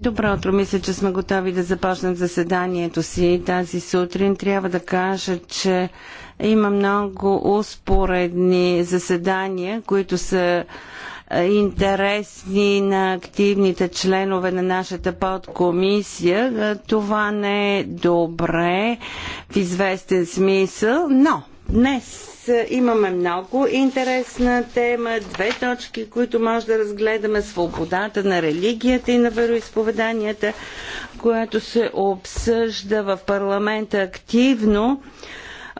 Добро утро, мисля, че сме готови да започнем заседанието си тази сутрин. Трябва да кажа, че има много успоредни заседания, които са е, интересни на активните членове на нашата подкомисия. Е, това не е добре в известен смисъл, но Днес имаме много интересна тема, две точки, които може да разгледаме свободата на религията и на вероисповеданията, която се обсъжда в парламента активно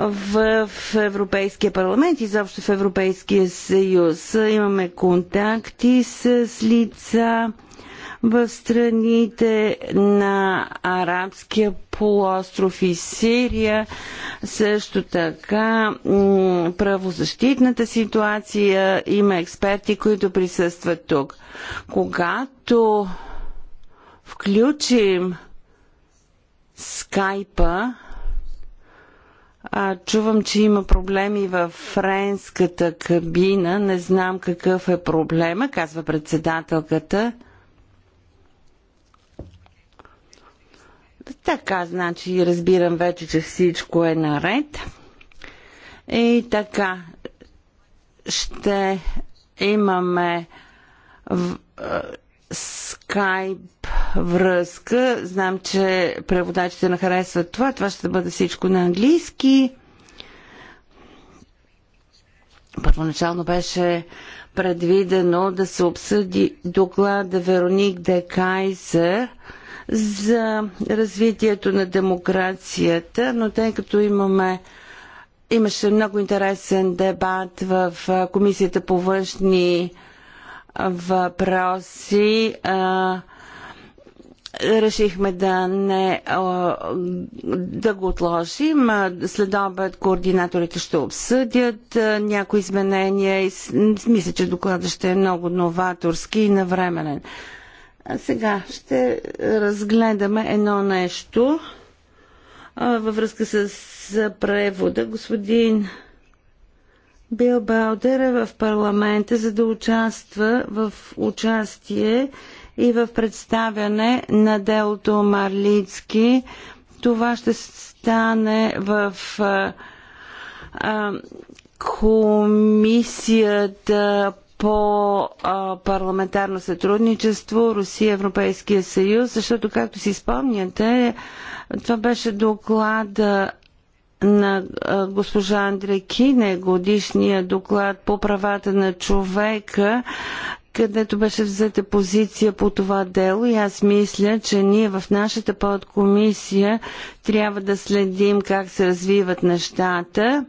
в, Европейския парламент и заобщо в Европейския съюз. Имаме контакти с лица, в страните на арабския полуостров и Сирия. Също така правозащитната ситуация има експерти, които присъстват тук. Когато включим скайпа, а, чувам, че има проблеми в френската кабина. Не знам какъв е проблема, казва председателката. Така, значи, разбирам вече, че всичко е наред. И така, ще имаме в, скайп връзка. Знам, че преводачите не харесват това. Това ще бъде всичко на английски. Първоначално беше предвидено да се обсъди доклада Вероник Декайзер. Кайзер – за развитието на демокрацията, но тъй като имаме имаше много интересен дебат в Комисията по външни въпроси. Решихме да не да го отложим. След обед координаторите ще обсъдят някои изменения и мисля, че докладът ще е много новаторски и навременен. А Сега ще е, разгледаме едно нещо е, във връзка с превода. Господин Бил Балдер е в парламента, за да участва в участие и в представяне на делото Марлицки. Това ще стане в а, е, а, комисията по парламентарно сътрудничество Русия Европейския съюз, защото, както си спомняте, това беше доклад на госпожа Андре Кине, годишния доклад по правата на човека, където беше взета позиция по това дело и аз мисля, че ние в нашата подкомисия трябва да следим как се развиват нещата.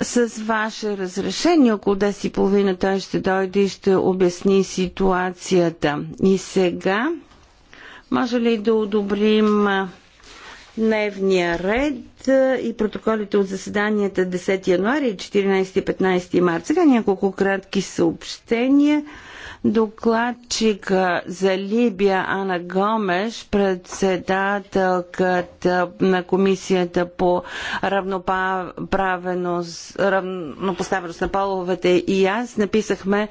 С ваше разрешение, около 10 и половина той ще дойде и ще обясни ситуацията. И сега, може ли да одобрим дневния ред и протоколите от заседанията 10 януари, 14 и 15 марта. Сега няколко кратки съобщения докладчика за Либия Ана Гомеш, председателката на комисията по равнопоставеност на половете и аз написахме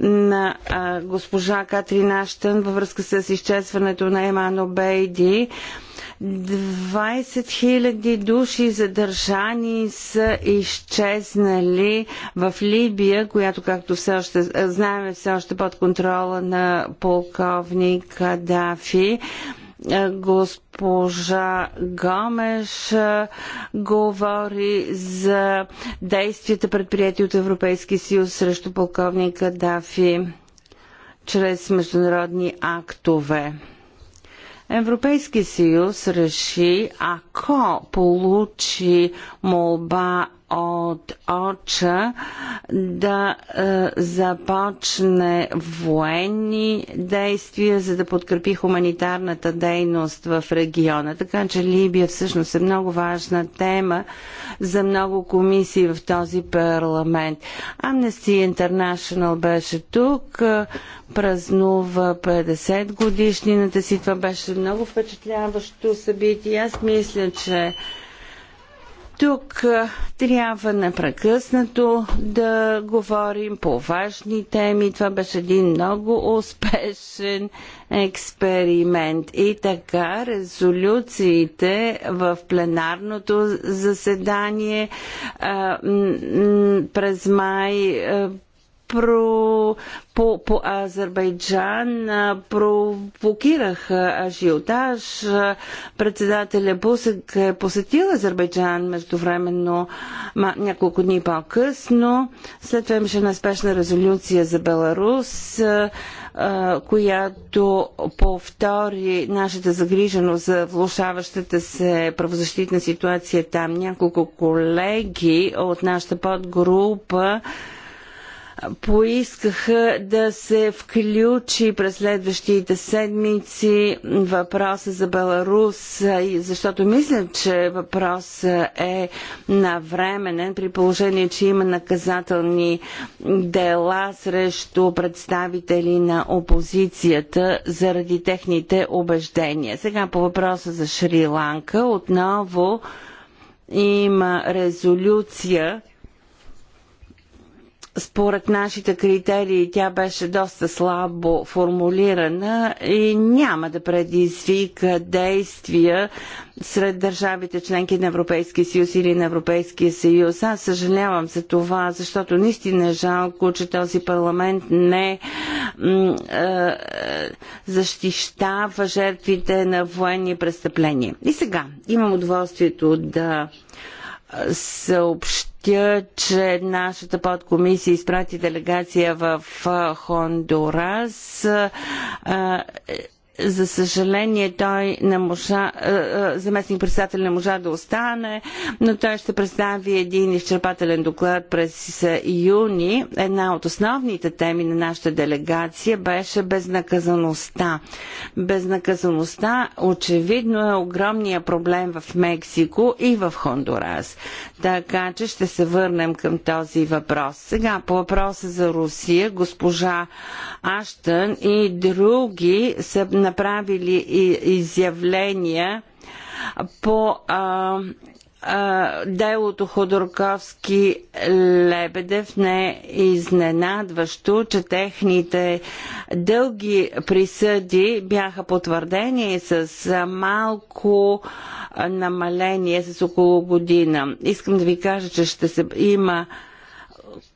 на госпожа Катрин Аштън във връзка с изчезването на Емано Бейди 20 хиляди души задържани са изчезнали в Либия, която, както все още знаем, все още под контрола на полковник Кадафи госпожа Гомеш говори за действията предприяти от Европейски съюз срещу полковника Дафи чрез международни актове. Европейски съюз реши, ако получи молба от Оча да е, започне военни действия, за да подкрепи хуманитарната дейност в региона. Така че Либия всъщност е много важна тема за много комисии в този парламент. Amnesty International беше тук, е, празнува 50 годишнината си. Това беше много впечатляващо събитие. Аз мисля, че тук трябва непрекъснато да говорим по важни теми. Това беше един много успешен експеримент. И така резолюциите в пленарното заседание през май про, по, по Азербайджан провокирах ажиотаж. Председателя Бусък е посетил Азербайджан междувременно ма, няколко дни по-късно. След това имаше наспешна резолюция за Беларус, която повтори нашата загриженост за влушаващата се правозащитна ситуация там. Няколко колеги от нашата подгрупа поискаха да се включи през следващите седмици въпроса за Беларус, защото мисля, че въпрос е навременен при положение, че има наказателни дела срещу представители на опозицията заради техните убеждения. Сега по въпроса за Шри-Ланка отново има резолюция според нашите критерии тя беше доста слабо формулирана и няма да предизвика действия сред държавите членки на Европейския съюз или на Европейския съюз. Аз съжалявам за това, защото наистина е жалко, че този парламент не защищава жертвите на военни престъпления. И сега имам удоволствието да съобщя съобщя, че нашата подкомисия изпрати делегация в Хондурас е, за съжаление, той не можа, е, е, заместник председател не можа да остане, но той ще представи един изчерпателен доклад през юни. Една от основните теми на нашата делегация беше безнаказаността. Безнаказаността очевидно е огромния проблем в Мексико и в Хондурас. Така че ще се върнем към този въпрос. Сега по въпроса за Русия, госпожа Аштън и други са на направили изявления по а, а, делото Ходорковски Лебедев не е изненадващо, че техните дълги присъди бяха потвърдени с малко намаление с около година. Искам да ви кажа, че ще се има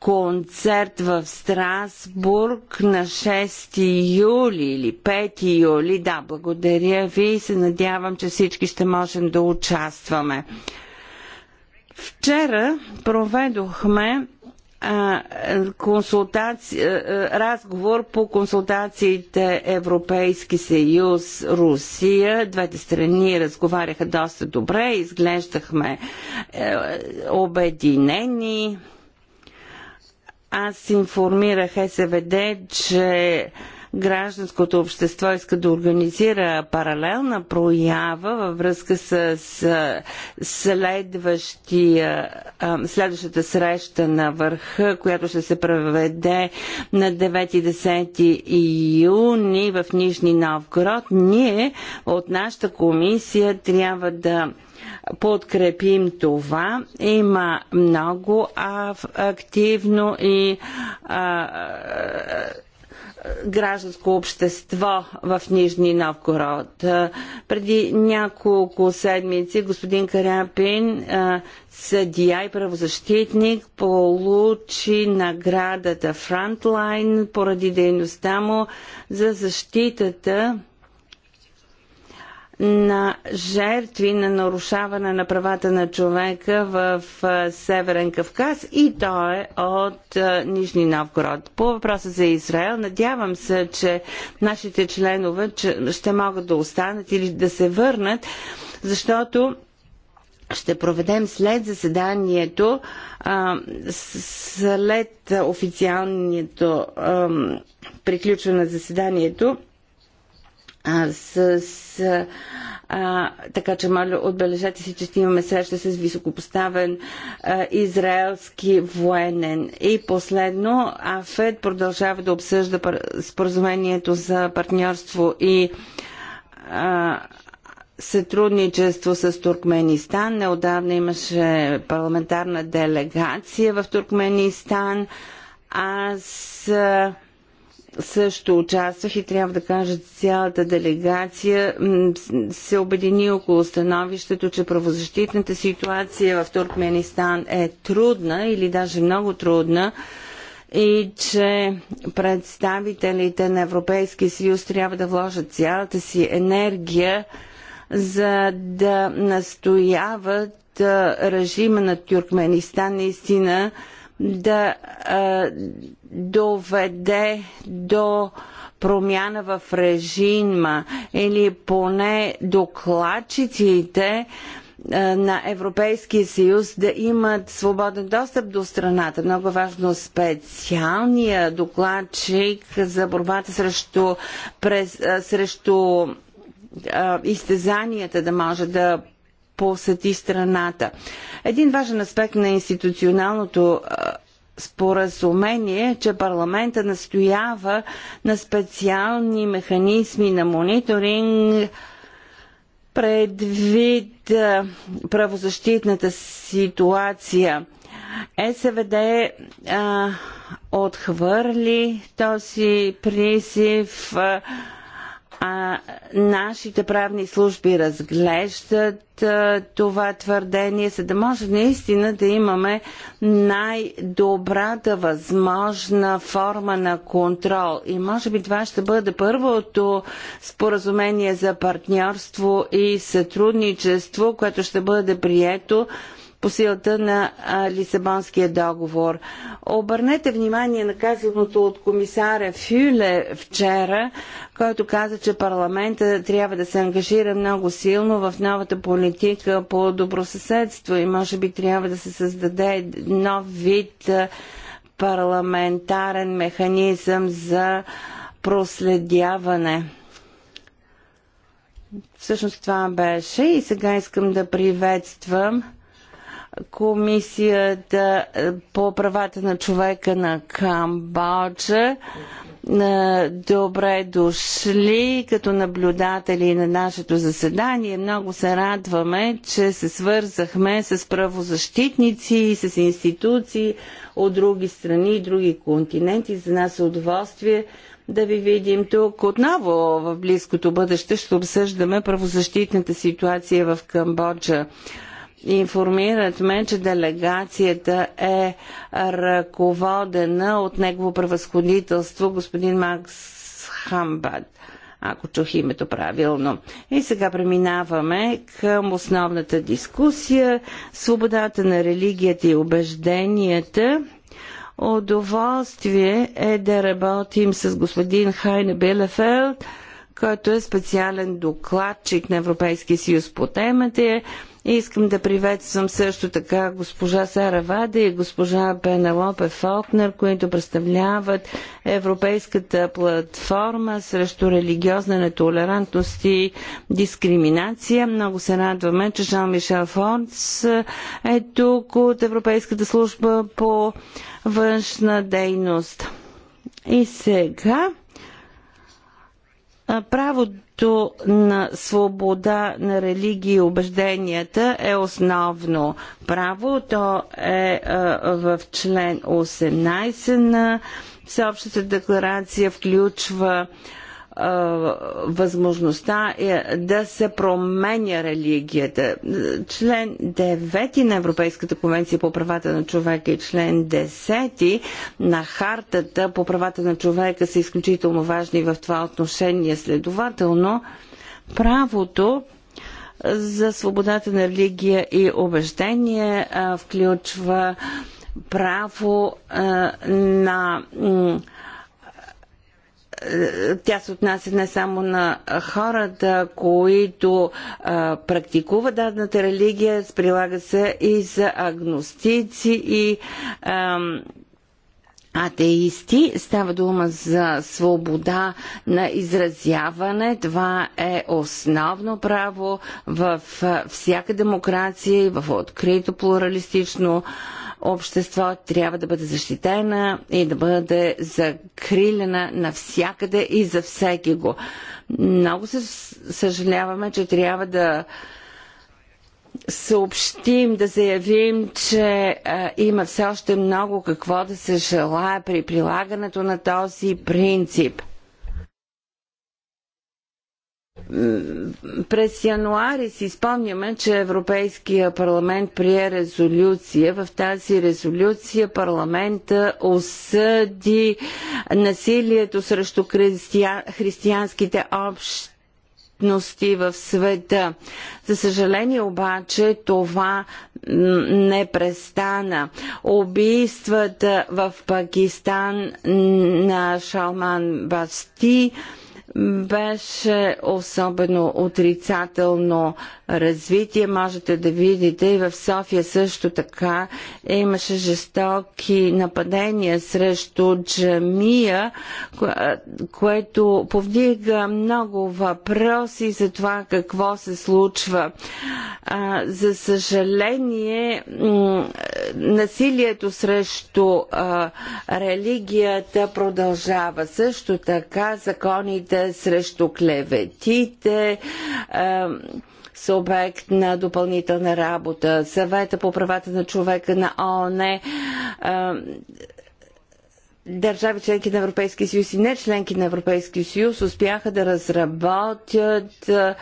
концерт в Страсбург на 6 юли или 5 юли. Да, благодаря ви и се надявам, че всички ще можем да участваме. Вчера проведохме консултаци... разговор по консултациите Европейски съюз Русия. Двете страни разговаряха доста добре, изглеждахме е, е, обединени аз информирах СВД, че гражданското общество иска да организира паралелна проява във връзка с следващата среща на върха, която ще се проведе на 9 и 10 юни в Нижни Новгород. Ние от нашата комисия трябва да подкрепим това. Има много активно и а, гражданско общество в Нижни Новгород. Преди няколко седмици господин Каряпин, съдия и правозащитник, получи наградата Frontline поради дейността му за защитата на жертви на нарушаване на правата на човека в Северен Кавказ и то е от Нижни Новгород. По въпроса за Израел, надявам се, че нашите членове ще могат да останат или да се върнат, защото ще проведем след заседанието, след официалното приключване на заседанието, а, с. с а, така че, моля, отбележете си, че ще имаме среща с високопоставен а, израелски военен. И последно, АФЕД продължава да обсъжда пар... споразумението за партньорство и а, сътрудничество с Туркменистан. Неодавна имаше парламентарна делегация в Туркменистан. Аз. А, също участвах и трябва да кажа, цялата делегация се обедини около становището, че правозащитната ситуация в Туркменистан е трудна или даже много трудна и че представителите на Европейския съюз трябва да вложат цялата си енергия за да настояват режима на Тюркменистан наистина да доведе до промяна в режима или поне докладчиците е, на Европейския съюз да имат свободен достъп до страната. Много важно специалния докладчик за борбата срещу, през, е, срещу а, е, изтезанията да може да посети страната. Един важен аспект на институционалното споразумение, че парламента настоява на специални механизми на мониторинг предвид правозащитната ситуация. СВД а, отхвърли този призив. А, а, нашите правни служби разглеждат а, това твърдение, за да може наистина да имаме най-добрата възможна форма на контрол. И може би това ще бъде първото споразумение за партньорство и сътрудничество, което ще бъде прието по силата на Лисабонския договор. Обърнете внимание на казаното от комисаря Фюле вчера, който каза, че парламента трябва да се ангажира много силно в новата политика по добросъседство и може би трябва да се създаде нов вид парламентарен механизъм за проследяване. Всъщност това беше и сега искам да приветствам Комисията е, по правата на човека на Камбоджа. Е, добре дошли като наблюдатели на нашето заседание. Много се радваме, че се свързахме с правозащитници и с институции от други страни и други континенти. За нас е удоволствие да ви видим тук отново в близкото бъдеще. Ще обсъждаме правозащитната ситуация в Камбоджа. Информирахме, че делегацията е ръководена от негово превъзходителство господин Макс Хамбад ако чух името правилно. И сега преминаваме към основната дискусия свободата на религията и убежденията. Удоволствие е да работим с господин Хайне Белефелд, който е специален докладчик на Европейския съюз по темата Искам да приветствам също така госпожа Сара Вада и госпожа Пенелопе Фолкнер, които представляват Европейската платформа срещу религиозна нетолерантност и дискриминация. Много се радваме, че Жан Мишел Фордс е тук от Европейската служба по външна дейност. И сега правото правото на свобода на религии и убежденията е основно право. То е, е в член 18 на Всеобщата декларация включва а, възможността е да се променя религията. Член 9 на Европейската конвенция по правата на човека и член 10 на хартата по правата на човека са изключително важни в това отношение. Следователно, правото за свободата на религия и убеждение включва право на тя се отнася не само на хората, които а, практикуват дадната религия, прилага се и за агностици и а, атеисти. Става дума за свобода на изразяване. Това е основно право в всяка демокрация и в открито плуралистично а, общество трябва да бъде защитена и да бъде закрилена навсякъде и за всеки го. Много се съжаляваме, че трябва да съобщим, да заявим, че а, има все още много какво да се желая при прилагането на този принцип – през януари си спомняме, че Европейския парламент прие резолюция. В тази резолюция парламента осъди насилието срещу християнските общности в света. За съжаление обаче това не престана. Убийствата в Пакистан на Шалман Басти беше особено отрицателно развитие. Можете да видите и в София също така имаше жестоки нападения срещу джамия, което повдига много въпроси за това какво се случва. За съжаление, насилието срещу религията продължава. Също така законите срещу клеветите, са обект на допълнителна работа. Съвета по правата на човека на ООН е, държави членки на Европейския съюз и не членки на Европейския съюз успяха да разработят е,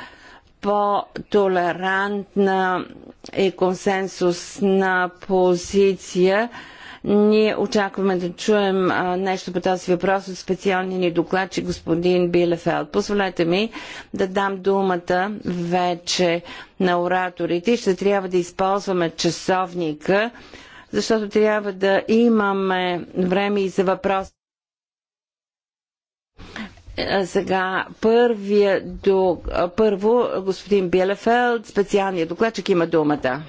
по-толерантна и консенсусна позиция ние очакваме да чуем а, нещо по този въпрос от специалния ни докладчик господин Билефелд. Позволете ми да дам думата вече на ораторите. Ще трябва да използваме часовника, защото трябва да имаме време и за въпрос. Сега първия до, първо господин Билефелд, специалният докладчик има думата.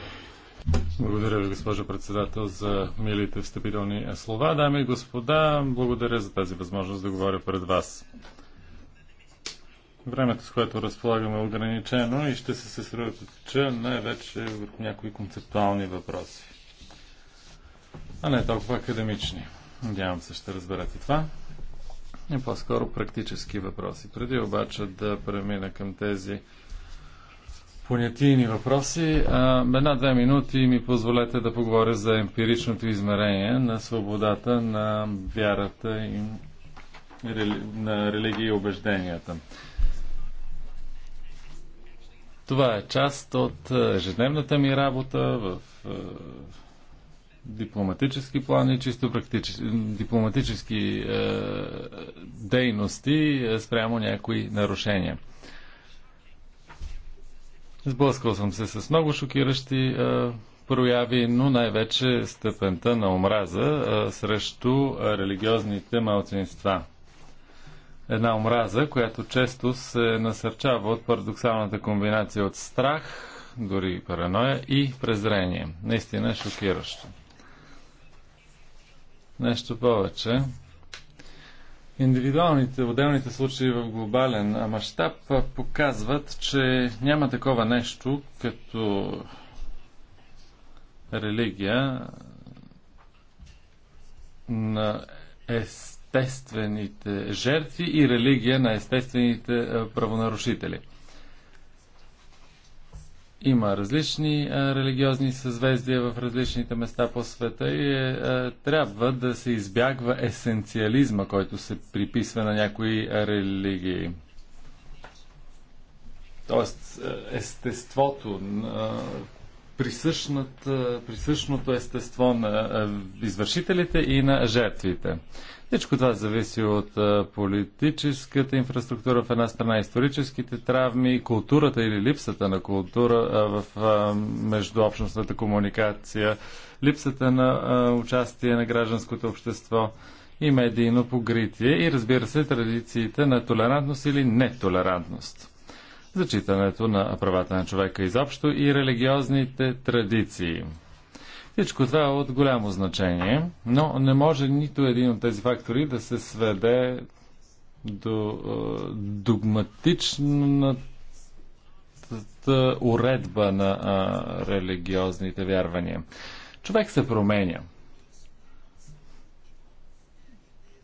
Благодаря ви, госпожо председател, за милите встъпителни слова. Дами и господа, благодаря за тази възможност да говоря пред вас. Времето, с което разполагаме, е ограничено и ще се съсредоточа най-вече върху някои концептуални въпроси, а не толкова академични. Надявам се, ще разберете това. И по-скоро практически въпроси. Преди обаче да премина към тези понятийни въпроси. Една-две минути ми позволете да поговоря за емпиричното измерение на свободата на вярата и на религия и убежденията. Това е част от ежедневната ми работа в дипломатически плани, чисто практически, дипломатически дейности спрямо някои нарушения. Сблъскал съм се с много шокиращи а, прояви, но най-вече степента на омраза а, срещу религиозните малцинства. Една омраза, която често се насърчава от парадоксалната комбинация от страх, дори параноя и презрение. Наистина е шокиращо. Нещо повече. Индивидуалните, отделните случаи в глобален мащаб показват, че няма такова нещо като религия на естествените жертви и религия на естествените правонарушители – има различни а, религиозни съзвездия в различните места по света и е, трябва да се избягва есенциализма, който се приписва на някои религии. Тоест, е, естеството, присъщното естество на извършителите и на жертвите. Всичко това зависи от политическата инфраструктура в една страна, историческите травми, културата или липсата на култура в междуобщностната комуникация, липсата на участие на гражданското общество и медийно погритие и разбира се традициите на толерантност или нетолерантност. Зачитането на правата на човека изобщо и религиозните традиции – всичко това е от голямо значение, но не може нито един от тези фактори да се сведе до е, догматичната уредба на е, религиозните вярвания. Човек се променя.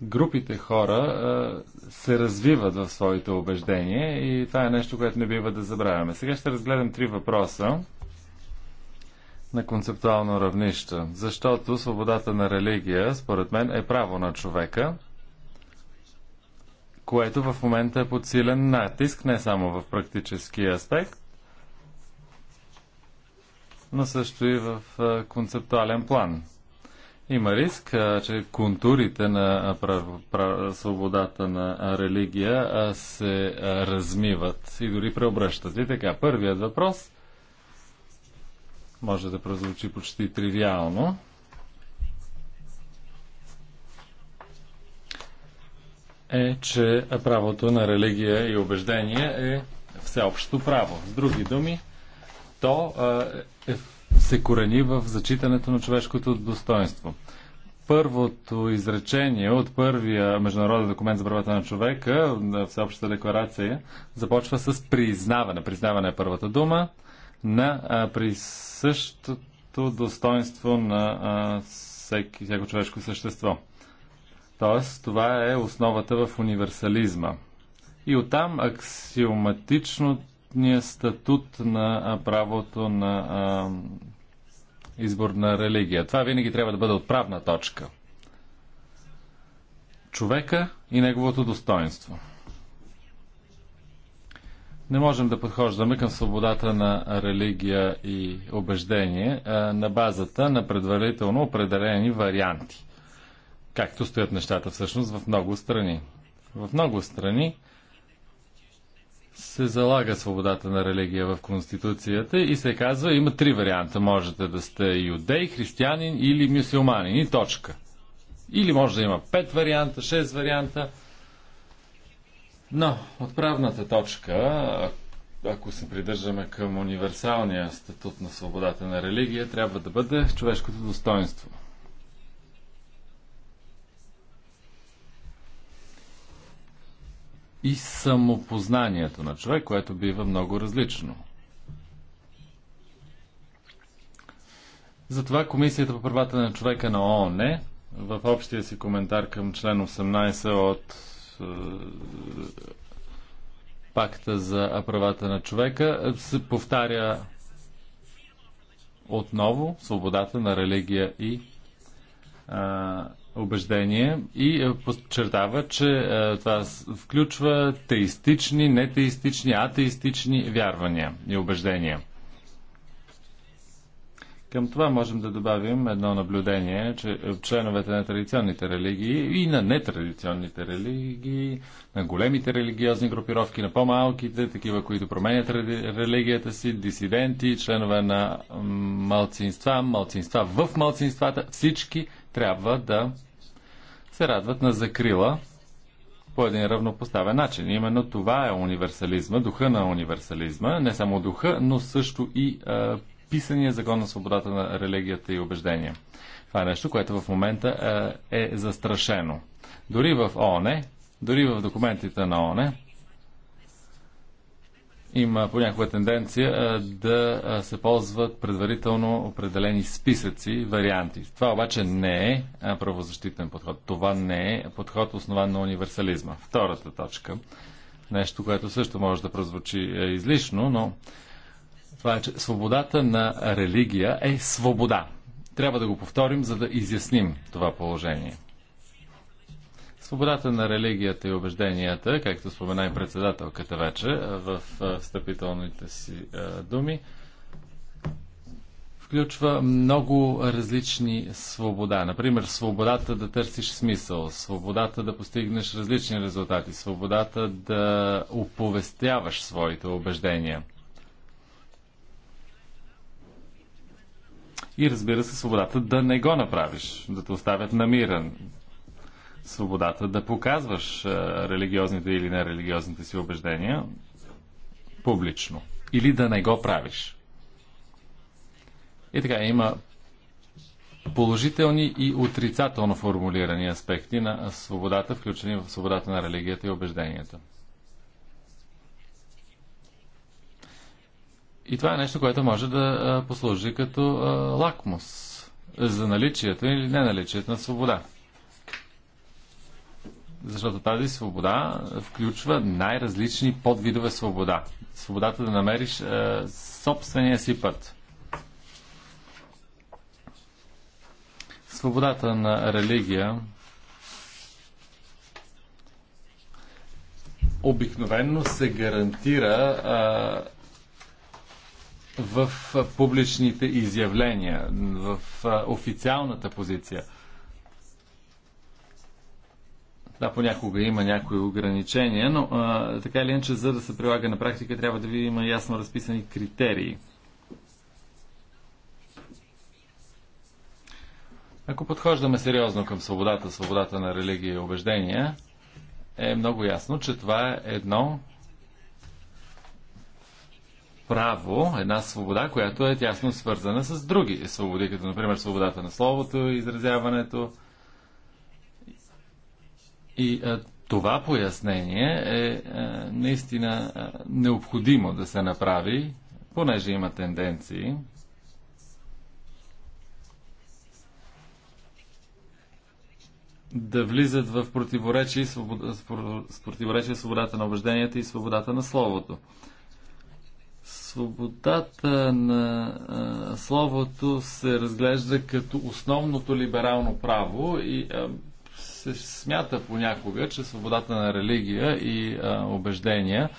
Групите хора е, се развиват в своите убеждения и това е нещо, което не бива да забравяме. Сега ще разгледам три въпроса на концептуално равнище, защото свободата на религия, според мен, е право на човека, което в момента е под силен натиск, не само в практически аспект, но също и в концептуален план. Има риск, че контурите на прав... Прав... свободата на религия се размиват и дори преобръщат. И така, първият въпрос – може да прозвучи почти тривиално. е, че правото на религия и убеждение е всеобщо право. С други думи, то е, се корени в зачитането на човешкото достоинство. Първото изречение от първия международен документ за правата на човека, на Всеобщата декларация, започва с признаване. Признаване е първата дума на присъщото достоинство на всеки, всяко човешко същество. Тоест, това е основата в универсализма. И оттам аксиоматичният статут на правото на а, избор на религия. Това винаги трябва да бъде отправна точка. Човека и неговото достоинство. Не можем да подхождаме към свободата на религия и убеждение на базата на предварително определени варианти, както стоят нещата всъщност в много страни. В много страни се залага свободата на религия в Конституцията и се казва, има три варианта. Можете да сте юдей, християнин или мюсюлманин и точка. Или може да има пет варианта, шест варианта – но отправната точка, ако се придържаме към универсалния статут на свободата на религия, трябва да бъде човешкото достоинство. И самопознанието на човек, което бива много различно. Затова Комисията по правата на човека на ООН в общия си коментар към член 18 от е, пакта за правата на човека се повтаря отново свободата на религия и а, убеждение и е, подчертава, че а, е, това включва теистични, нетеистични, атеистични вярвания и убеждения. Към това можем да добавим едно наблюдение, че членовете на традиционните религии и на нетрадиционните религии, на големите религиозни групировки, на по-малките, такива, които променят религията си, дисиденти, членове на малцинства, малцинства в малцинствата, всички трябва да се радват на закрила по един равнопоставен начин. Именно това е универсализма, духа на универсализма, не само духа, но също и а, писания закон на свободата на религията и убеждения. Това е нещо, което в момента е, е застрашено. Дори в ООН, дори в документите на ООН, има понякога тенденция е, да е, се ползват предварително определени списъци, варианти. Това обаче не е правозащитен подход. Това не е подход основан на универсализма. Втората точка. Нещо, което също може да прозвучи излишно, но това е, че свободата на религия е свобода. Трябва да го повторим, за да изясним това положение. Свободата на религията и убежденията, както спомена и председателката вече в встъпителните си думи, включва много различни свобода. Например, свободата да търсиш смисъл, свободата да постигнеш различни резултати, свободата да оповестяваш своите убеждения – И разбира се, свободата да не го направиш, да те оставят намиран. Свободата да показваш религиозните или нерелигиозните си убеждения публично. Или да не го правиш. И така, има положителни и отрицателно формулирани аспекти на свободата, включени в свободата на религията и убежденията. И това е нещо, което може да послужи като лакмус за наличието или неналичието на свобода. Защото тази свобода включва най-различни подвидове свобода. Свободата да намериш е, собствения си път. Свободата на религия обикновенно се гарантира е, в публичните изявления, в официалната позиция. Да, понякога има някои ограничения, но а, така или иначе, за да се прилага на практика, трябва да ви има ясно разписани критерии. Ако подхождаме сериозно към свободата, свободата на религия и убеждения, е много ясно, че това е едно право, една свобода, която е тясно свързана с други свободи, като например свободата на словото, изразяването. И а, това пояснение е а, наистина а, необходимо да се направи, понеже има тенденции да влизат в противоречие, свобода, с противоречие свободата на убежденията и свободата на словото. Свободата на а, словото се разглежда като основното либерално право и а, се смята понякога, че свободата на религия и а, убеждения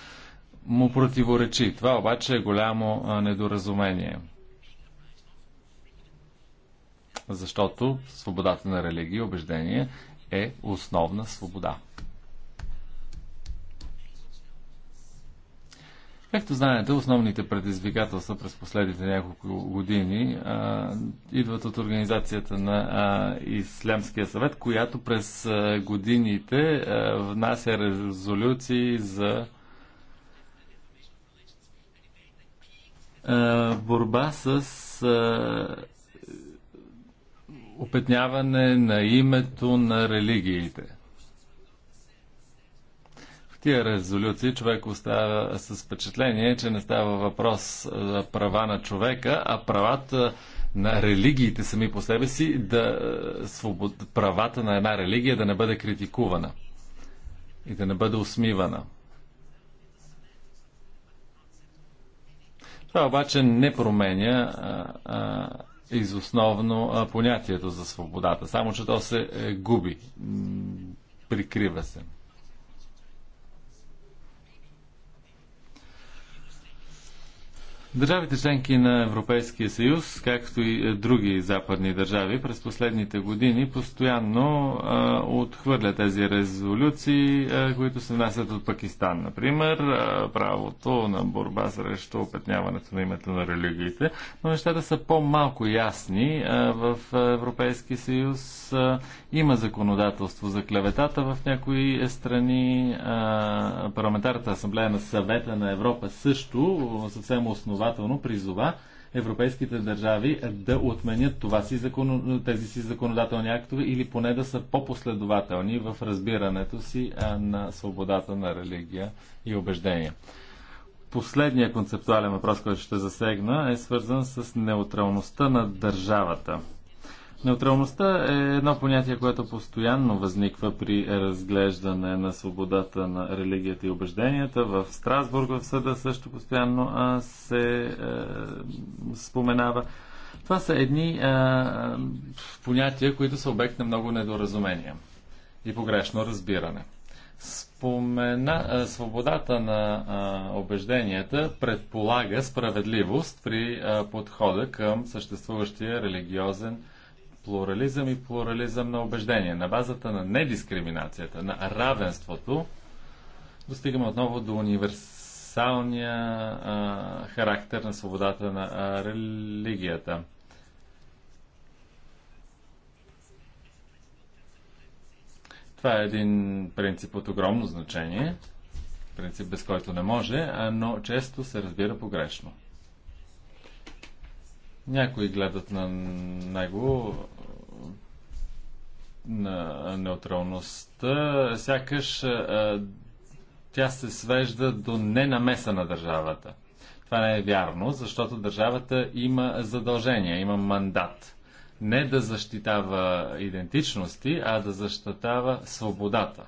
му противоречи. Това обаче е голямо а, недоразумение. Защото свободата на религия и убеждения е основна свобода. Както знаете, основните предизвикателства през последните няколко години а, идват от организацията на а, Ислямския съвет, която през а, годините а, внася резолюции за а, борба с а, опетняване на името на религиите тия резолюции човек остава с впечатление, че не става въпрос за права на човека, а правата на религиите сами по себе си, да, е, свобод, правата на една религия да не бъде критикувана и да не бъде усмивана. Това обаче не променя а, а, изосновно а, понятието за свободата, само че то се е, губи, прикрива се. Държавите членки на Европейския съюз, както и е, други западни държави, през последните години постоянно а, отхвърлят тези резолюции, а, които се внасят от Пакистан. Например, а, правото на борба срещу опетняването на името на религиите, но нещата са по-малко ясни а, в Европейския съюз а, има законодателство за клеветата в някои е, страни. Парламентарната асамблея на съвета на Европа също съвсем основателно призова европейските държави да отменят това си закон... тези си законодателни актове или поне да са по-последователни в разбирането си на свободата на религия и убеждения. Последният концептуален въпрос, който ще засегна, е свързан с неутралността на държавата. Неутралността е едно понятие, което постоянно възниква при разглеждане на свободата на религията и убежденията. В Страсбург в съда също постоянно а, се а, е, споменава. Това са едни а, е, понятия, които са обект на много недоразумения и погрешно разбиране. Спомена, а, е, свободата на а, убежденията предполага справедливост при а, подхода към съществуващия религиозен плурализъм и плурализъм на убеждения. На базата на недискриминацията, на равенството, достигаме отново до универсалния а, характер на свободата на а, религията. Това е един принцип от огромно значение, принцип без който не може, но често се разбира погрешно. Някои гледат на него на неутралността, сякаш тя се свежда до ненамеса на държавата. Това не е вярно, защото държавата има задължения, има мандат. Не да защитава идентичности, а да защитава свободата.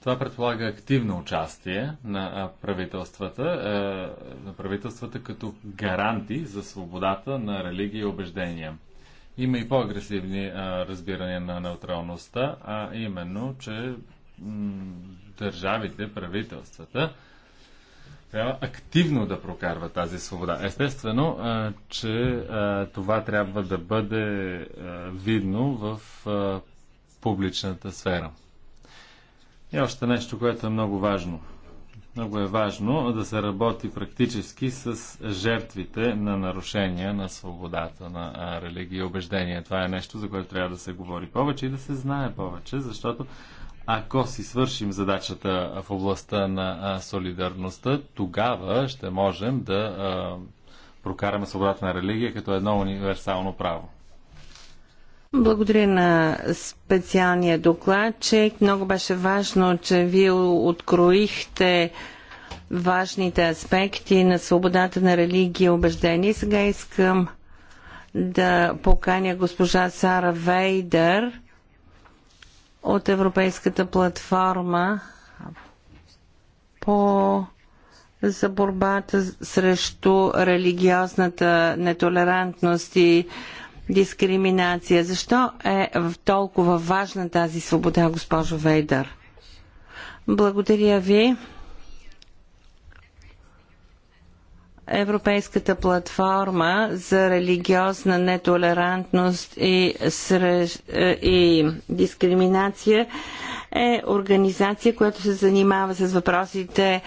Това предполага активно участие на правителствата, на правителствата като гаранти за свободата на религия и убеждения. Има и по-агресивни разбирания на неутралността, а именно, че държавите, правителствата, трябва активно да прокарва тази свобода. Естествено, а, че а, това трябва да бъде а, видно в а, публичната сфера. И още нещо, което е много важно – много е важно да се работи практически с жертвите на нарушения на свободата на религия и убеждения. Това е нещо, за което трябва да се говори повече и да се знае повече, защото ако си свършим задачата в областта на солидарността, тогава ще можем да прокараме свободата на религия като едно универсално право. Благодаря на специалния докладчик. Много беше важно, че вие откроихте важните аспекти на свободата на религия и убеждение. Сега искам да поканя госпожа Сара Вейдер от Европейската платформа по за борбата срещу религиозната нетолерантност и дискриминация. Защо е толкова важна тази свобода, госпожо Вейдър? Благодаря ви. Европейската платформа за религиозна нетолерантност и, среж... Е, и дискриминация е организация, която се занимава с въпросите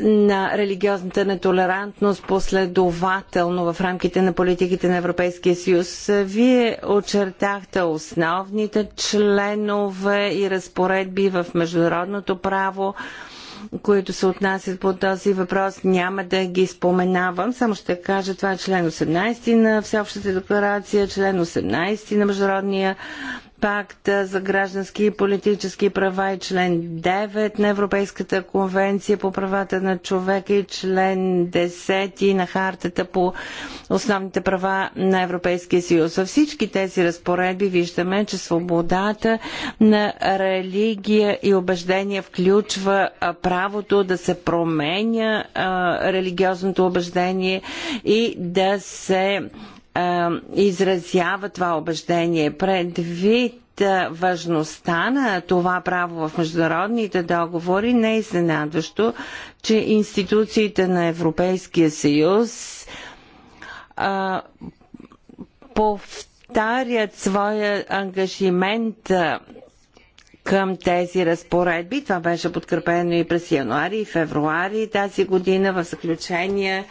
на религиозната нетолерантност последователно в рамките на политиките на Европейския съюз. Вие очертахте основните членове и разпоредби в международното право, които се отнасят по този въпрос. Няма да ги споменавам, само ще кажа това е член 18 на Всеобщата декларация, член 18 на Международния пакта за граждански и политически права и член 9 на Европейската конвенция по правата на човека и член 10 на хартата по основните права на Европейския съюз. Във всички тези разпоредби виждаме, че свободата на религия и убеждение включва правото да се променя религиозното убеждение и да се е, изразява това убеждение предвид е, важността на това право в международните договори, не е изненадващо, че институциите на Европейския съюз а, е, повтарят своя ангажимент към тези разпоредби. Това беше подкрепено и през януари и февруари тази година в заключение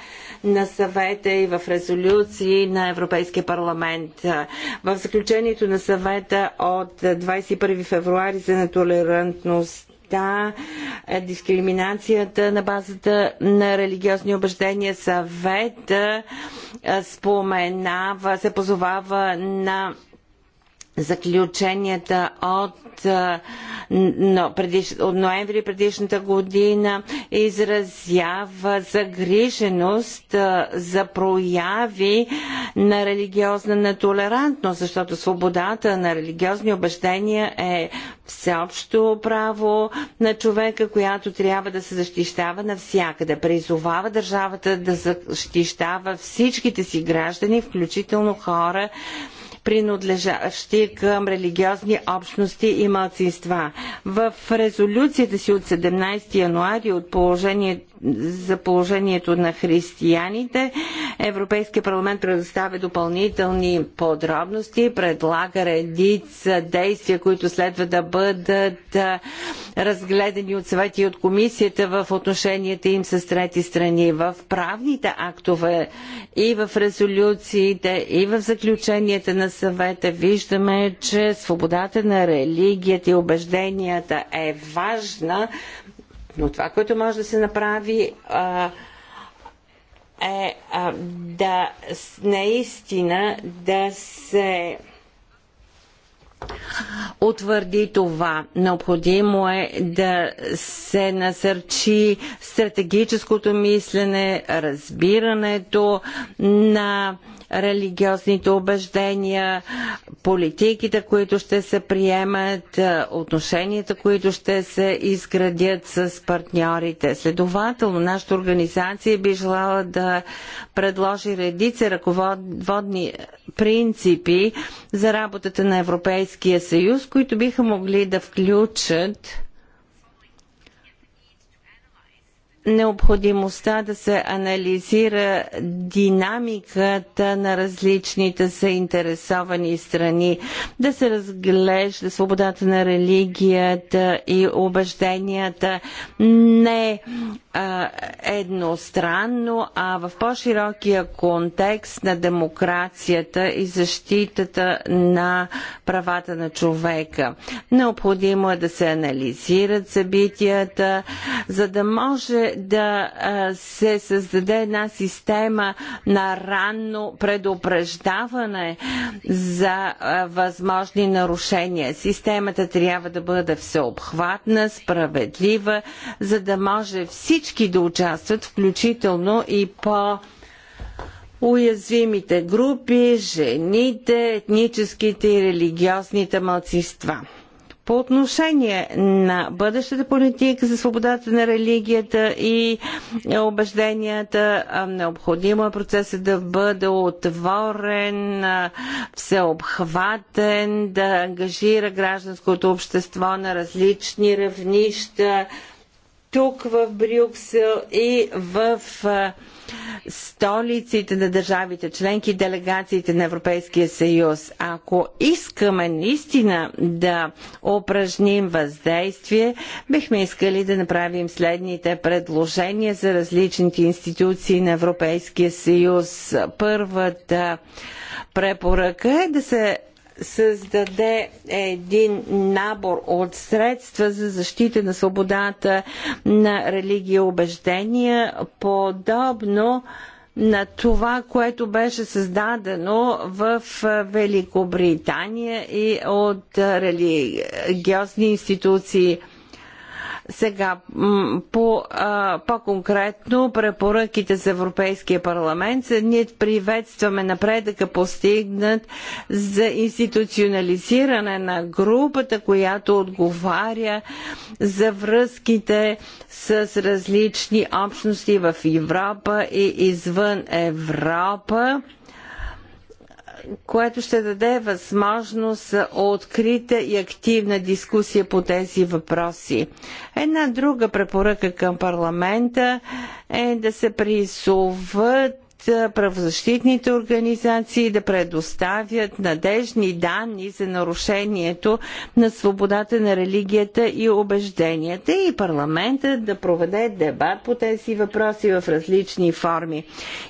на съвета и в резолюции на Европейския парламент. В заключението на съвета от 21 февруари за нетолерантност да, е дискриминацията на базата на религиозни убеждения, съвет е, споменава, се позовава на заключенията от, но, предиш, от ноември предишната година изразява загриженост за прояви на религиозна нетолерантност, защото свободата на религиозни убеждения е всеобщо право на човека, която трябва да се защищава навсякъде. Призовава държавата да защищава всичките си граждани, включително хора, принадлежащи към религиозни общности и малцинства. В резолюцията си от 17 януари от положението за положението на християните. Европейския парламент предоставя допълнителни подробности, предлага редица действия, които следва да бъдат разгледани от съвети и от комисията в отношенията им с трети страни, в правните актове и в резолюциите и в заключенията на съвета. Виждаме, че свободата на религията и убежденията е важна но това, което може да се направи, е да наистина да се утвърди това. Необходимо е да се насърчи стратегическото мислене, разбирането на религиозните убеждения, политиките, които ще се приемат, е, отношенията, които ще се изградят с партньорите. Следователно, нашата организация би желала да предложи редица ръководни принципи за работата на Европейския съюз, които биха могли да включат необходимостта да се анализира динамиката на различните заинтересовани страни, да се разглежда свободата на религията и убежденията не а, едностранно, а в по-широкия контекст на демокрацията и защитата на правата на човека. Необходимо е да се анализират събитията, за да може да се създаде една система на ранно предупреждаване за възможни нарушения. Системата трябва да бъде всеобхватна, справедлива, за да може всички да участват, включително и по уязвимите групи, жените, етническите и религиозните малцинства. По отношение на бъдещата политика за свободата на религията и убежденията, необходимо е процесът да бъде отворен, всеобхватен, да ангажира гражданското общество на различни равнища тук в Брюксел и в столиците на държавите членки, делегациите на Европейския съюз. Ако искаме наистина да упражним въздействие, бихме искали да направим следните предложения за различните институции на Европейския съюз. Първата препоръка е да се създаде един набор от средства за защита на свободата на религия и убеждения, подобно на това, което беше създадено в Великобритания и от религиозни институции – сега, по, по-конкретно, препоръките с Европейския парламент, ние приветстваме напредъка постигнат за институционализиране на групата, която отговаря за връзките с различни общности в Европа и извън Европа което ще даде възможност за открита и активна дискусия по тези въпроси. Една друга препоръка към парламента е да се присуват правозащитните организации да предоставят надежни данни за нарушението на свободата на религията и убежденията и парламентът да проведе дебат по тези въпроси в различни форми.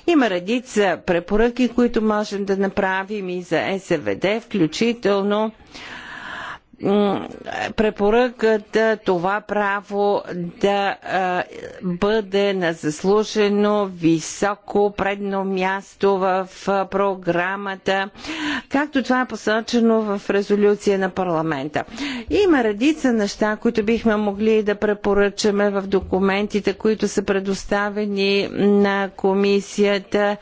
Има редица препоръки, които можем да направим и за СВД, включително препоръката това право да бъде на заслужено високо предно място в програмата, както това е посочено в резолюция на парламента. Има редица неща, които бихме могли да препоръчаме в документите, които са предоставени на комисията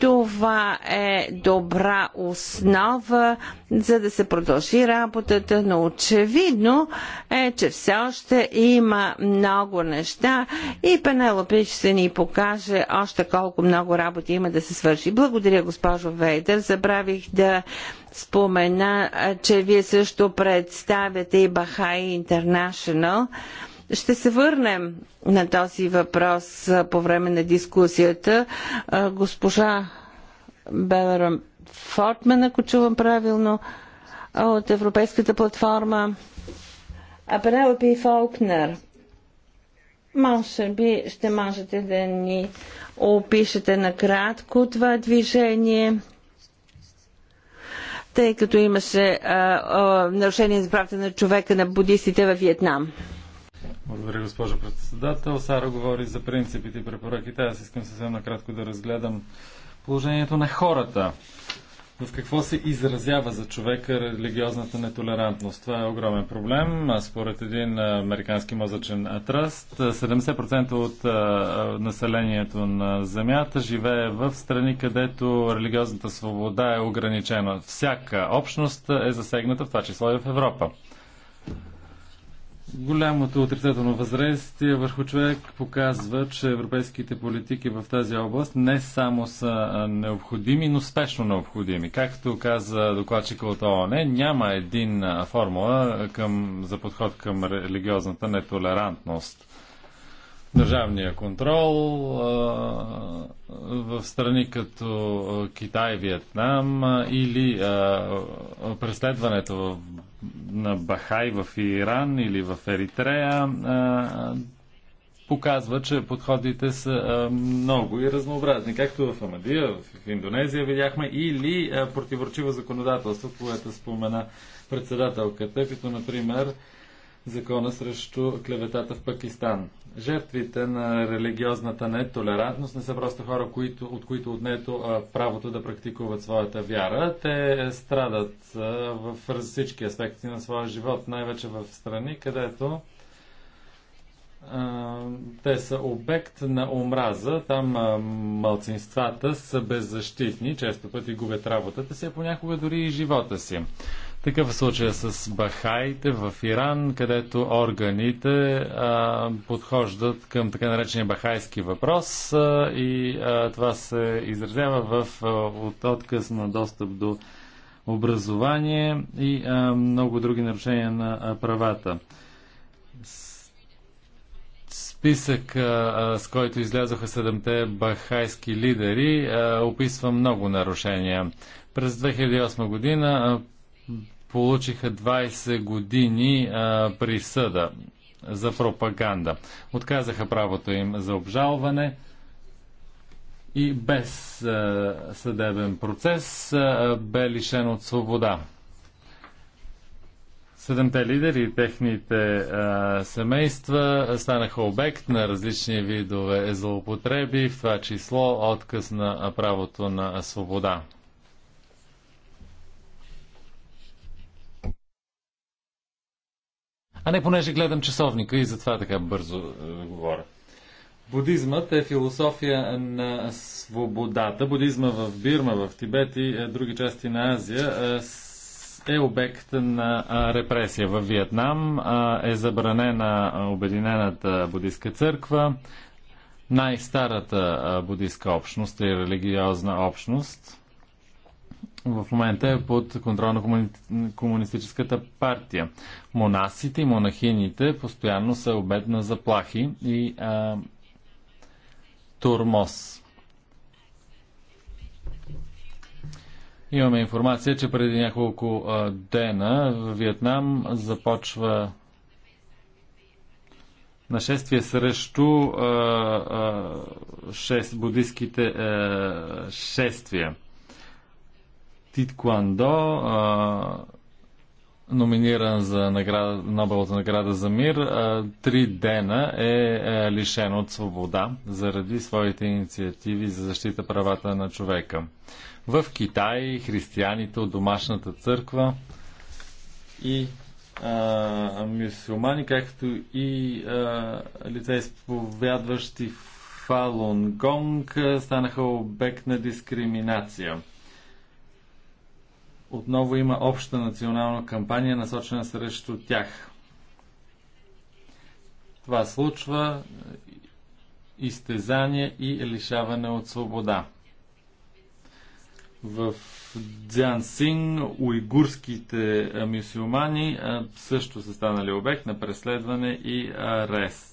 това е добра основа, за да се продължи работата, но очевидно е, че все още има много неща и Пенелопи ще ни покаже още колко много работи има да се свърши. Благодаря, госпожо Вейдер. Забравих да спомена, че вие също представяте и Бахай International. Ще се върнем на този въпрос по време на дискусията. Госпожа Белера Фортман, ако чувам правилно, от Европейската платформа. А Пенелопи Фолкнер, може би ще можете да ни опишете накратко това движение, тъй като имаше а, а, нарушение за правата на човека на будистите във Виетнам. Благодаря, госпожо председател. Сара говори за принципите и препоръките. Аз искам съвсем накратко да разгледам положението на хората. В какво се изразява за човека религиозната нетолерантност? Това е огромен проблем. Според един американски мозъчен траст, 70% от населението на Земята живее в страни, където религиозната свобода е ограничена. Всяка общност е засегната, в това число и в Европа. Голямото отрицателно възрастие върху човек показва, че европейските политики в тази област не само са необходими, но спешно необходими. Както каза докладчика от ООН, няма един формула към, за подход към религиозната нетолерантност държавния контрол в страни като Китай, Виетнам или преследването на Бахай в Иран или в Еритрея показва, че подходите са много и разнообразни, както в Амадия, в Индонезия видяхме, или противоречиво законодателство, което спомена председателката, като например закона срещу клеветата в Пакистан. Жертвите на религиозната нетолерантност не са просто хора, които, от които отнето правото да практикуват своята вяра. Те е, страдат в всички аспекти на своя живот, най-вече в страни, където те са обект на омраза. Там малцинствата са беззащитни, често пъти губят работата си, а понякога дори и живота си. Такъв е с Бахаите в Иран, където органите а, подхождат към така наречения бахайски въпрос а, и а, това се изразява в а, от отказ на достъп до образование и а, много други нарушения на а, правата списък, а, с който излязоха седемте бахайски лидери, а, описва много нарушения. През 2008 година получиха 20 години а, присъда за пропаганда. Отказаха правото им за обжалване и без а, съдебен процес а, бе лишен от свобода. Седемте лидери и техните а, семейства станаха обект на различни видове злоупотреби, в това число отказ на правото на свобода. А не понеже гледам часовника и затова така бързо е, говоря. Будизмът е философия на свободата. Будизма в Бирма, в Тибет и е, други части на Азия е, е обект на е, репресия. В Виетнам е забранена Обединената будистка църква, най-старата будистка общност е религиозна общност – в момента е под контрол на комуни... комунистическата партия. Монасите и монахините постоянно са обед на заплахи и а, турмоз. Имаме информация, че преди няколко а, дена в Виетнам започва нашествие срещу а, а, шест буддийските а, шествия. Тит Куандо, а, номиниран за награда, Нобелата награда за мир, а, три дена е, е лишен от свобода заради своите инициативи за защита правата на човека. В Китай християните от домашната църква и мюсюлмани, както и а, лица изповядващи Фалунгонг, станаха обект на дискриминация отново има обща национална кампания, насочена срещу тях. Това случва изтезание и лишаване от свобода. В Дзянсин уйгурските мюсюлмани също са станали обект на преследване и арест.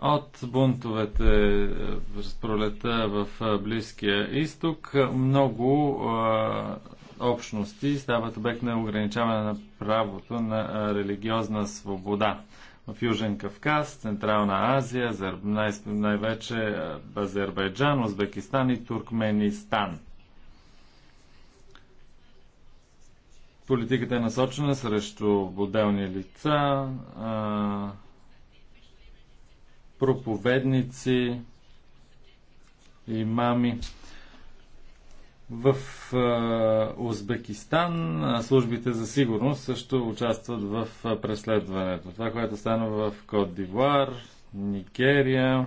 От бунтовете през пролета в Близкия изток много общности стават обект на ограничаване на правото на религиозна свобода. В Южен Кавказ, Централна Азия, най-вече Азербайджан, Узбекистан и Туркменистан. Политиката е насочена срещу отделни лица, проповедници, имами. В Узбекистан службите за сигурност също участват в преследването. Това, което стана в Кот Дивуар, Нигерия,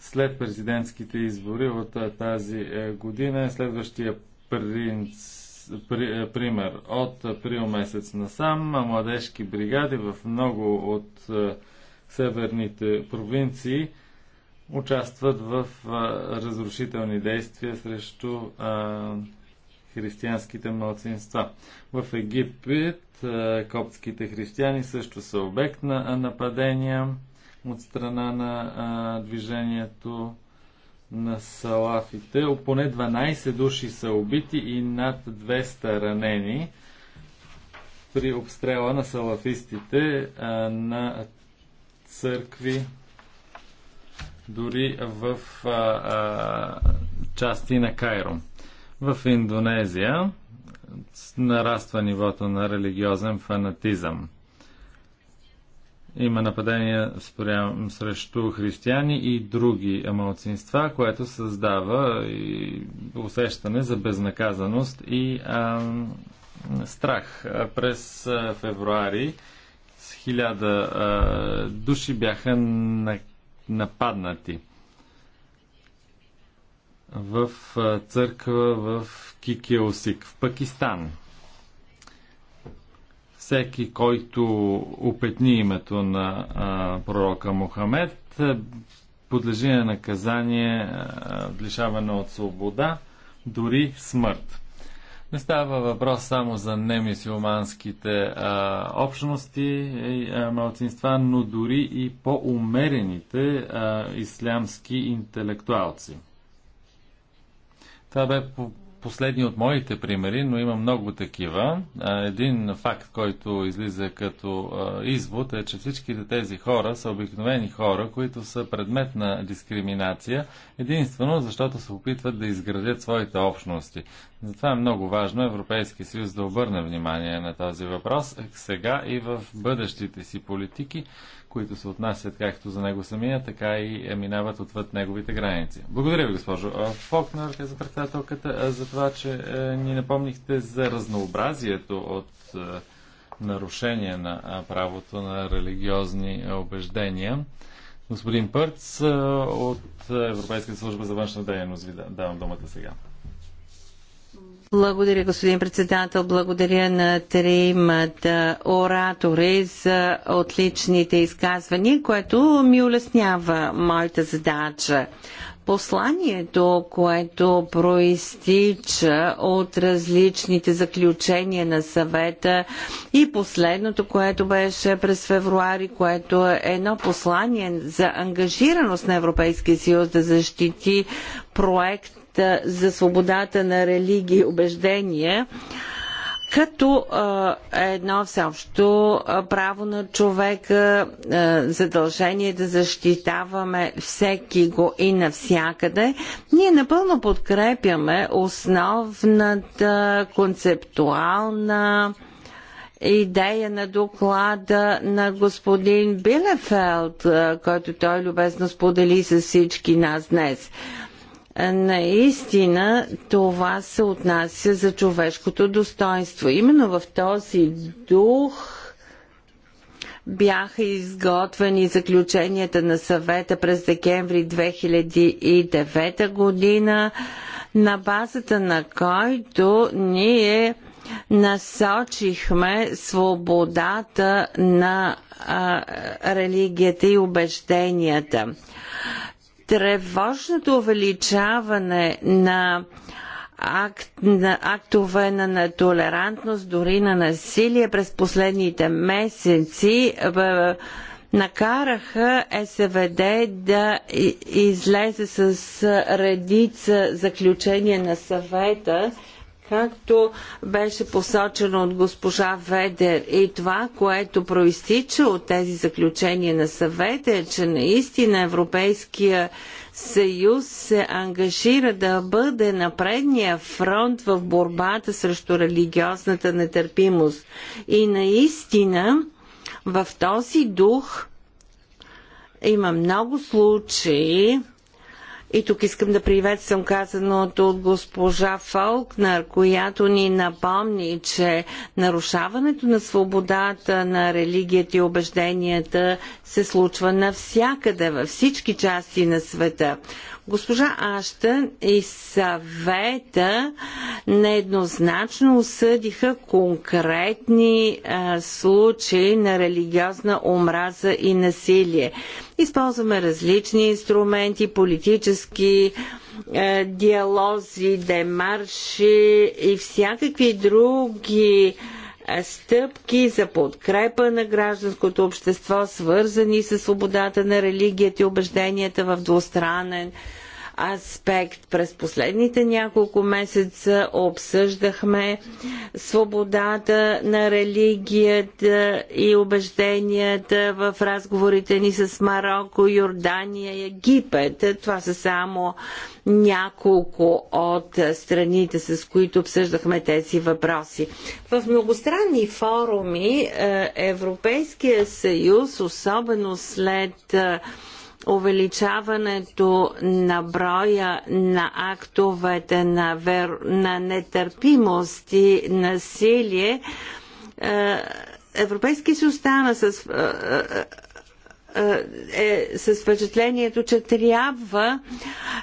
след президентските избори от тази е, година е следващия принц при, е, пример. От април месец насам младежки бригади в много от северните провинции участват в разрушителни действия срещу християнските младсинства. В Египет коптските християни също са обект на нападения от страна на а, движението на салафите. Поне 12 души са убити и над 200 ранени при обстрела на салафистите а, на църкви, дори в а, а, части на Кайро. В Индонезия нараства нивото на религиозен фанатизъм. Има нападения спрям, срещу християни и други малцинства, което създава и усещане за безнаказаност и а, страх. През февруари хиляда души бяха нападнати в църква в Кикеосик в Пакистан. Всеки, който опетни името на а, пророка Мохамед, подлежи на наказание а, лишаване от свобода, дори смърт. Не става въпрос само за немисиоманските общности и малцинства, но дори и по-умерените а, ислямски интелектуалци. Това бе последни от моите примери, но има много такива. Един факт, който излиза като извод е, че всичките тези хора са обикновени хора, които са предмет на дискриминация, единствено защото се опитват да изградят своите общности. Затова е много важно Европейски съюз да обърне внимание на този въпрос сега и в бъдещите си политики които се отнасят както за него самия, така и е, минават отвъд неговите граници. Благодаря ви, госпожо Фокнер, за председателката, за това, че е, ни напомнихте за разнообразието от е, нарушение на правото на религиозни убеждения. Господин Пърц от Европейската служба за външна дейност ви давам думата сега. Благодаря, господин председател. Благодаря на тримата оратори за отличните изказвания, което ми улеснява моята задача. Посланието, което проистича от различните заключения на съвета и последното, което беше през февруари, което е едно послание за ангажираност на Европейския съюз да защити проект Конвенцията за свободата на религии и убеждения като е, едно всеобщо право на човека, е, задължение да защитаваме всеки го и навсякъде, ние напълно подкрепяме основната концептуална идея на доклада на господин Билефелд, който той любезно сподели с всички нас днес наистина това се отнася за човешкото достоинство. Именно в този дух бяха изготвени заключенията на съвета през декември 2009 година, на базата на който ние насочихме свободата на а, религията и убежденията тревожното увеличаване на акт, на актове на нетолерантност, дори на насилие през последните месеци е, накараха СВД да излезе с е, редица заключения на съвета както беше посочено от госпожа Ведер. И това, което проистича от тези заключения на съвета е, че наистина Европейския съюз се ангажира да бъде на предния фронт в борбата срещу религиозната нетърпимост. И наистина в този дух има много случаи, и тук искам да приветствам казаното от госпожа Фолкнер, която ни напомни, че нарушаването на свободата на религията и убежденията се случва навсякъде, във всички части на света. Госпожа Аштън и съвета нееднозначно осъдиха конкретни а, случаи на религиозна омраза и насилие. Използваме различни инструменти, политически е, диалози, демарши и всякакви други стъпки за подкрепа на гражданското общество, свързани с свободата на религията и убежденията в двустранен аспект. През последните няколко месеца обсъждахме свободата на религията и убежденията в разговорите ни с Марокко, Йордания и Египет. Това са само няколко от страните, с които обсъждахме тези въпроси. В многостранни форуми е, Европейския съюз, особено след е, увеличаването на броя на актовете на, вер... на нетърпимост и насилие, е, Европейски съюз стана с, е, е, е, с впечатлението, че трябва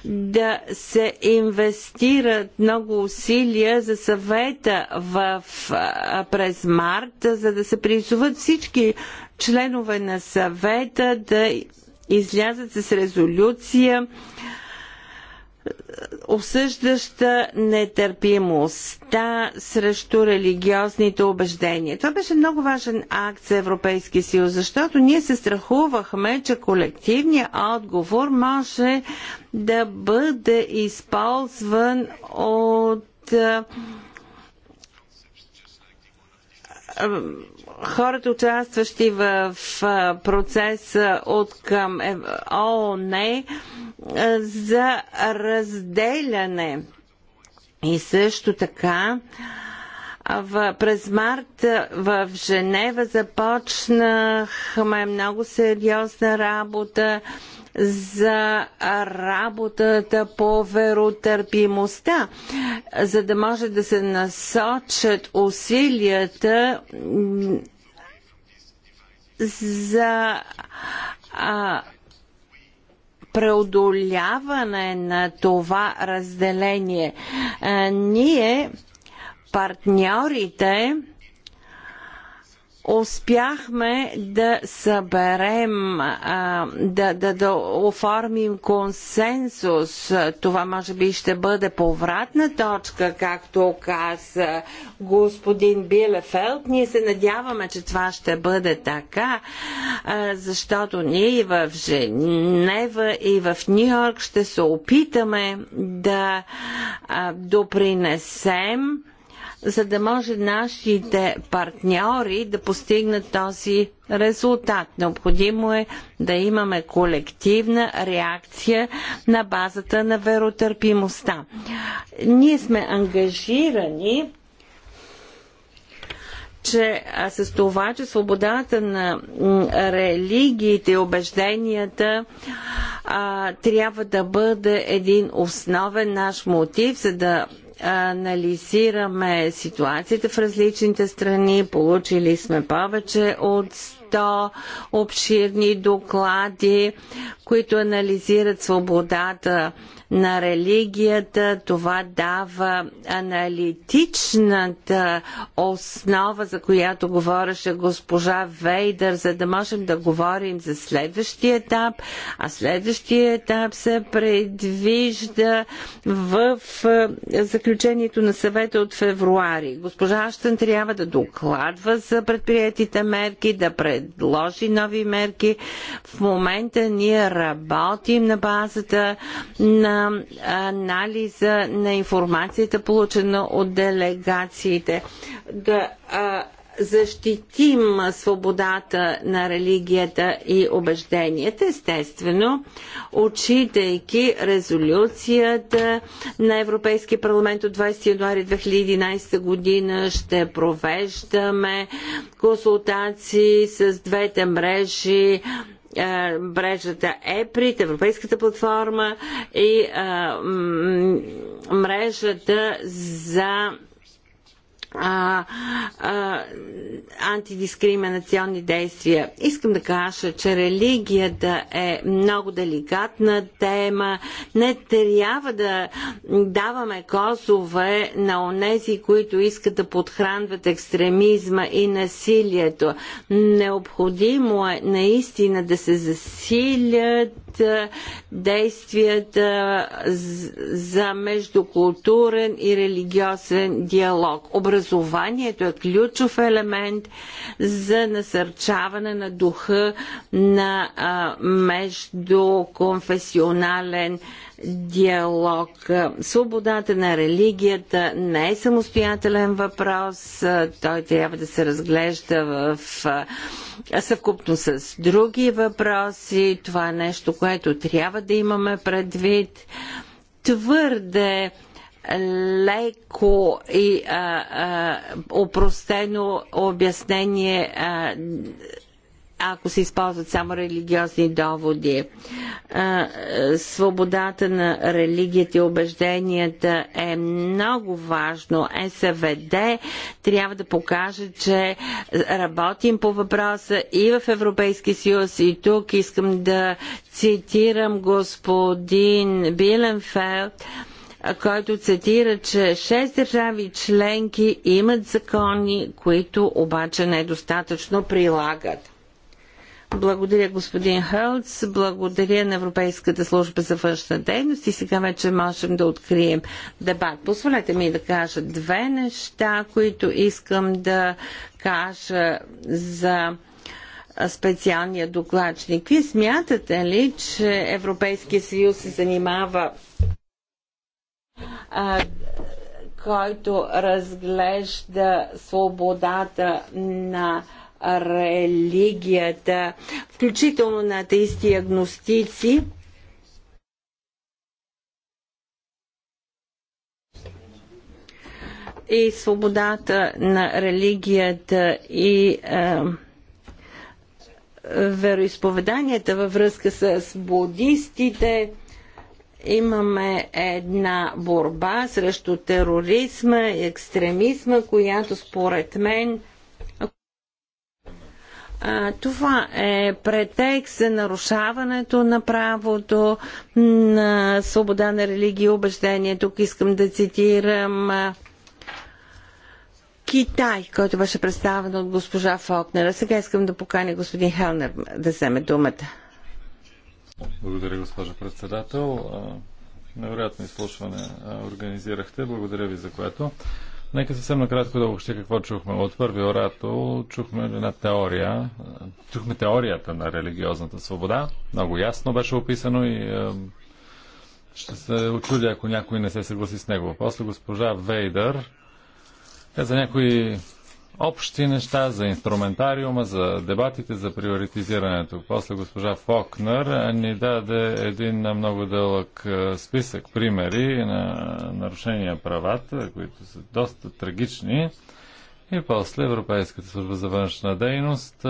да се инвестират много усилия за съвета в, през март, за да се призоват всички членове на съвета да излязат с резолюция е, осъждаща нетърпимостта срещу религиозните убеждения. Това беше много важен акт за Европейския съюз, защото ние се страхувахме, че колективният отговор може да бъде използван от е, хората, участващи в процеса от към ООН е, за разделяне. И също така в, през март в Женева започнахме много сериозна работа за работата по веротърпимостта, за да може да се насочат усилията за а, преодоляване на това разделение. А, е, ние, партньорите, успяхме да съберем, да, да, да оформим консенсус. Това може би ще бъде повратна точка, както каза господин Билефелд. Ние се надяваме, че това ще бъде така, защото ние и в Женева, и в Нью Йорк ще се опитаме да допринесем за да може нашите партньори да постигнат този резултат. Необходимо е да имаме колективна реакция на базата на веротърпимостта. Ние сме ангажирани че с това, че свободата на религиите и убежденията а, трябва да бъде един основен наш мотив, за да анализираме ситуацията в различните страни. Получили сме повече от 100 обширни доклади, които анализират свободата на религията, това дава аналитичната основа, за която говореше госпожа Вейдер, за да можем да говорим за следващия етап, а следващия етап се предвижда в е, заключението на съвета от февруари. Госпожа Аштън трябва да докладва за предприятите мерки, да предложи нови мерки. В момента ние работим на базата на анализа на информацията, получена от делегациите. Да защитим свободата на религията и убежденията, естествено, отчитайки резолюцията на Европейския парламент от 20 януари 2011 година, ще провеждаме консултации с двете мрежи е, мрежата EPRIT, Европейската платформа и е, мрежата за а, а, антидискриминационни действия. Искам да кажа, че религията е много деликатна тема. Не трябва да даваме косове на онези, които искат да подхранват екстремизма и насилието. Необходимо е наистина да се засилят действията за междукултурен и религиозен диалог. Образ образованието е ключов елемент за насърчаване на духа на междуконфесионален диалог. Свободата на религията не е самостоятелен въпрос. Той трябва да се разглежда в съвкупно с други въпроси. Това е нещо, което трябва да имаме предвид. Твърде леко и а, а, упростено обяснение, а, ако се използват само религиозни доводи. А, свободата на религията и убежденията е много важно. СВД трябва да покаже, че работим по въпроса и в Европейския съюз, и тук искам да цитирам господин Биленфелд, който цитира, че 6 държави членки имат закони, които обаче недостатъчно прилагат. Благодаря господин Хълц, благодаря на Европейската служба за външна дейност и сега вече можем да открием дебат. Позволете ми да кажа две неща, които искам да кажа за специалния докладчник. Вие смятате ли, че Европейския съюз се занимава който разглежда свободата на религията, включително на атеисти и агностици. И свободата на религията и е, вероисповеданията във връзка с будистите имаме една борба срещу тероризма и екстремизма, която според мен това е претекст за нарушаването на правото на свобода на религия и убеждение. Тук искам да цитирам Китай, който беше представен от госпожа Фокнера. Сега искам да поканя господин Хелнер да вземе думата. Благодаря, госпожо председател. Невероятно изслушване организирахте. Благодаря ви за което. Нека съвсем накратко да обобщя какво чухме. От първи орато чухме една теория. Чухме теорията на религиозната свобода. Много ясно беше описано и ще се очудя, ако някой не се съгласи с него. После госпожа Вейдър каза някои общи неща за инструментариума, за дебатите, за приоритизирането. После госпожа Фокнер ни даде един много дълъг списък примери на нарушения правата, които са доста трагични. И после Европейската служба за външна дейност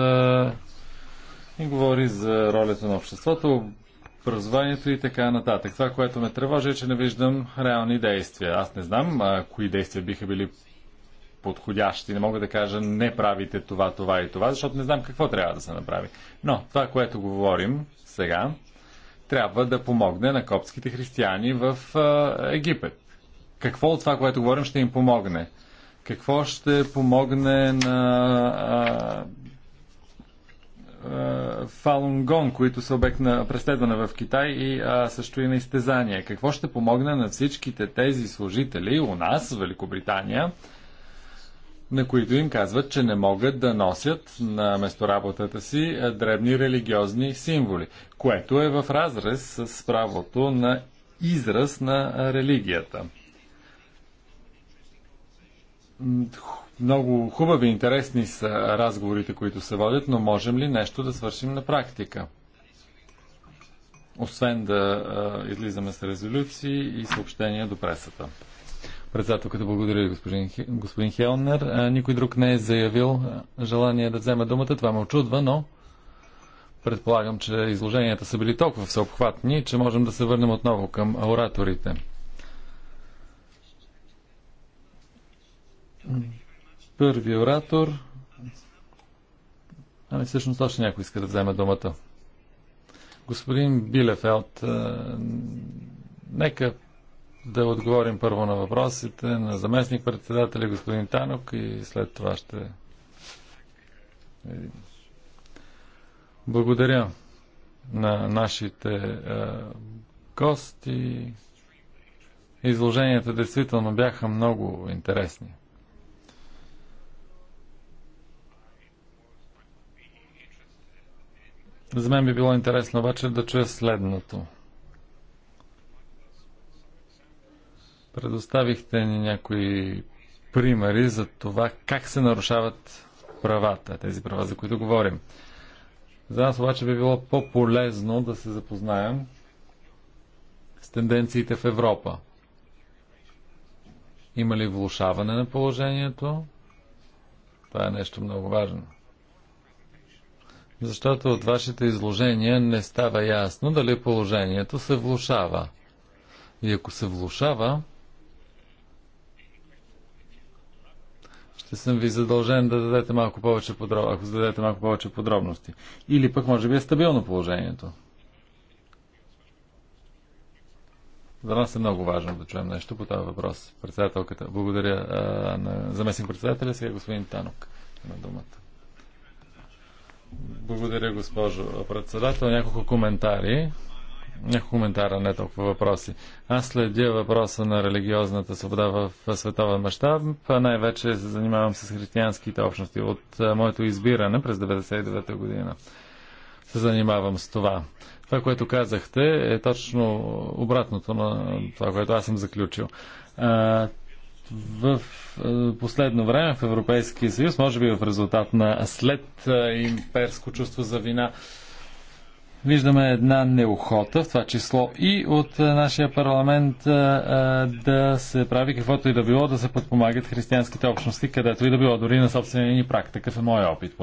ни и говори за ролята на обществото, образованието и така нататък. Това, което ме тревожи е, че не виждам реални действия. Аз не знам а, кои действия биха били подходящи. Не мога да кажа не правите това, това и това, защото не знам какво трябва да се направи. Но това, което говорим сега, трябва да помогне на коптските християни в Египет. Какво от това, което говорим, ще им помогне? Какво ще помогне на Фалунгон, които са обект на преследване в Китай и а, също и на изтезания. Какво ще помогне на всичките тези служители у нас, в Великобритания, на които им казват, че не могат да носят на местоработата си е, дребни религиозни символи, което е в разрез с правото на израз на е, религията. Много хубави, и интересни са разговорите, които се водят, но можем ли нещо да свършим на практика? Освен да е, излизаме с резолюции и съобщения до пресата. Председателката благодаря ви, господин, господин Хелнер. Никой друг не е заявил желание да вземе думата. Това ме очудва, но предполагам, че изложенията са били толкова всеобхватни, че можем да се върнем отново към ораторите. Първи оратор. Ами всъщност още някой иска да вземе думата. Господин Билефелд, нека да отговорим първо на въпросите на заместник председателя господин Танок и след това ще видим. Благодаря на нашите а, гости. Изложенията действително бяха много интересни. За мен би било интересно обаче да чуя следното. Предоставихте ни някои примери за това как се нарушават правата, тези права, за които говорим. За нас обаче би било по-полезно да се запознаем с тенденциите в Европа. Има ли влушаване на положението? Това е нещо много важно. Защото от вашите изложения не става ясно дали положението се влушава. И ако се влушава, ще съм ви задължен да дадете малко повече подробности, ако зададете малко повече подробности. Или пък може би е стабилно положението. За нас е много важно да чуем нещо по този въпрос. Председателката. Благодаря а, на заместник председателя. Сега господин Танок на думата. Благодаря, госпожо председател. Няколко коментари. Е, Няколко коментара, не толкова въпроси. Аз следя въпроса на религиозната свобода в световен мащаб. Най-вече се занимавам с християнските общности. От моето избиране през 99-та година се занимавам с това. Това, което казахте, е точно обратното на това, което аз съм заключил. В последно време в Европейския съюз, може би в резултат на след имперско чувство за вина, Виждаме една неохота, в това число и от е, нашия парламент, е, е, да се прави каквото и да било, да се подпомагат християнските общности, където и да било, дори на собствения ни прак. Такъв е моят опит.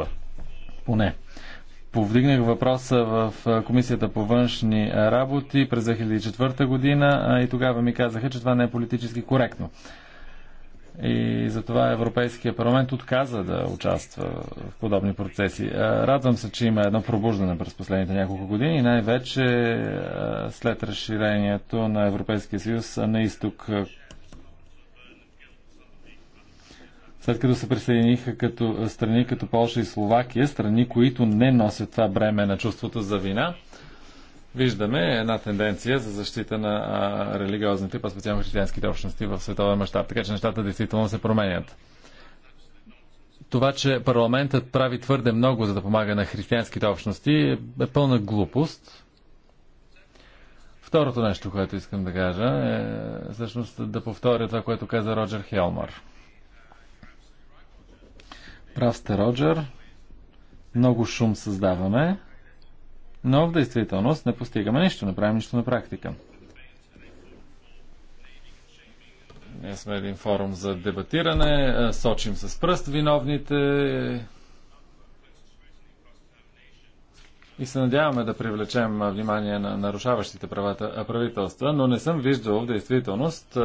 Поне повдигнах въпроса в Комисията по външни работи през 2004 година и тогава ми казаха, че това не е политически коректно и затова Европейския парламент отказа да участва в подобни процеси. Радвам се, че има едно пробуждане през последните няколко години, най-вече след разширението на Европейския съюз на изток, след като се присъединиха като страни като Польша и Словакия, страни, които не носят това бреме на чувството за вина – виждаме една тенденция за защита на а, религиозните, по-специално християнските общности в световен мащаб. Така че нещата действително се променят. Това, че парламентът прави твърде много за да помага на християнските общности е пълна глупост. Второто нещо, което искам да кажа е всъщност да повторя това, което каза Роджер Хелмар. Прав сте, Роджер. Много шум създаваме но в действителност не постигаме нищо, не правим нищо на практика. Ние сме един форум за дебатиране, е, сочим с пръст виновните е, и се надяваме да привлечем е, внимание на нарушаващите правата правителства, но не съм виждал в действителност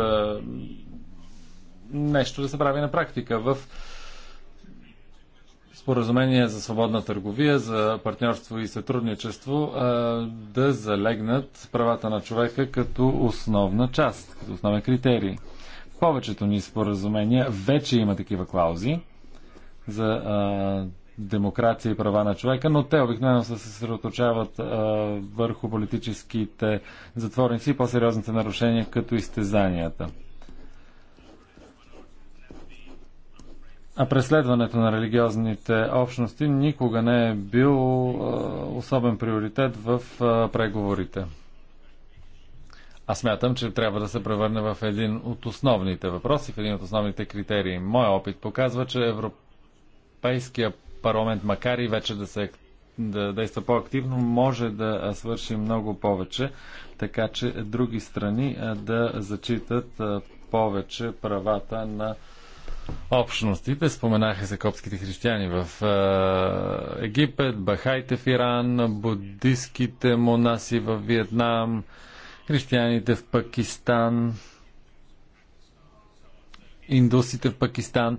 нещо да се прави на практика. В споразумения за свободна търговия, за партньорство и сътрудничество да залегнат правата на човека като основна част, като основен критерий. В повечето ни споразумения вече има такива клаузи за демокрация и права на човека, но те обикновено се съсредоточават върху политическите затворници и по-сериозните нарушения, като изтезанията. А преследването на религиозните общности никога не е бил особен приоритет в преговорите. Аз смятам, че трябва да се превърне в един от основните въпроси, в един от основните критерии. Моя опит показва, че Европейския парламент, макар и вече да се да действа по-активно, може да свърши много повече, така че други страни да зачитат повече правата на общностите. Споменаха се копските християни в Египет, бахайте в Иран, буддистските монаси в Виетнам, християните в Пакистан, индусите в Пакистан.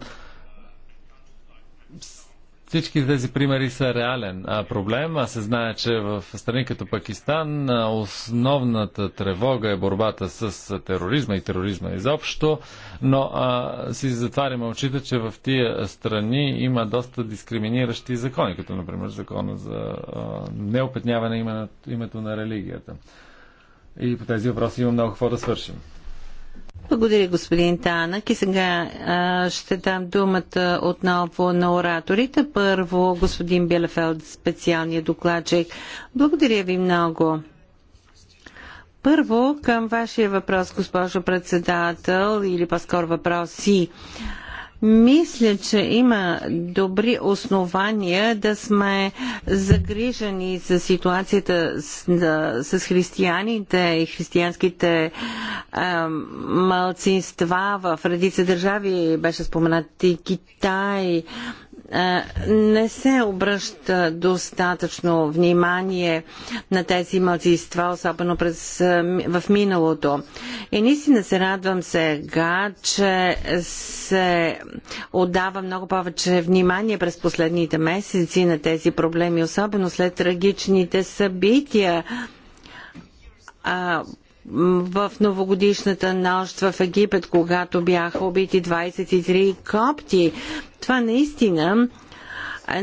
Всички тези примери са реален а, проблем. А се знае, че в страни като Пакистан основната тревога е борбата с тероризма и тероризма изобщо, но а, си затваряме очите, че в тия страни има доста дискриминиращи закони, като например закона за а, неопетняване името на религията. И по тези въпроси има много какво да свършим. Благодаря, господин Танък. И сега а, ще дам думата отново на ораторите. Първо, господин Белефелд, специалния докладчик. Благодаря ви много. Първо, към вашия въпрос, госпожо председател, или по-скоро въпроси. си. Мисля, че има добри основания да сме загрижени за ситуацията с, с християните и християнските малцинства в редица държави. Беше споменат и Китай. Е, не се обръща достатъчно внимание на тези мълцинства, особено през, е, в миналото. И наистина се радвам сега, че се отдава много повече внимание през последните месеци на тези проблеми, особено след трагичните събития в новогодишната нощ в Египет, когато бяха убити 23 копти. Това наистина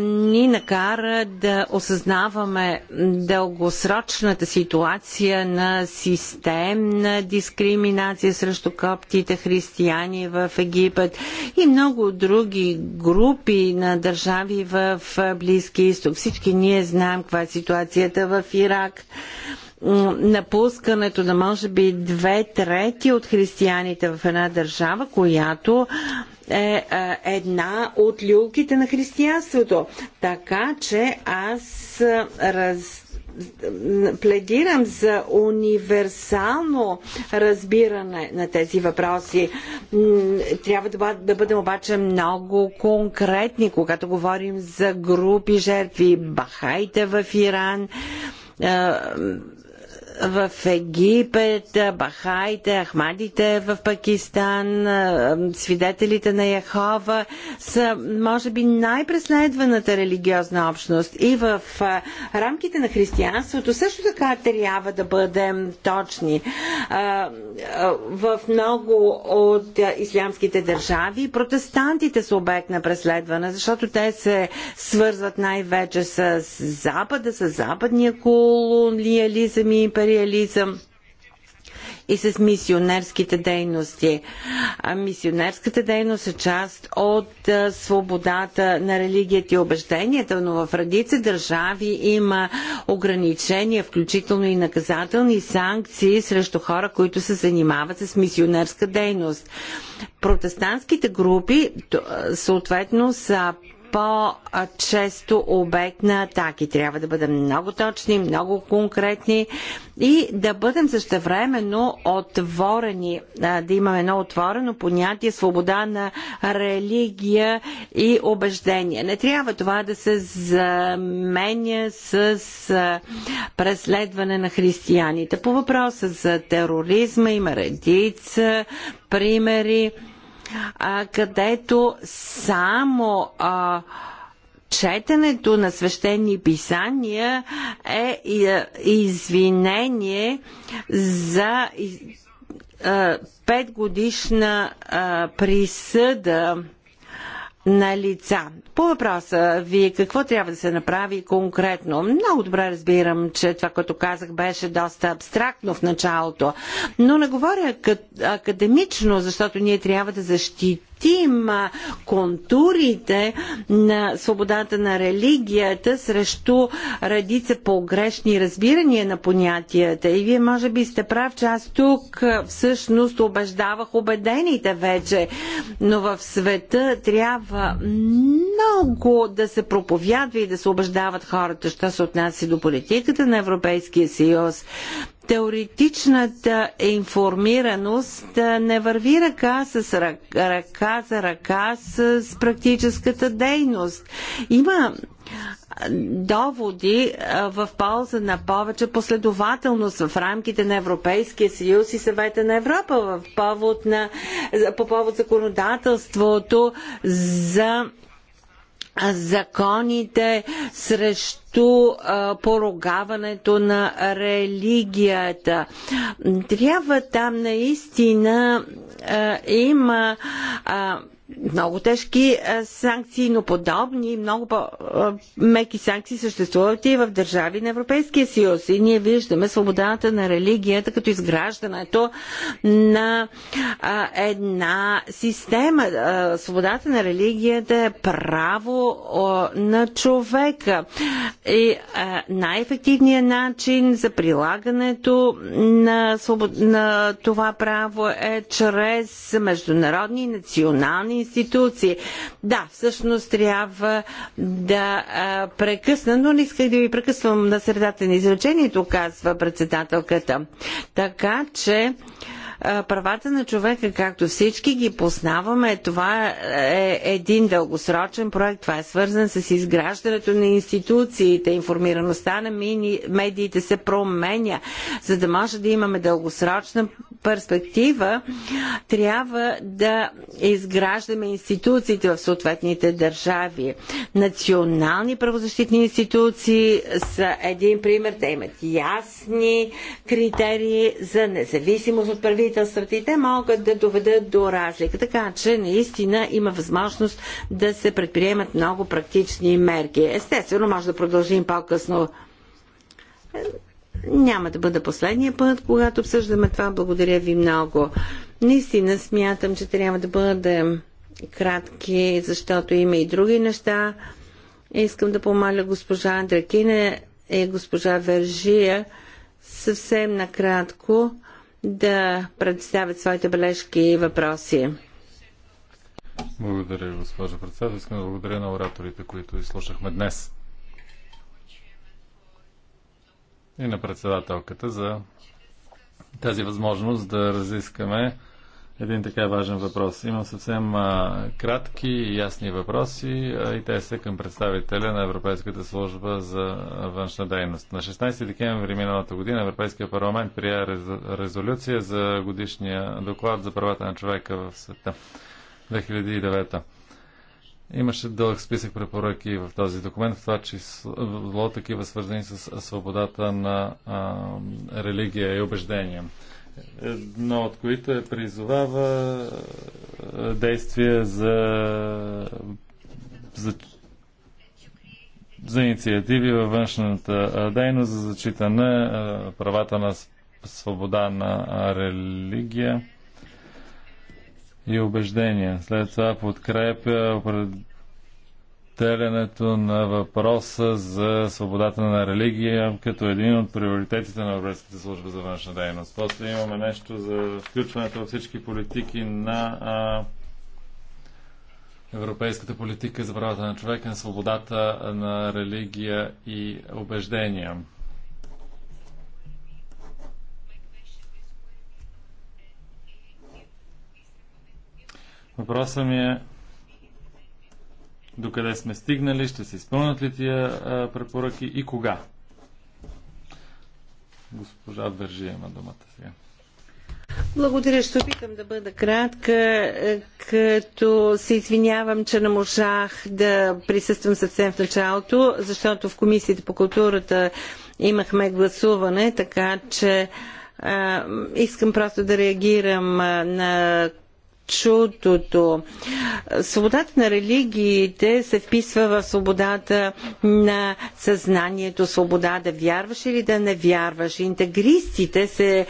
ни накара да осъзнаваме дългосрочната ситуация на системна дискриминация срещу коптите християни в Египет и много други групи на държави в Близки изток. Всички ние знаем каква е ситуацията в Ирак напускането на може би две трети от християните в една държава, която е, е една от люлките на християнството. Така че аз е, раз, пледирам за универсално разбиране на тези въпроси. Трябва да, да бъдем обаче много конкретни, когато говорим за групи жертви, бахайте в Иран е, в Египет, бахаите, ахмадите в Пакистан, свидетелите на Яхова са, може би, най-преследваната религиозна общност. И в рамките на християнството също така трябва да бъдем точни. В много от ислямските държави протестантите са обект на преследване, защото те се свързват най-вече с Запада, с западния колониализъм и империализъм реализъм и с мисионерските дейности. А мисионерската дейност е част от свободата на религията и убежденията, но в редица държави има ограничения, включително и наказателни санкции срещу хора, които се занимават с мисионерска дейност. Протестантските групи съответно са по-често обект на атаки. Трябва да бъдем много точни, много конкретни и да бъдем същевременно отворени, да имаме едно отворено понятие свобода на религия и убеждение. Не трябва това да се заменя с преследване на християните. По въпроса за тероризма има редица примери а, където само а, четенето на свещени писания е извинение за петгодишна присъда на лица. По въпроса ви какво трябва да се направи конкретно? Много добре разбирам, че това, което казах, беше доста абстрактно в началото, но не говоря академично, защото ние трябва да защитим Тим контурите на свободата на религията срещу радица погрешни разбирания на понятията. И вие може би сте прав, че аз тук всъщност убеждавах убедените вече, но в света трябва много да се проповядва и да се убеждават хората, що се отнася до политиката на Европейския съюз теоретичната информираност не върви ръка, с ръка, ръка за ръка с практическата дейност. Има доводи в полза на повече последователност в рамките на Европейския съюз и съвета на Европа в повод на, по повод законодателството за законите срещу а, поругаването на религията. Трябва там наистина а, има а, много тежки е, санкции, но подобни и много по-меки е, санкции съществуват и в държави на Европейския съюз. И ние виждаме свободата на религията като изграждането на е, една система. свободата на религията е право на човека. И най-ефективният начин за прилагането на, свобод... на това право е чрез международни и национални институции. Да, всъщност трябва да прекъсна, но не исках да ви прекъсвам на средата на изречението, казва председателката. Така че правата на човека, както всички ги познаваме, това е един дългосрочен проект. Това е свързан с изграждането на институциите. Информираността на медиите се променя. За да може да имаме дългосрочна перспектива, трябва да изграждаме институциите в съответните държави. Национални правозащитни институции са един пример. Те имат ясни критерии за независимост от правителството правителствата могат да доведат до разлика. Така че наистина има възможност да се предприемат много практични мерки. Естествено, може да продължим по-късно. Няма да бъда последния път, когато обсъждаме това. Благодаря ви много. Наистина смятам, че трябва да бъдем кратки, защото има и други неща. Искам да помоля госпожа Андракина и госпожа Вержия съвсем накратко да представят своите бележки и въпроси. Благодаря, госпожо председател. Искам да благодаря на ораторите, които изслушахме днес. И на председателката за тази възможност да разискаме един така важен въпрос. Имам съвсем а, кратки и ясни въпроси а, и те са към представителя на Европейската служба за външна дейност. На 16 декември миналата година Европейския парламент прия рез, резолюция за годишния доклад за правата на човека в света 2009. Имаше дълъг списък препоръки в този документ, в това число такива свързани с свободата на а, религия и убеждения едно от които е призовава е, действия за, за, за инициативи във външната дейност за зачитане е, правата на свобода на религия и убеждения. След това подкрепя поставянето на въпроса за свободата на религия като един от приоритетите на Европейската служба за външна дейност. После имаме нещо за включването във всички политики на а, европейската политика за правата на човека, на свободата на религия и убеждения. Въпросът ми е докъде сме стигнали, ще се изпълнят ли тия препоръки и кога. Госпожа държия има думата сега. Благодаря, ще опитам да бъда кратка, е, като се извинявам, че не можах да присъствам съвсем в началото, защото в Комисията по културата имахме гласуване, така че а, е, искам просто да реагирам е, на чудото. Свободата на религиите се вписва в свободата на съзнанието, свобода да вярваш или да не вярваш. Интегристите се е,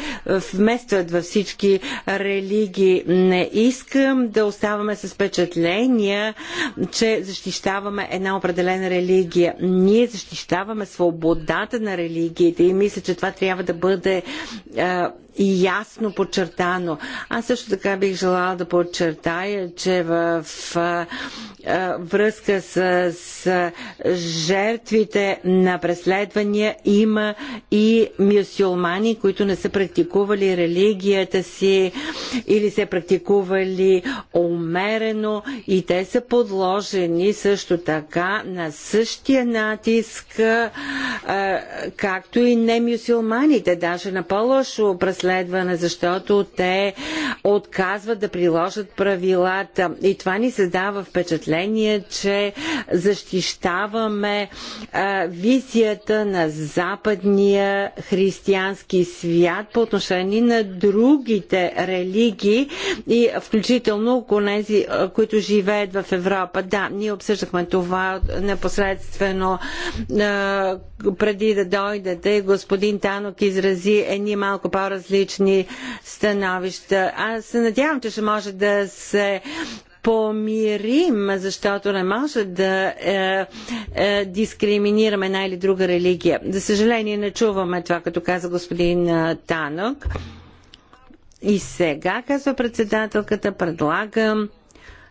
вместват във всички религии. Не искам да оставаме с впечатление, че защищаваме една определена религия. Ние защищаваме свободата на религиите и мисля, че това трябва да бъде е, ясно подчертано. Аз също така бих желала да подчертая, че в връзка с, с жертвите на преследвания има и мюсюлмани, които не са практикували религията си или са практикували умерено и те са подложени също така на същия натиск, както и не мюсюлманите, даже на по-лошо преследване разследване, защото те отказват да приложат правилата. И това ни създава впечатление, че защищаваме а, визията на западния християнски свят по отношение на другите религии и включително конези, които живеят в Европа. Да, ние обсъждахме това непосредствено а, преди да дойдете. Господин Танок изрази едни малко по-различни различни становища. Аз се надявам, че ще може да се помирим, защото не може да е, е, дискриминираме една или друга религия. За съжаление не чуваме това, като каза господин е, Танок. И сега, казва председателката, предлагам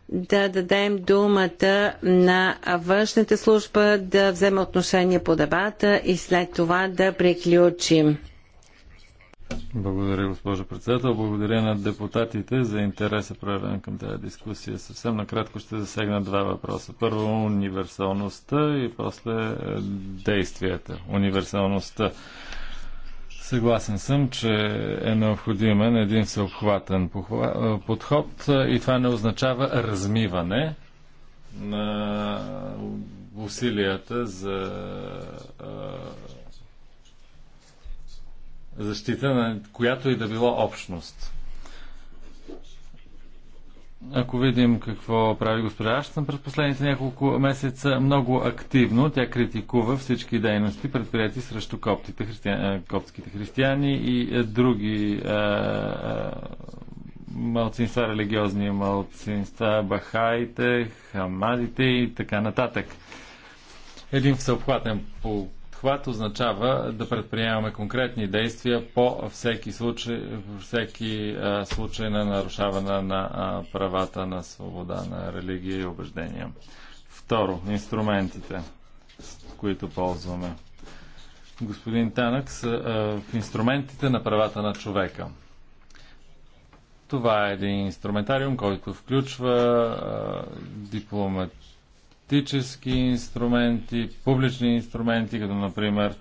да дадем думата на външната служба да вземе отношение по дебата и след това да приключим. Благодаря, госпожо председател. Благодаря на депутатите за интереса проявен към тази дискусия. Съвсем накратко ще засегна два въпроса. Първо универсалността и после е, действията. Универсалността. Съгласен съм, че е необходимен един всеобхватен е, подход е, и това не означава размиване на усилията за защита на която и да било общност. Ако видим какво прави госпожа Аштън през последните няколко месеца, много активно тя критикува всички дейности, предприяти срещу коптите, християни, е, коптските християни и е, други а, е, а, малцинства, религиозни малцинства, бахаите, хамадите и така нататък. Един всеобхватен по обхват означава да предприемаме конкретни действия по всеки случай, всеки случай на нарушаване на правата на свобода на религия и убеждения. Второ, инструментите, които ползваме. Господин Танък, са в инструментите на правата на човека. Това е един инструментариум, който включва дипломат политически инструменти, публични инструменти, като например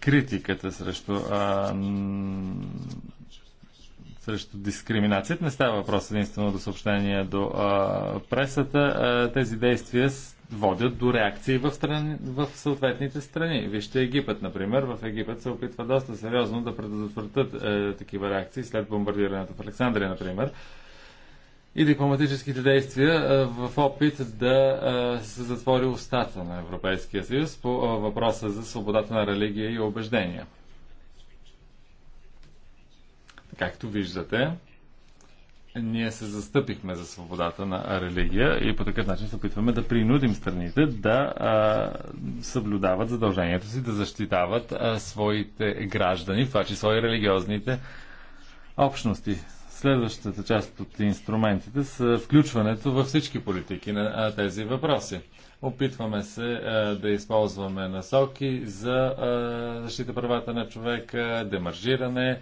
критиката срещу, а, срещу дискриминацията. Не става въпрос единствено до съобщения до а, пресата. А, тези действия водят до реакции в, страни, в съответните страни. Вижте Египет, например. В Египет се опитва доста сериозно да предотвратят е, такива реакции след бомбардирането в Александрия, например и дипломатическите действия в опит да се затвори устата на Европейския съюз по въпроса за свободата на религия и убеждения. Както виждате, ние се застъпихме за свободата на религия и по такъв начин се опитваме да принудим страните да а, съблюдават задължението си, да защитават а, своите граждани, в това число и религиозните общности. Следващата част от инструментите са включването във всички политики на тези въпроси. Опитваме се а, да използваме насоки за а, защита правата на човека, демаржиране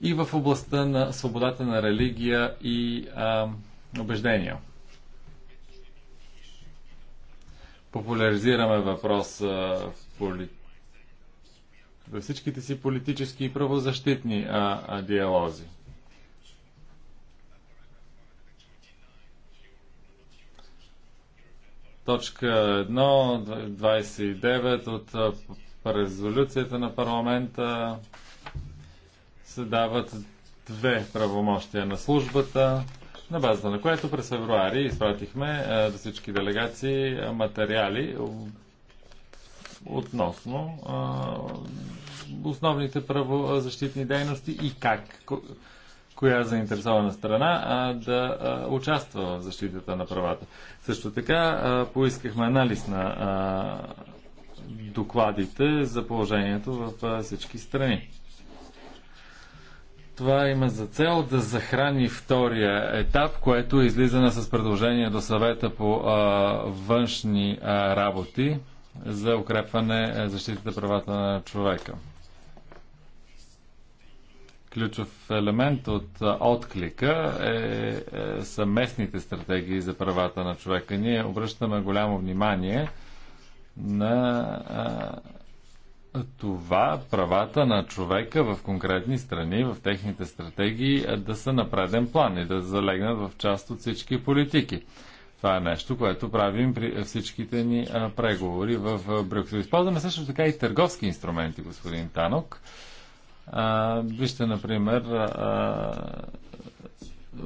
и в областта на свободата на религия и а, убеждения. Популяризираме въпрос в политиката във всичките си политически и правозащитни а, а, диалози. точка 1, 29 от резолюцията на парламента се дават две правомощия на службата, на базата на което през февруари изпратихме до всички делегации материали относно основните правозащитни дейности и как коя заинтересована страна а, да а, участва в защитата на правата. Също така а, поискахме анализ на а, докладите за положението в а, всички страни. Това има за цел да захрани втория етап, което е излизане с предложение до съвета по а, външни а, работи за укрепване защитата правата на човека. Ключов елемент от отклика е, е съместните стратегии за правата на човека. Ние обръщаме голямо внимание на това правата на човека в конкретни страни, в техните стратегии да са на преден план и да залегнат в част от всички политики. Това е нещо, което правим при всичките ни преговори в Брюксел. Използваме също така и търговски инструменти, господин Танок. А, вижте, например, подписва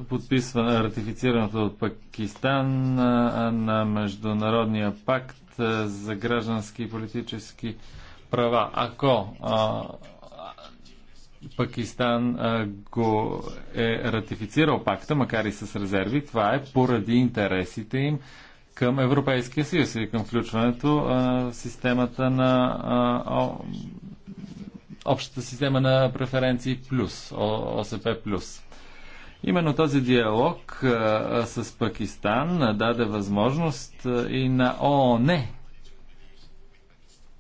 подписване, ратифицирането от Пакистан а, на Международния пакт за граждански и политически права. Ако а, Пакистан а, го е ратифицирал пакта, макар и с резерви, това е поради интересите им към Европейския съюз и към включването а, в системата на а, общата система на преференции плюс, ОСП плюс. Именно този диалог а, с Пакистан даде възможност и на ООН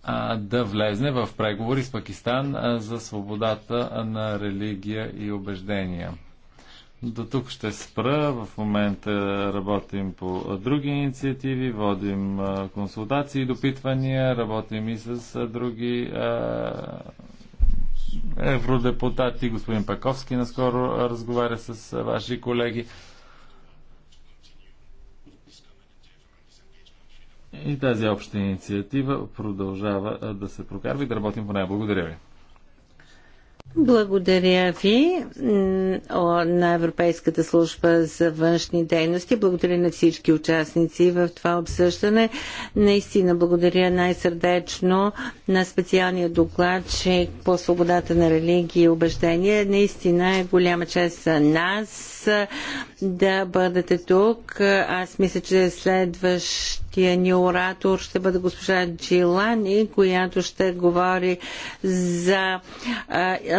а, да влезне в преговори с Пакистан а, за свободата на религия и убеждения. До тук ще спра. В момента работим по други инициативи, водим консултации и допитвания, работим и с други евродепутати. Господин Паковски наскоро разговаря с ваши колеги. И тази обща инициатива продължава да се прокарва и да работим по нея. Благодаря ви. Благодаря ви на Европейската служба за външни дейности. Благодаря на всички участници в това обсъждане. Наистина благодаря най-сърдечно на специалния доклад че по свободата на религия и убеждения. Наистина е голяма чест за нас да бъдете тук. Аз мисля, че следващия ни оратор ще бъде госпожа Джилани, която ще говори за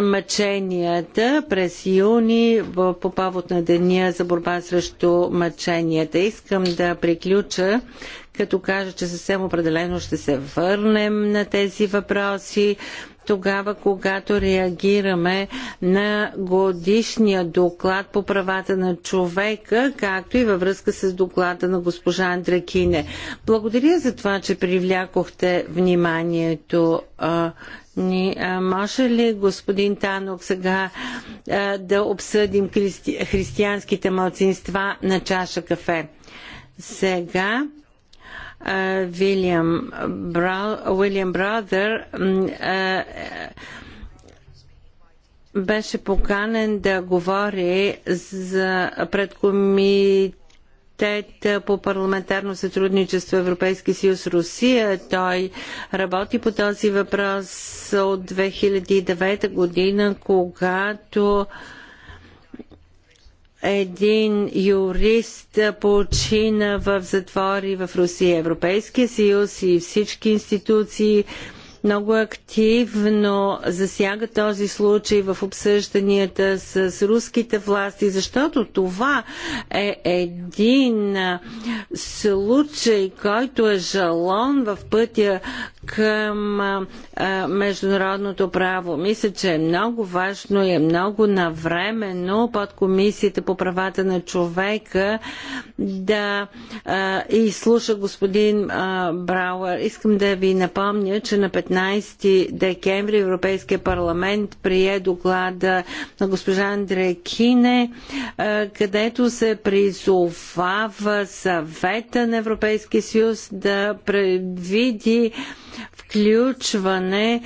мъченията през юни по повод на деня за борба срещу мъченията. Искам да приключа като кажа, че съвсем определено ще се върнем на тези въпроси тогава, когато реагираме на годишния доклад по правата на човека, както и във връзка с доклада на госпожа Андрекине. Благодаря за това, че привлякохте вниманието ни. Може ли, господин Танок, сега да обсъдим христи... християнските младсинства на чаша кафе? Сега William Bra- William Brother беше поканен да говори за пред комитет по парламентарно сътрудничество Европейски съюз Русия. Той работи по този въпрос от 2009 година, когато един юрист почина в затвори в Русия. Европейския съюз и всички институции много активно засяга този случай в обсъжданията с, руските власти, защото това е един случай, който е жалон в пътя към международното право. Мисля, че е много важно и е много навременно под Комисията по правата на човека да изслуша господин Брауър. Искам да ви напомня, че на 15 декември Европейския парламент прие доклада на госпожа Андре Кине, е, където се призовава съвета на Европейския съюз да предвиди включване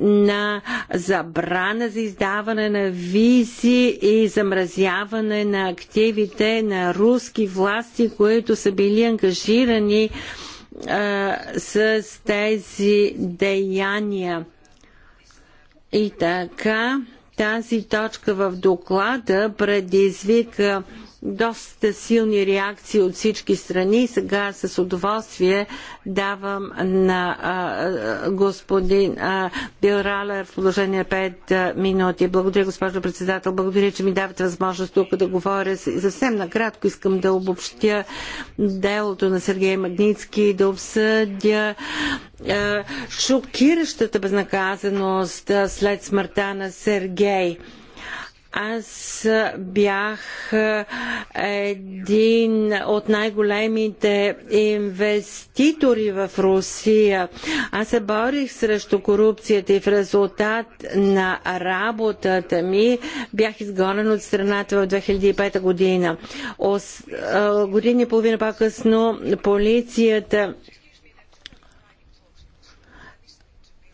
на забрана за издаване на визи и замразяване на активите на руски власти, които са били ангажирани а, с тези деяния. И така, тази точка в доклада предизвика доста силни реакции от всички страни. Сега с удоволствие давам на а, господин а, Бил Ралер в положение 5 минути. Благодаря, госпожо председател. Благодаря, че ми давате възможност тук да говоря. Съвсем накратко искам да обобщя делото на Сергей Магницки, да обсъдя а, шокиращата безнаказаност след смъртта на Сергей. Аз бях е, един от най-големите инвеститори в Русия. Аз се борих срещу корупцията и в резултат на работата ми бях изгонен от страната в 2005 година. Ос, е, години и половина по-късно полицията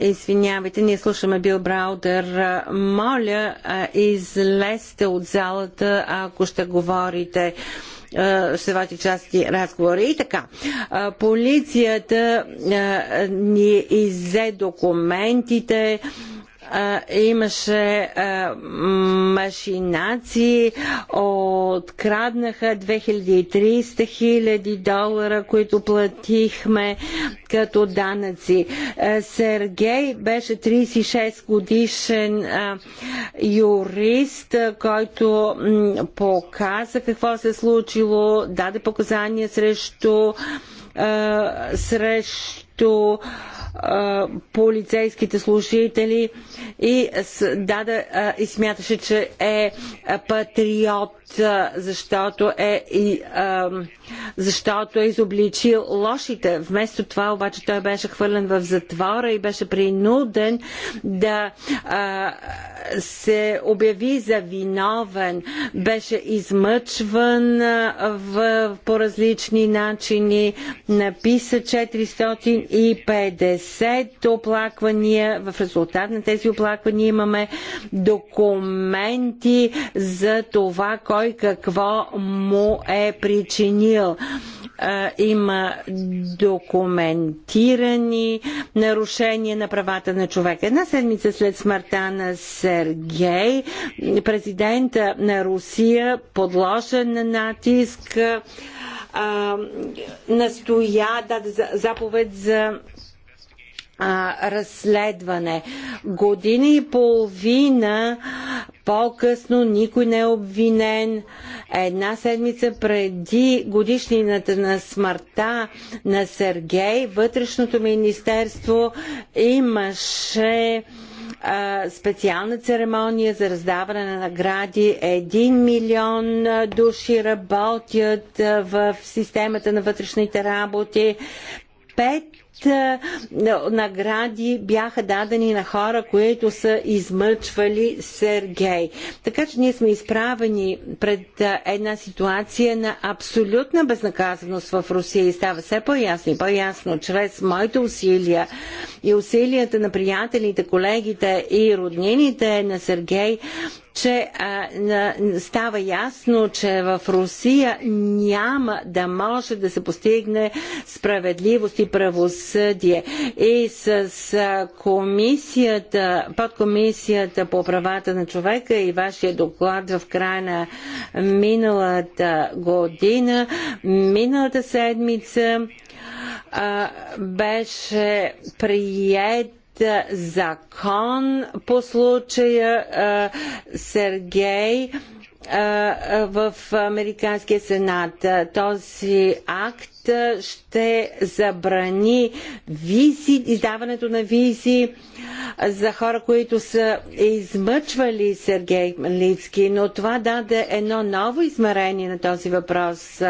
Извинявайте, ние слушаме Бил Браудер, Моля, излезте от залата, ако ще говорите ще води части разговори. И така, полицията ни иззе документите, имаше машинации, откраднаха 2300 хиляди долара, които платихме като данъци. Сергей беше 36 годишен юрист, който показа какво се е случило, даде показания срещу срещу полицейските служители и, даде, и смяташе, че е патриот защото е, и, а, защото е изобличил лошите. Вместо това обаче той беше хвърлен в затвора и беше принуден да а, се обяви за виновен. Беше измъчван в, по различни начини. Написа 450 оплаквания. В резултат на тези оплаквания имаме документи за това, кой кой какво му е причинил. Има документирани нарушения на правата на човека. Една седмица след смъртта на Сергей, президента на Русия, подложен на натиск, настоя да заповед за а, разследване. Година и половина по-късно никой не е обвинен. Една седмица преди годишнината на смъртта на Сергей, вътрешното министерство имаше специална церемония за раздаване на награди. Един милион души работят в системата на вътрешните работи. Пет е, награди бяха дадени на хора, които са измъчвали Сергей. Така че ние сме изправени пред е, една ситуация на абсолютна безнаказаност в Русия и става все по-ясно и по-ясно чрез моите усилия и усилията на приятелите, колегите и роднините на Сергей че а, на, става ясно, че в Русия няма да може да се постигне справедливост и правосъдие. И с, с комисията, подкомисията по правата на човека и вашия доклад в края на миналата година, миналата седмица, беше прият закон по случая Сергей в Американския сенат. Този акт ще забрани визи, издаването на визи за хора, които са измъчвали Сергей Лицки, но това даде едно ново измерение на този въпрос,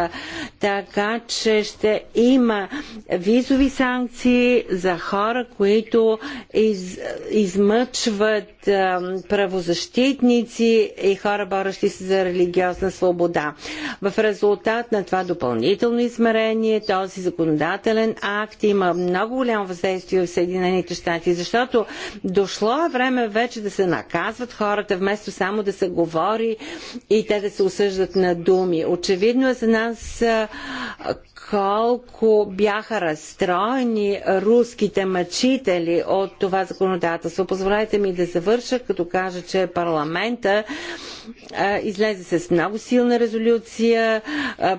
така че ще има визови санкции за хора, които из, измъчват правозащитници и хора, борещи се за религиозна свобода. В резултат на това допълнително измерение отношение този законодателен акт има много голямо въздействие в Съединените щати, защото дошло е време вече да се наказват хората, вместо само да се говори и те да се осъждат на думи. Очевидно е за нас колко бяха разстроени руските мъчители от това законодателство. Позволете ми да завърша, като кажа, че парламента излезе с много силна резолюция,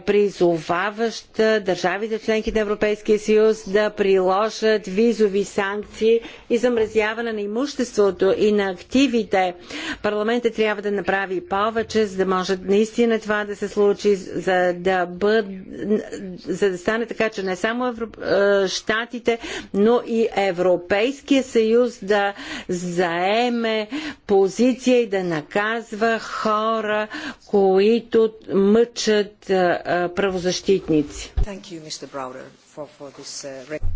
призоваваща държавите членки на Европейския съюз да приложат визови санкции и замразяване на имуществото и на активите. Парламента трябва да направи повече, за да може наистина това да се случи, за да бъде за да стане така, че не само Штатите, е, но и Европейския съюз да заеме позиция и да наказва хора, които мъчат е, е, правозащитници.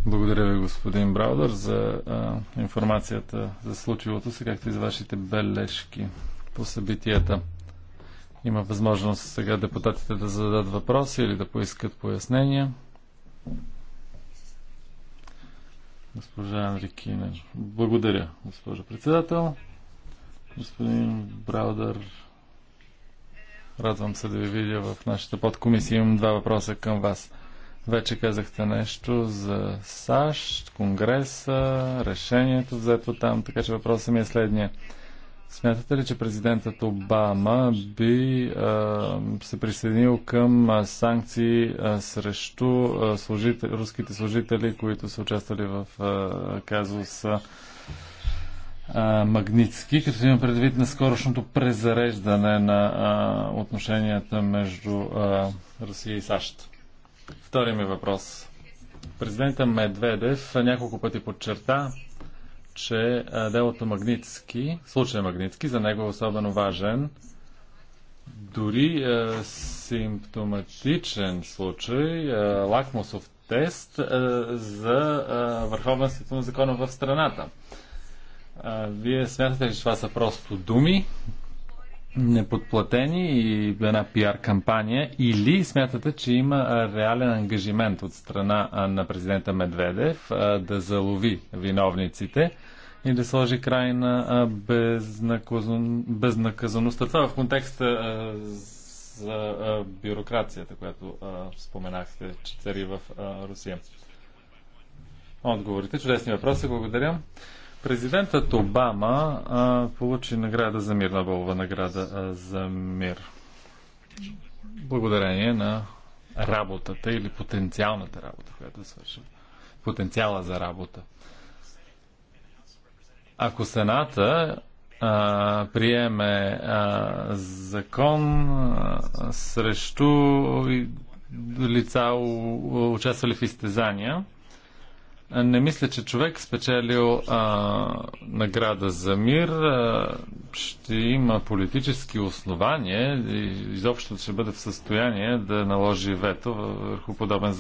Благодаря ви, господин Браудър, за информацията за случилото се, както и за вашите бележки по събитията. Има възможност сега депутатите да зададат въпроси или да поискат пояснения. Госпожа Андрикина. Благодаря, госпожо председател. Господин Браудър, радвам се да ви видя в нашата подкомисия. Имам два въпроса към вас. Вече казахте нещо за САЩ, Конгреса, решението взето там, така че въпросът ми е следния. Смятате ли, че президентът Обама би а, се присъединил към санкции а, срещу а, служител, руските служители, които са участвали в а, казус а, Магницки, като има предвид на скорошното презареждане на а, отношенията между а, Русия и САЩ? Втори ми въпрос. Президента Медведев няколко пъти подчерта, че делото Магницки, случай Магницки, за него е особено важен, дори е, симптоматичен случай, е, лакмусов тест е, за е, върховенството на закона в страната. Е, вие смятате ли, че това са просто думи? неподплатени и една пиар кампания или смятате, че има реален ангажимент от страна на президента Медведев да залови виновниците и да сложи край на безнаказан... безнаказаността. Това е в контекста за бюрокрацията, която споменахте, че цари в Русия. Отговорите. Чудесни въпроси. Благодаря. Президентът Обама а, получи награда за мир, Нобелова награда а, за мир. Благодарение на работата или потенциалната работа, която е свърши. Потенциала за работа. Ако Сената а, приеме а, закон а, срещу лица, участвали в изтезания, не мисля, че човек спечелил а, награда за мир а, ще има политически основания и изобщо ще бъде в състояние да наложи вето върху подобен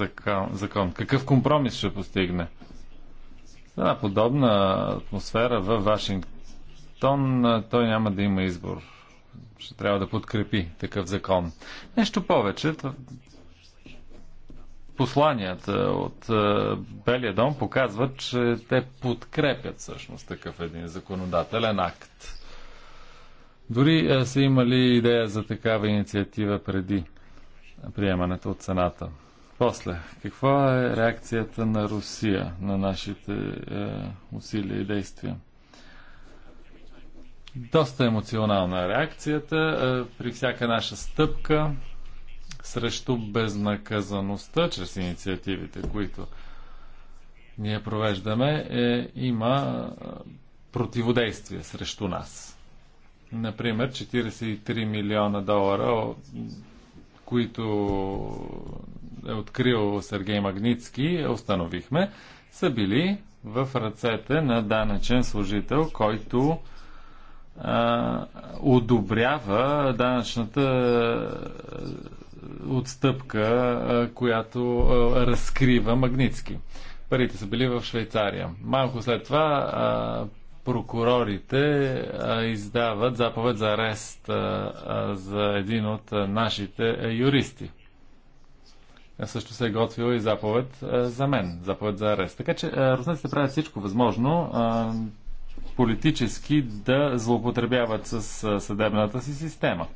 закон. Какъв компромис ще постигне? Една подобна атмосфера в Вашингтон той няма да има избор. Ще трябва да подкрепи такъв закон. Нещо повече, посланията от е, Белия дом показват, че те подкрепят всъщност такъв един законодателен акт. Дори е, са имали идея за такава инициатива преди приемането от цената. После, каква е реакцията на Русия на нашите е, усилия и действия? Доста емоционална е реакцията. Е, при всяка наша стъпка срещу безнаказаността чрез инициативите, които ние провеждаме, е, има противодействие срещу нас. Например, 43 милиона долара, които е открил Сергей Магницки, установихме, са били в ръцете на данъчен служител, който а, одобрява данъчната отстъпка, която разкрива Магницки. Парите са били в Швейцария. Малко след това прокурорите издават заповед за арест за един от нашите юристи. Също се е готвила и заповед за мен, заповед за арест. Така че руснаците правят всичко възможно политически да злоупотребяват с съдебната си система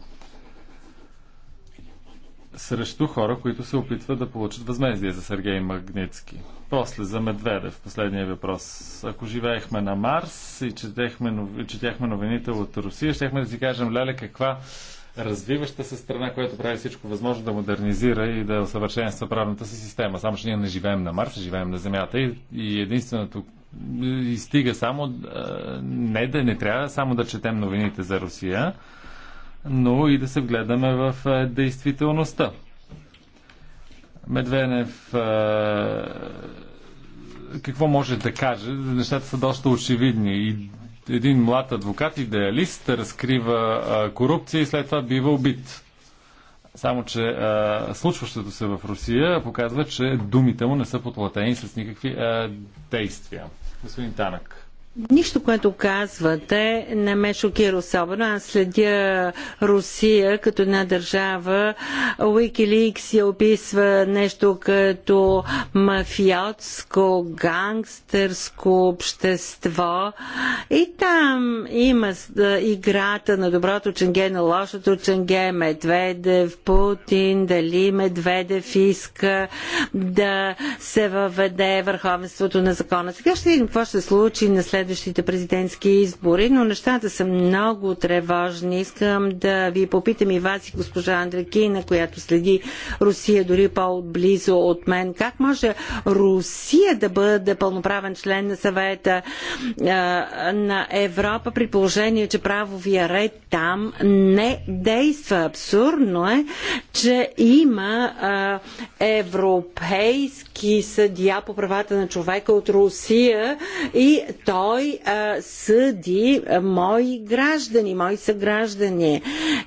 срещу хора, които се опитват да получат възмездие за Сергей Магницки. После за Медведев, последния въпрос. Ако живеехме на Марс и четехме, четяхме новините от Русия, щехме да си кажем, леле, каква развиваща се страна, която прави всичко възможно да модернизира и да усъвършенства правната си система. Само, че ние не живеем на Марс, живеем на Земята и, и единственото и стига само не да не трябва само да четем новините за Русия, но и да се вгледаме в е, действителността. Медвенев е, какво може да каже? Нещата са доста очевидни. И един млад адвокат, идеалист, разкрива е, корупция и след това бива убит. Само, че а, случващото се в Русия показва, че думите му не са подплатени с никакви а, действия. Господин Танък. Нищо, което казвате, не ме шокира особено. Аз следя Русия като една държава. Wikileaks я описва нещо като мафиотско, гангстерско общество. И там има играта на доброто ченге, на лошото ченге, Медведев, Путин, дали Медведев иска да се въведе върховенството на закона. Сега ще видим какво ще случи на след следващите президентски избори, но нещата са много тревожни. Искам да ви попитам и вас и госпожа Андрекина, която следи Русия дори по-близо от мен. Как може Русия да бъде пълноправен член на съвета на Европа при положение, че правовия ред там не действа? Абсурдно е, че има европейски съдия по правата на човека от Русия и той той а, съди а, мои граждани, мои съграждани.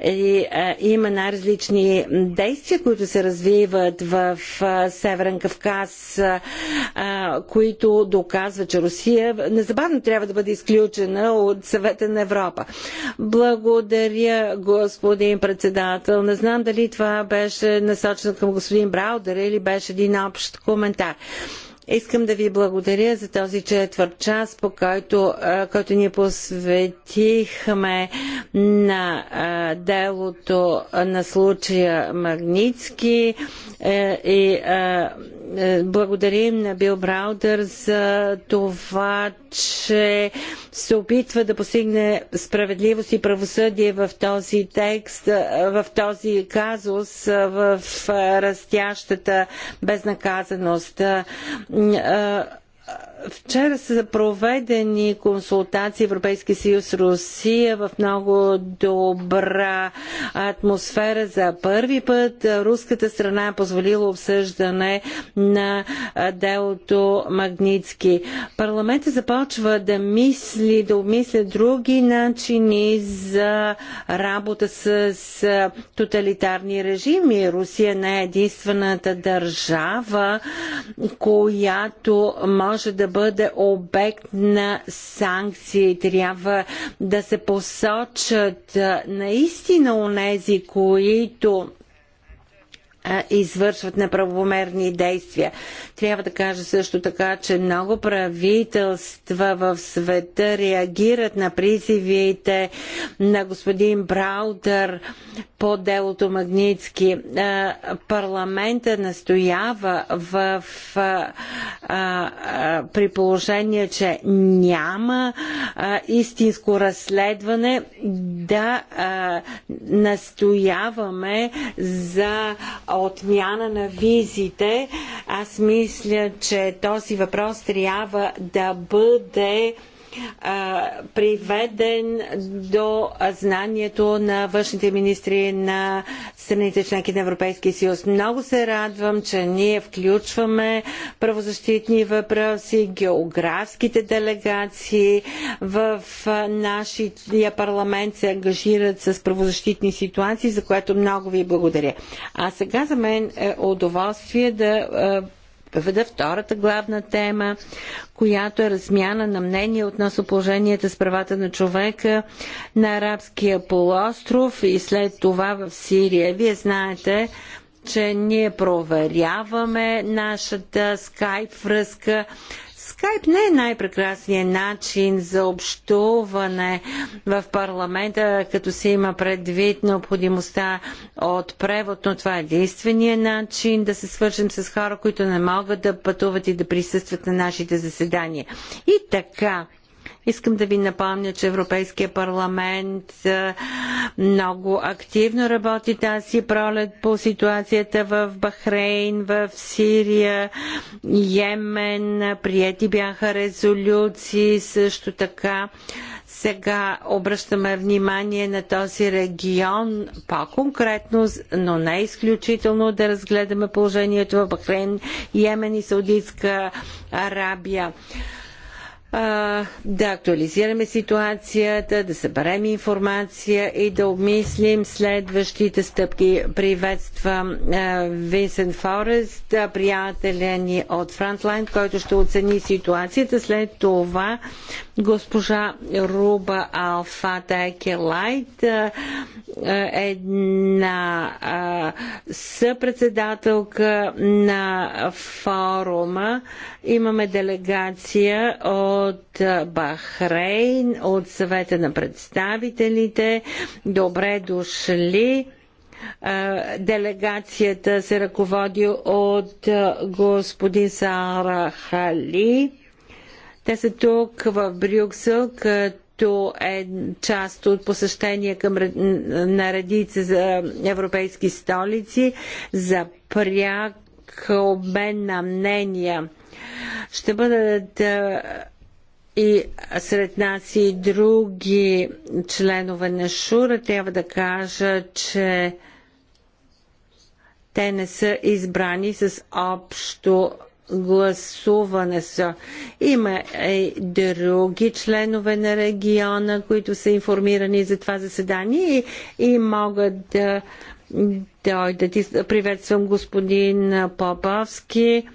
И, а, има най-различни действия, които се развиват в а, Северен Кавказ, а, а, които доказват, че Русия незабавно трябва да бъде изключена от съвета на Европа. Благодаря, господин председател. Не знам дали това беше насочено към господин Браудер или беше един общ коментар. Искам да ви благодаря за този четвърт час, по който, който ние посветихме на делото на случая Магницки е, и е, благодарим на Бил Браудър за това, че се опитва да постигне справедливост и правосъдие в този текст, е, в този казус, в растящата безнаказаност. Uh, Вчера са проведени консултации Европейски съюз Русия в много добра атмосфера. За първи път руската страна е позволила обсъждане на делото Магницки. Парламентът започва да мисли, да обмисля други начини за работа с тоталитарни режими. Русия не е единствената държава, която може да бъде обект на санкции. Трябва да се посочат наистина онези, които извършват неправомерни действия. Трябва да кажа също така, че много правителства в света реагират на призивите на господин Браудър по делото Магницки. Парламента настоява в, при положение, че няма истинско разследване да настояваме за отмяна на визите, аз мисля, че този въпрос трябва да бъде приведен до знанието на външните министри на страните членки на Европейския съюз. Много се радвам, че ние включваме правозащитни въпроси, географските делегации в нашия парламент се ангажират с правозащитни ситуации, за което много ви благодаря. А сега за мен е удоволствие да въведа втората главна тема, която е размяна на мнение относно положенията с правата на човека на арабския полуостров и след това в Сирия. Вие знаете, че ние проверяваме нашата скайп връзка Скайп не е най-прекрасният начин за общуване в парламента, като се има предвид необходимостта от превод, но това е единствения начин да се свържем с хора, които не могат да пътуват и да присъстват на нашите заседания. И така, Искам да ви напомня, че Европейския парламент много активно работи тази пролет по ситуацията в Бахрейн, в Сирия, Йемен. Прияти бяха резолюции също така. Сега обръщаме внимание на този регион по-конкретно, но не изключително да разгледаме положението в Бахрейн, Йемен и Саудитска Арабия а, да актуализираме ситуацията, да съберем информация и да обмислим следващите стъпки. Приветствам Винсент Форест, приятеля ни от Фронтлайн, който ще оцени ситуацията. След това госпожа Руба Алфата Екелайт една а, съпредседателка на форума. Имаме делегация от от Бахрейн, от съвета на представителите. Добре дошли! Делегацията се ръководи от господин Сара Хали. Те са тук в Брюксел като е част от посещение към на редица за европейски столици за пряк обмен на мнения. Ще бъдат и сред нас и други членове на Шура, трябва да кажа, че те не са избрани с общо гласуване са. Има и други членове на региона, които са информирани за това заседание и, и могат да дойде. Да приветствам господин Поповски,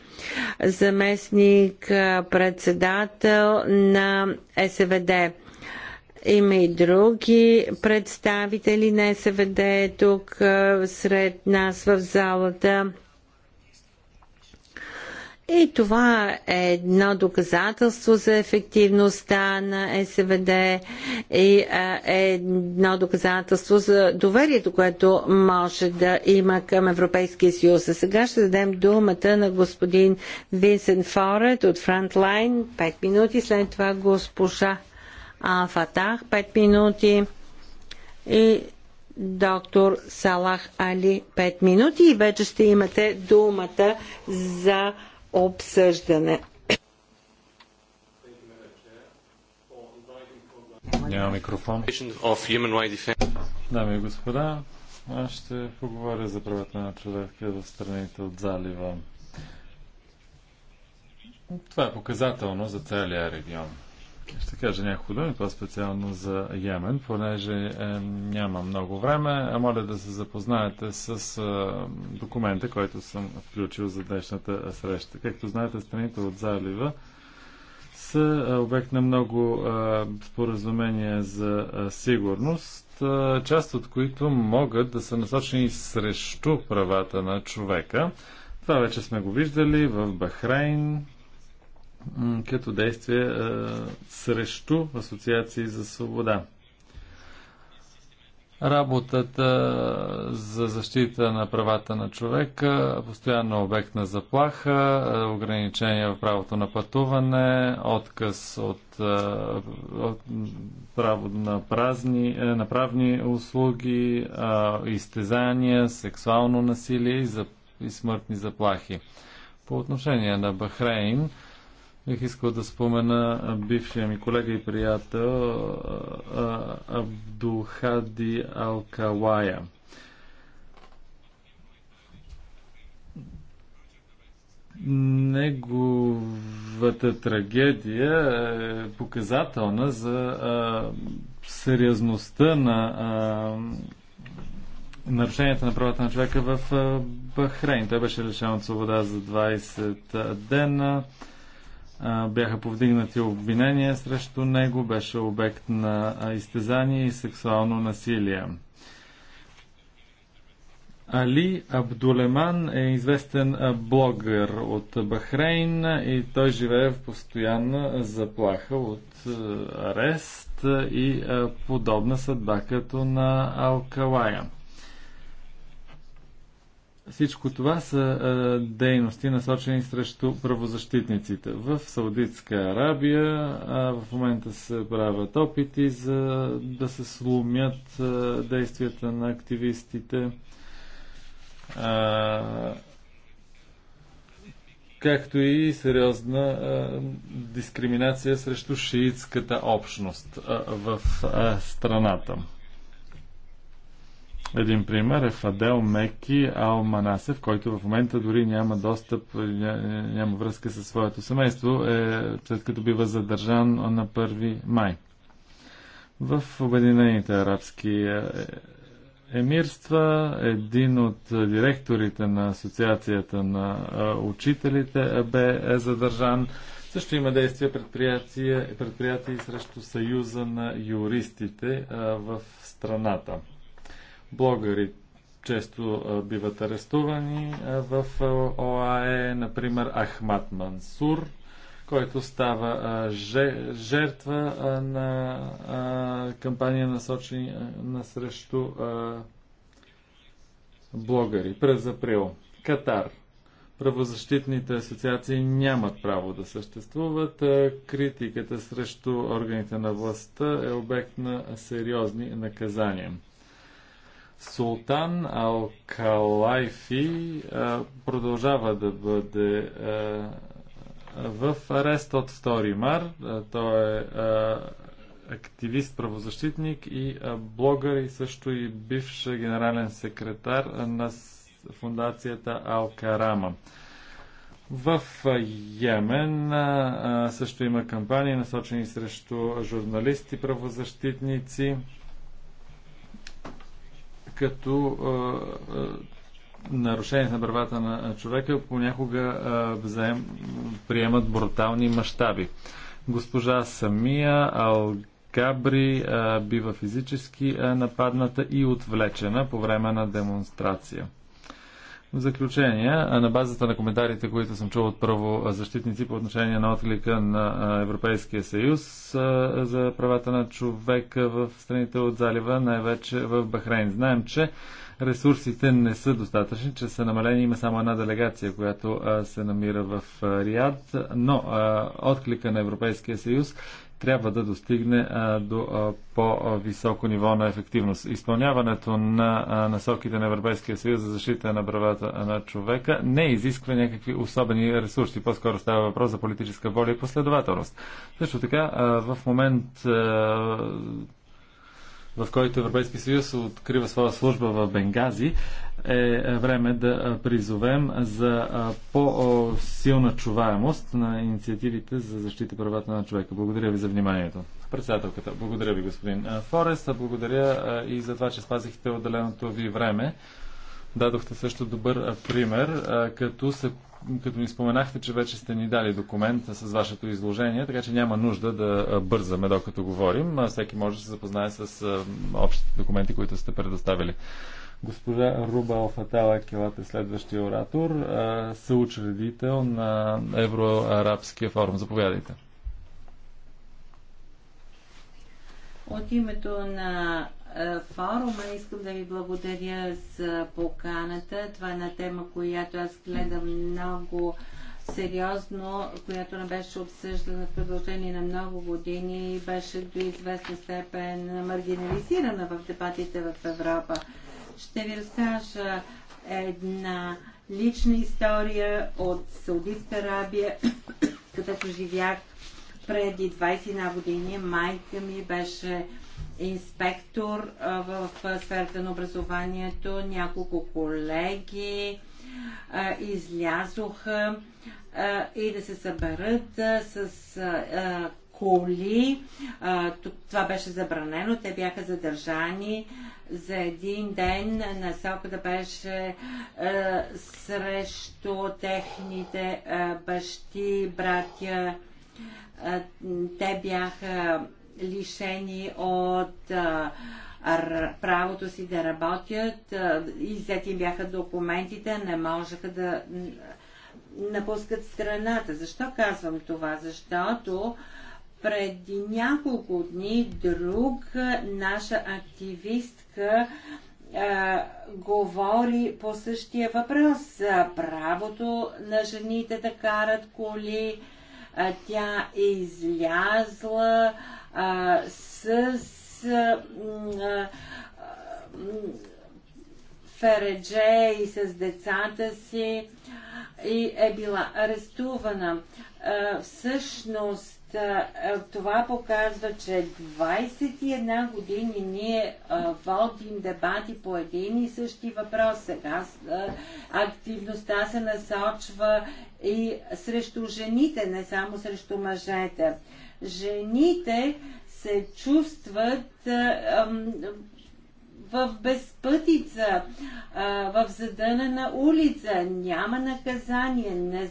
заместник председател на СВД. Има и други представители на СВД тук сред нас в залата. И това е едно доказателство за ефективността на СВД и е, е едно доказателство за доверието, което може да има към Европейския съюз. А сега ще дадем думата на господин Винсент Форет от Фронтлайн. 5 минути, след това госпожа Алфатах, 5 минути и доктор Салах Али 5 минути и вече ще имате думата за обсъждане. Няма микрофон. Дами и господа, аз ще поговоря за правата на човека в страните от залива. Това е показателно за целия регион. Ще кажа няколко думи, по-специално за Йемен, понеже е, няма много време. А моля да се запознаете с е, документа, който съм включил за днешната среща. Както знаете, страните от залива са е, обект на много е, споразумения за е, сигурност, е, част от които могат да са насочени срещу правата на човека. Това вече сме го виждали в Бахрейн, като действие срещу асоциации за свобода. Работата за защита на правата на човека, постоянно обект на заплаха, ограничения в правото на пътуване, отказ от, от право на, празни, е, на правни услуги, изтезания, сексуално насилие и, смъртни заплахи. По отношение на Бахрейн, Бих искал да спомена бившия ми колега и приятел Абдулхади Алкалая. Неговата трагедия е показателна за а, сериозността на а, нарушенията на правата на човека в а, Бахрейн. Той беше лишен от свобода за 20 дена. А, бяха повдигнати обвинения срещу него, беше обект на изтезание и сексуално насилие. Али Абдулеман е известен блогър от Бахрейн и той живее в постоянна заплаха от арест и подобна съдба като на Алкалая. Всичко това са а, дейности насочени срещу правозащитниците. В Саудитска Арабия а, в момента се правят опити за да се сломят а, действията на активистите. А, както и сериозна а, дискриминация срещу шиитската общност а, в а, страната. Един пример е Фадел Меки Алманасев, който в момента дори няма достъп, няма връзка със своето семейство, е, след като бива задържан на 1 май. В Обединените арабски е, емирства един от директорите на Асоциацията на е, учителите бе е задържан. Също има действия предприятия, предприятия срещу Съюза на юристите е, в страната. Блогъри често биват арестувани в ОАЕ, например Ахмат Мансур, който става жертва на кампания на срещу блогъри през април. Катар. Правозащитните асоциации нямат право да съществуват. Критиката срещу органите на властта е обект на сериозни наказания. Султан Алкалайфи продължава да бъде в арест от 2 мар. Той е активист, правозащитник и блогър и също и бивш генерален секретар на фундацията Ал-Карама. В Йемен също има кампании, насочени срещу журналисти, правозащитници като нарушение на правата на човека понякога взем, приемат брутални мащаби. Госпожа Самия Алгабри бива физически нападната и отвлечена по време на демонстрация. В заключение, на базата на коментарите, които съм чул от защитници по отношение на отклика на Европейския съюз за правата на човека в страните от залива, най-вече в Бахрейн. Знаем, че ресурсите не са достатъчни, че са намалени. Има само една делегация, която се намира в Риад, но отклика на Европейския съюз трябва да достигне а, до а, по-високо ниво на ефективност. Изпълняването на а, насоките на Европейския съюз за защита на правата на човека не изисква някакви особени ресурси. По-скоро става въпрос за политическа воля и последователност. Също така, а, в момент а, в който Европейски съюз открива своя служба в Бенгази, е време да призовем за по-силна чуваемост на инициативите за защита правата на човека. Благодаря ви за вниманието. Председателката, благодаря ви, господин Форест. Благодаря и за това, че спазихте отделеното ви време. Дадохте също добър пример, като се като ни споменахте, че вече сте ни дали документа с вашето изложение, така че няма нужда да бързаме докато говорим. Всеки може да се запознае с общите документи, които сте предоставили. Госпожа Руба Офатала Келат е следващия оратор, съучредител на Евроарабския форум. Заповядайте. От името на форума. Искам да ви благодаря за поканата. Това е една тема, която аз гледам много сериозно, която не беше обсъждана в продължение на много години и беше до известна степен маргинализирана в дебатите в Европа. Ще ви разкажа една лична история от Саудитска Арабия, където живях преди 21 години. Майка ми беше инспектор в сферата на образованието. Няколко колеги излязоха и да се съберат с коли. Това беше забранено. Те бяха задържани за един ден. Насоката беше срещу техните бащи, братя. Те бяха лишени от правото си да работят, иззети им бяха документите, не можеха да напускат страната. Защо казвам това? Защото преди няколко дни друг наша активистка е, говори по същия въпрос. Правото на жените да карат коли, тя тя излязла с а, а, Фередже и с децата си и е била арестувана. А, всъщност а, е, това показва, че 21 години ние а, водим дебати по един и същи въпрос. Сега активността се насочва и срещу жените, не само срещу мъжете. Жените се чувстват в безпътица, в задънена улица, няма наказание, не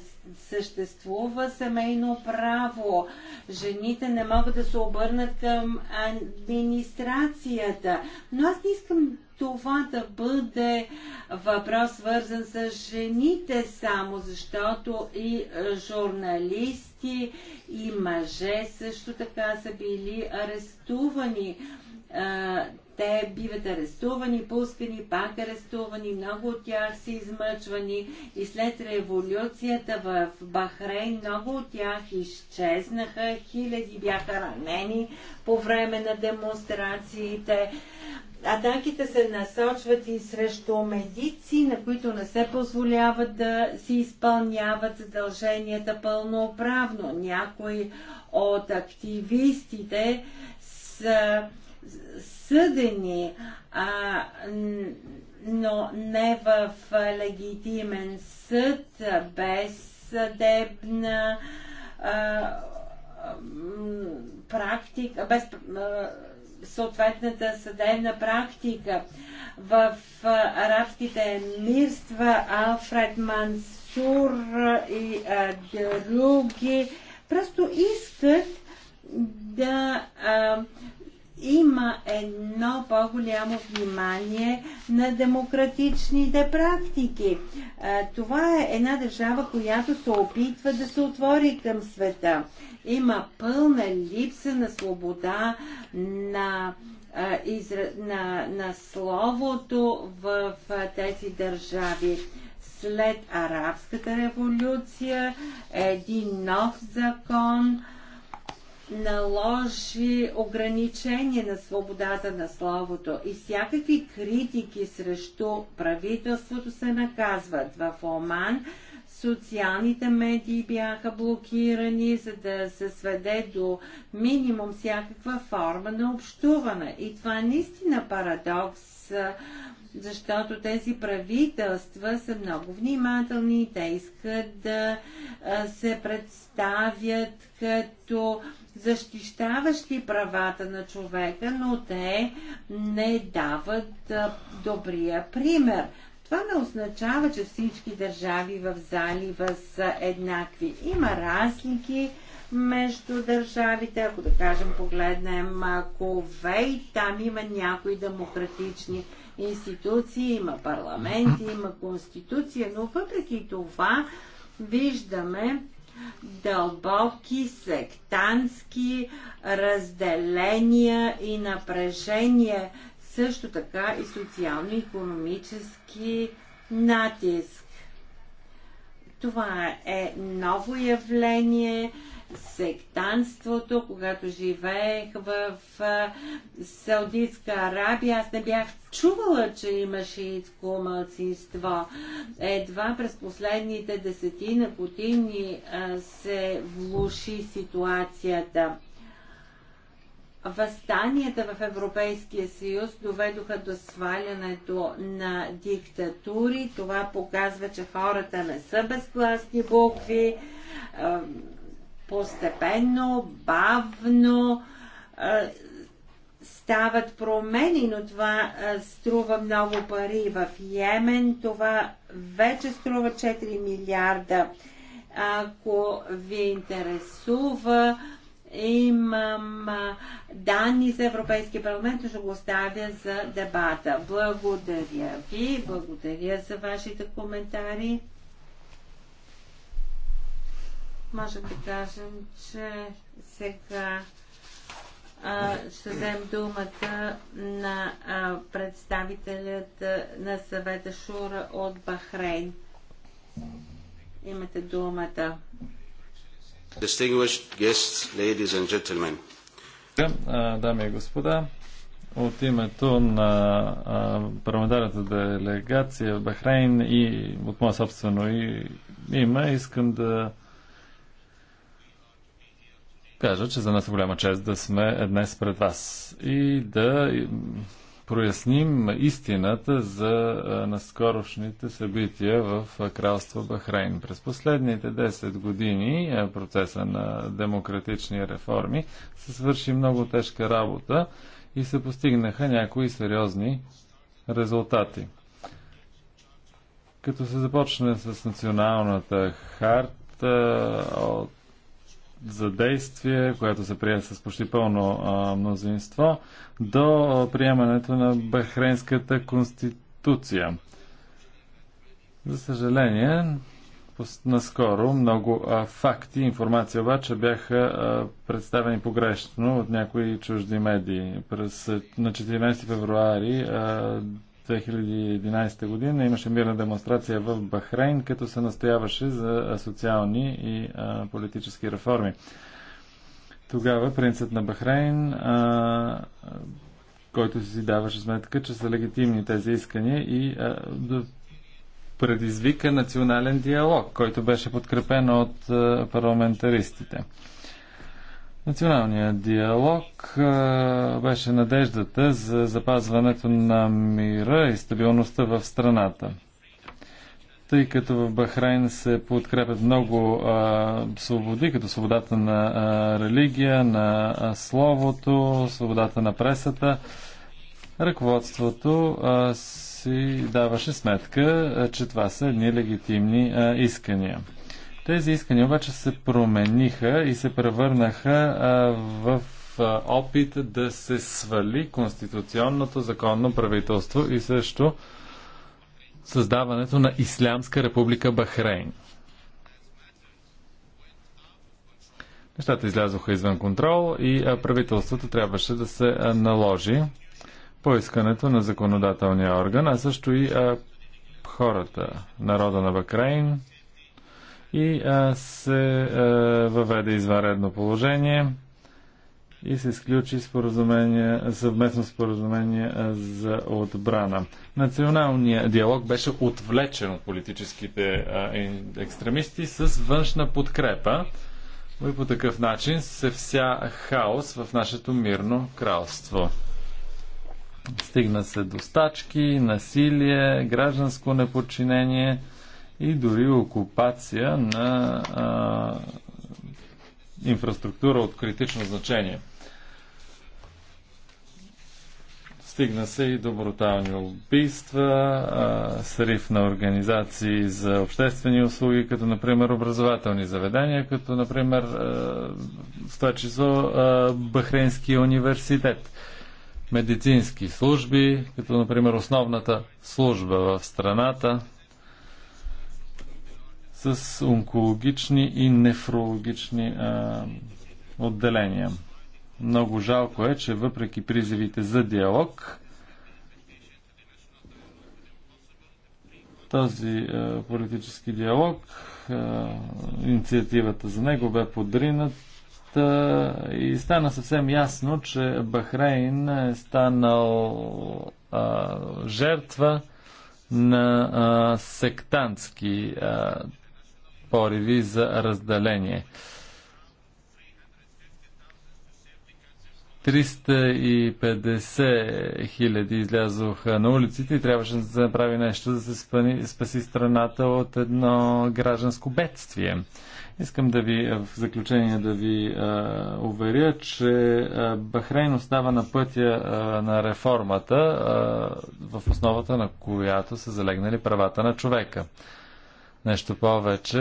съществува семейно право, жените не могат да се обърнат към администрацията. Но аз не искам това да бъде въпрос свързан с жените само, защото и е, журналисти, и мъже също така са били арестувани. Е, те биват арестувани, пускани, пак арестувани, много от тях са измъчвани и след революцията в Бахрейн много от тях изчезнаха, хиляди бяха ранени по време на демонстрациите атаките се насочват и срещу медици, на които не се позволяват да си изпълняват задълженията пълноправно. Някои от активистите са съдени, а, но не в легитимен съд, без съдебна а, практика, без а, съответната съдебна практика. В арабските мирства Алфред Мансур и а, други просто искат да а, има едно по-голямо внимание на демократичните практики. Това е една държава, която се опитва да се отвори към света. Има пълна липса на свобода на, на, на словото в тези държави след арабската революция, един нов закон наложи ограничение на свободата на словото и всякакви критики срещу правителството се наказват. В Оман социалните медии бяха блокирани, за да се сведе до минимум всякаква форма на общуване. И това е наистина парадокс, защото тези правителства са много внимателни и те искат да се представят като защищаващи правата на човека, но те не дават добрия пример. Това не означава, че всички държави в залива са еднакви. Има разлики между държавите. Ако да кажем, погледнем Ковей, там има някои демократични институции, има парламенти, има конституция, но въпреки това виждаме, дълбоки сектантски разделения и напрежение, също така и социално-економически натиск. Това е ново явление, сектанството, когато живеех в Саудитска Арабия. Аз не бях чувала, че има шиитско мълцинство. Едва през последните десетина години се влуши ситуацията. Възстанията в Европейския съюз доведоха до свалянето на диктатури. Това показва, че хората не са безгласни букви постепенно, бавно стават промени, но това струва много пари. В Йемен това вече струва 4 милиарда. Ако ви интересува, имам данни за Европейския парламент, ще го оставя за дебата. Благодаря ви, благодаря за вашите коментари може да кажем, че сега ще дадем думата на а, представителят на съвета Шура от Бахрейн. Имате думата. Distinguished guests, ladies and gentlemen. Дами и господа, от името на парламентарната делегация в Бахрейн и от моя собствено име искам да кажа, че за нас е голяма чест да сме днес пред вас и да проясним истината за наскорошните събития в кралство Бахрейн. През последните 10 години процеса на демократични реформи се свърши много тежка работа и се постигнаха някои сериозни резултати. Като се започне с националната харта от за действие, която се прие с почти пълно а, мнозинство, до приемането на Бахренската конституция. За съжаление, наскоро много а, факти и информация обаче бяха а, представени погрешно от някои чужди медии. През, на 14 февруари а, 2011 година имаше мирна демонстрация в Бахрейн, като се настояваше за социални и а, политически реформи. Тогава принцът на Бахрейн, а, който си даваше сметка, че са легитимни тези искания и а, да предизвика национален диалог, който беше подкрепен от а, парламентаристите. Националният диалог беше надеждата за запазването на мира и стабилността в страната. Тъй като в Бахрайн се подкрепят много а, свободи, като свободата на а, религия, на а, словото, свободата на пресата, ръководството а, си даваше сметка, а, че това са едни легитимни а, искания. Тези искания обаче се промениха и се превърнаха в опит да се свали конституционното законно правителство и също създаването на Ислямска република Бахрейн. Нещата излязоха извън контрол и правителството трябваше да се наложи по искането на законодателния орган, а също и хората, народа на Бахрейн, и а, се а, въведе изваредно положение и се изключи споразумение, съвместно споразумение за отбрана. Националният диалог беше отвлечен от политическите екстремисти с външна подкрепа и по такъв начин се вся хаос в нашето мирно кралство. Стигна се до стачки, насилие, гражданско неподчинение – и дори окупация на а, инфраструктура от критично значение. Стигна се и до брутални убийства, а, срив на организации за обществени услуги, като например образователни заведения, като например а, в това число а, Бахрейнския университет медицински служби, като например основната служба в страната, с онкологични и нефрологични а, отделения. Много жалко е, че въпреки призивите за диалог, този а, политически диалог, а, инициативата за него бе подрината и стана съвсем ясно, че Бахрейн е станал а, жертва на а, сектантски а, пориви за разделение. 350 хиляди излязоха на улиците и трябваше да се направи нещо да се спани, спаси страната от едно гражданско бедствие. Искам да ви в заключение да ви а, уверя, че а, Бахрейн остава на пътя а, на реформата, а, в основата на която са залегнали правата на човека. Нещо повече,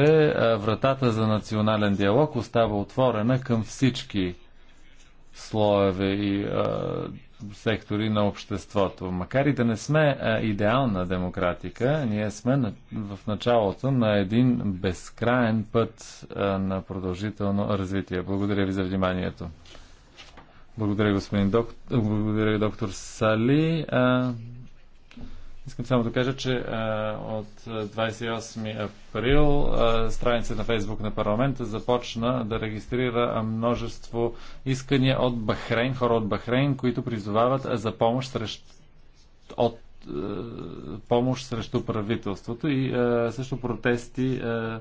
вратата за национален диалог остава отворена към всички слоеве и а, сектори на обществото. Макар и да не сме а, идеална демократика, ние сме на, в началото на един безкраен път а, на продължително развитие. Благодаря ви за вниманието. Благодаря, господин доктор. Благодаря, доктор Сали. А, Искам само да кажа, че а, от 28 април а, страница на Фейсбук на парламента започна да регистрира множество искания от Бахрейн, хора от Бахрейн, които призовават за помощ срещу, от помощ срещу правителството и а, също протести а,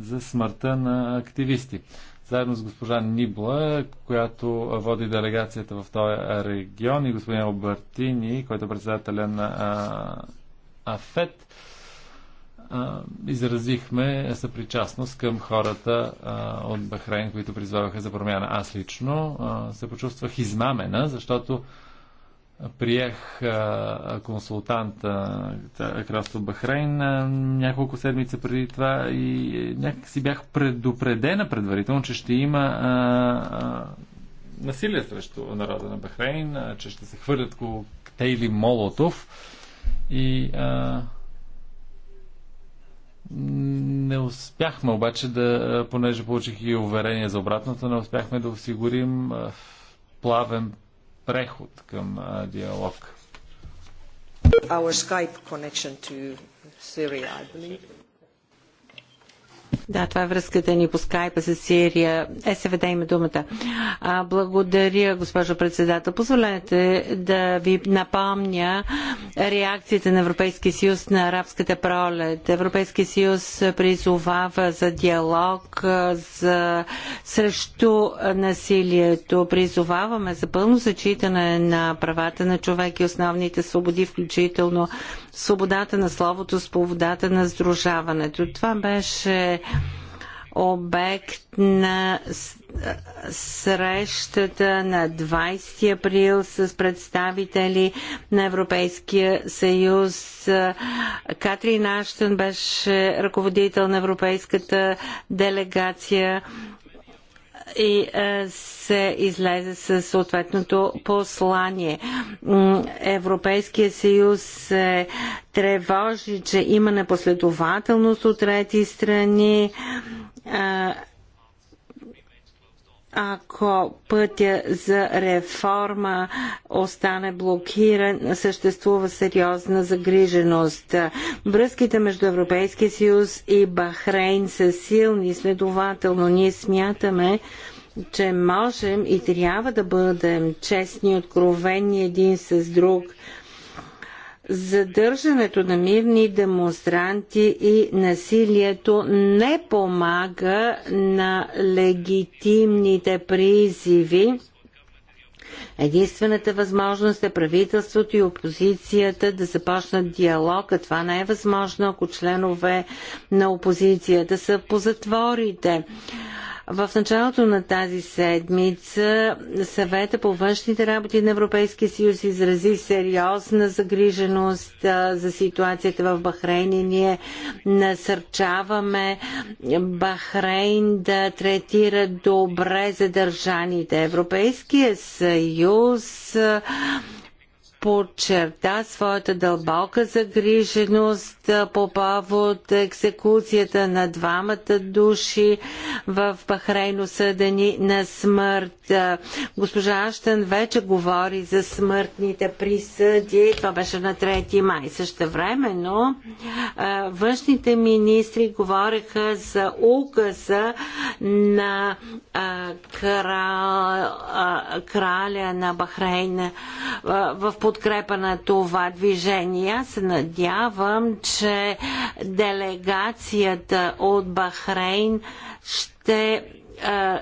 за смъртта на активисти заедно с госпожа Нибла, която води делегацията в този регион и господин Албертини, който е председателя на а, АФЕТ, изразихме съпричастност към хората от Бахрейн, които призваваха за промяна. Аз лично се почувствах измамена, защото приех консултанта Кралство Бахрейн няколко седмици преди това и някак си бях предупредена предварително, че ще има а, а, насилие срещу народа на Бахрейн, а, че ще се хвърлят коктейли Молотов и а, не успяхме обаче да, понеже получих и уверение за обратното, не успяхме да осигурим плавен преход към а, диалог. Our Skype connection to Syria, I believe. Да, това е връзката ни по скайпа с Сирия. Е, СВД има думата. А, благодаря, госпожо председател. Позволете да ви напомня реакцията на Европейския съюз на арабската пролет. Европейския съюз призовава за диалог за... срещу насилието. Призоваваме за пълно зачитане на правата на човек и основните свободи, включително свободата на словото, свободата на сдружаването. Това беше обект на срещата на 20 април с представители на Европейския съюз. Катрин Аштън беше ръководител на Европейската делегация и е, се излезе с съответното послание. Европейския съюз се тревожи, че има непоследователност от трети страни е, ако пътя за реформа остане блокиран, съществува сериозна загриженост. Връзките между Европейския съюз и Бахрейн са силни, следователно ние смятаме, че можем и трябва да бъдем честни, откровени един с друг – задържането на мирни демонстранти и насилието не помага на легитимните призиви. Единствената възможност е правителството и опозицията да започнат диалог, а това не е възможно, ако членове на опозицията са по затворите. В началото на тази седмица съвета по външните работи на Европейския съюз изрази сериозна загриженост за ситуацията в Бахрейн и ние насърчаваме Бахрейн да третира добре задържаните. Европейския съюз подчерта своята дълбока загриженост по повод екзекуцията на двамата души в Бахрейн осъдени на смърт. Госпожа Аштън вече говори за смъртните присъди. Това беше на 3 май. Също но външните министри говореха за указа на краля на Бахрейн в подкрепа на това движение. Аз се надявам, че делегацията от Бахрейн ще а,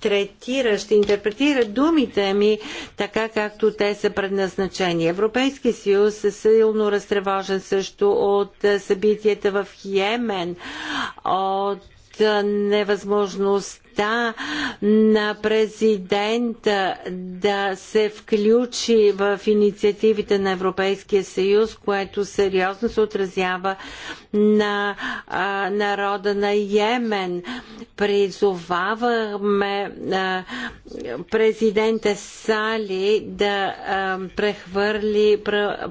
третира, ще интерпретира думите ми така, както те са предназначени. Европейски съюз е силно разтревожен също от събитията в Йемен, от невъзможност мечта на президента да се включи в инициативите на Европейския съюз, което сериозно се отразява на а, народа на Йемен. Призоваваме а, президента Сали да а, прехвърли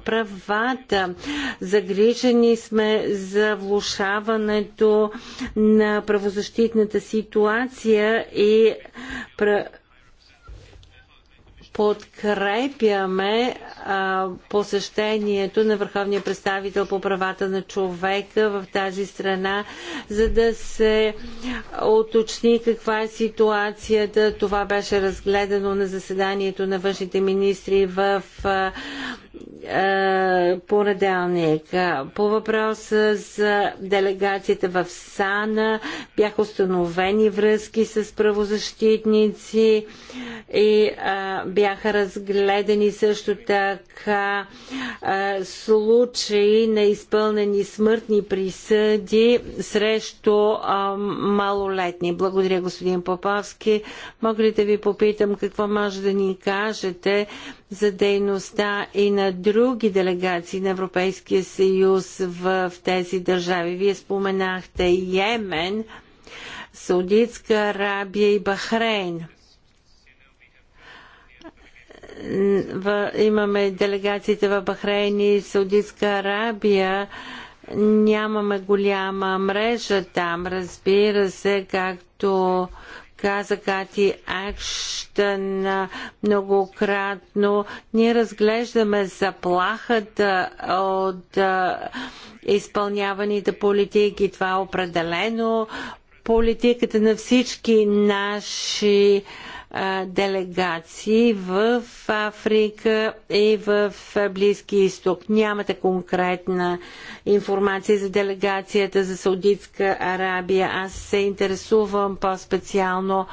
правата. Загрижени сме за влушаването на правозащитната ситуация Гърция и подкрепяме а, посещението на върховния представител по правата на човека в тази страна, за да се оточни каква е ситуацията. Това беше разгледано на заседанието на външните министри в а, е, понеделник. Е, по въпроса за делегацията в САНА бяха установени връзки с правозащитници и а, е, бяха разгледани също така а, случаи на изпълнени смъртни присъди срещу а, малолетни. Благодаря, господин Поповски. Мога ли да ви попитам какво може да ни кажете за дейността и на други делегации на Европейския съюз в, тези държави. Вие споменахте Йемен, Саудитска Арабия и Бахрейн в, имаме делегациите в Бахрейн и Саудитска Арабия. Нямаме голяма мрежа там, разбира се, както каза Кати Акштън многократно. Ние разглеждаме заплахата от изпълняваните политики. Това е определено политиката на всички наши делегации в Африка и в Близки изток. Нямате конкретна информация за делегацията за Саудитска Арабия. Аз се интересувам по-специално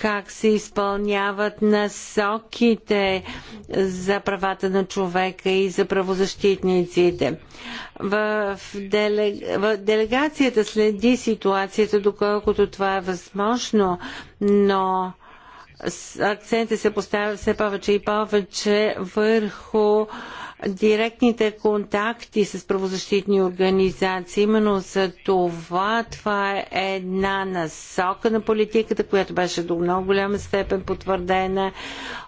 как се изпълняват насоките за правата на човека и за правозащитниците. В, делег... в делегацията следи ситуацията, доколкото това е възможно, но акцента се поставя все повече и повече върху директните контакти с правозащитни организации. Именно за това това е една насока на политиката, която беше до много голяма степен потвърдена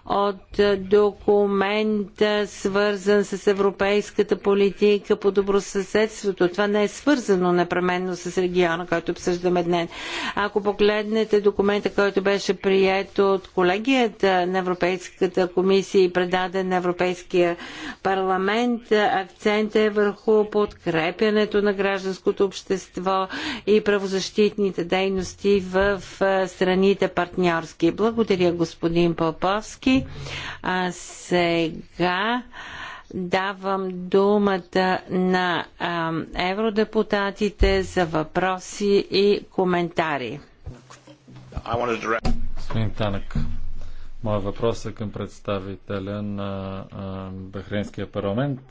от е, документа, свързан с европейската политика по добросъседството. Това не е свързано непременно с региона, който обсъждаме днес. Ако погледнете документа, който беше прият от колегията на Европейската комисия и предаден на Европейския парламент, е, акцент е върху подкрепянето на гражданското общество и правозащитните дейности в е, страните партньорски. Благодаря, господин Поповски. А сега давам думата на а, евродепутатите за въпроси и коментари. Господин Танък, моят въпрос е към представителя на а, Бахрейнския парламент.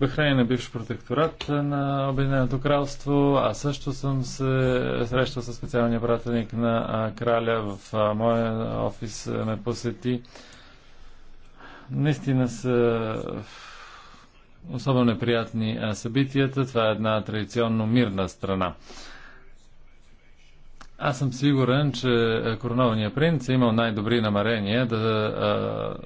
Бахрейн е бивш протекторат на Обединеното кралство. Аз също съм се срещал с специалния пратеник на краля в моя офис ме посети. Наистина са особено неприятни събитията. Това е една традиционно мирна страна. Аз съм сигурен, че коронавният принц е имал най-добри намерения да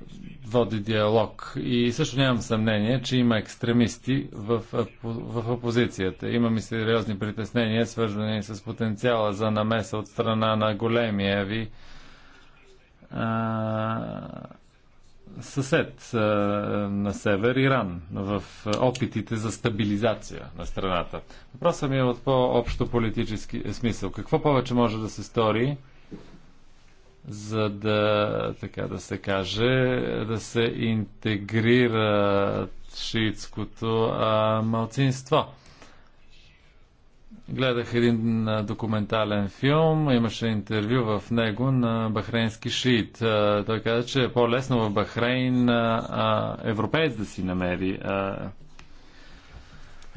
води диалог. И също нямам съмнение, че има екстремисти в, в опозицията. и сериозни притеснения, свързани с потенциала за намеса от страна на големия ви а, съсед а, на север Иран в опитите за стабилизация на страната. Въпросът ми е от по-общо политически смисъл. Какво повече може да се стори? за да, така да се каже, да се интегрира шиитското малцинство. Гледах един документален филм, имаше интервю в него на бахрейнски шиит. Той каза, че е по-лесно в Бахрейн а, европеец да си намери а,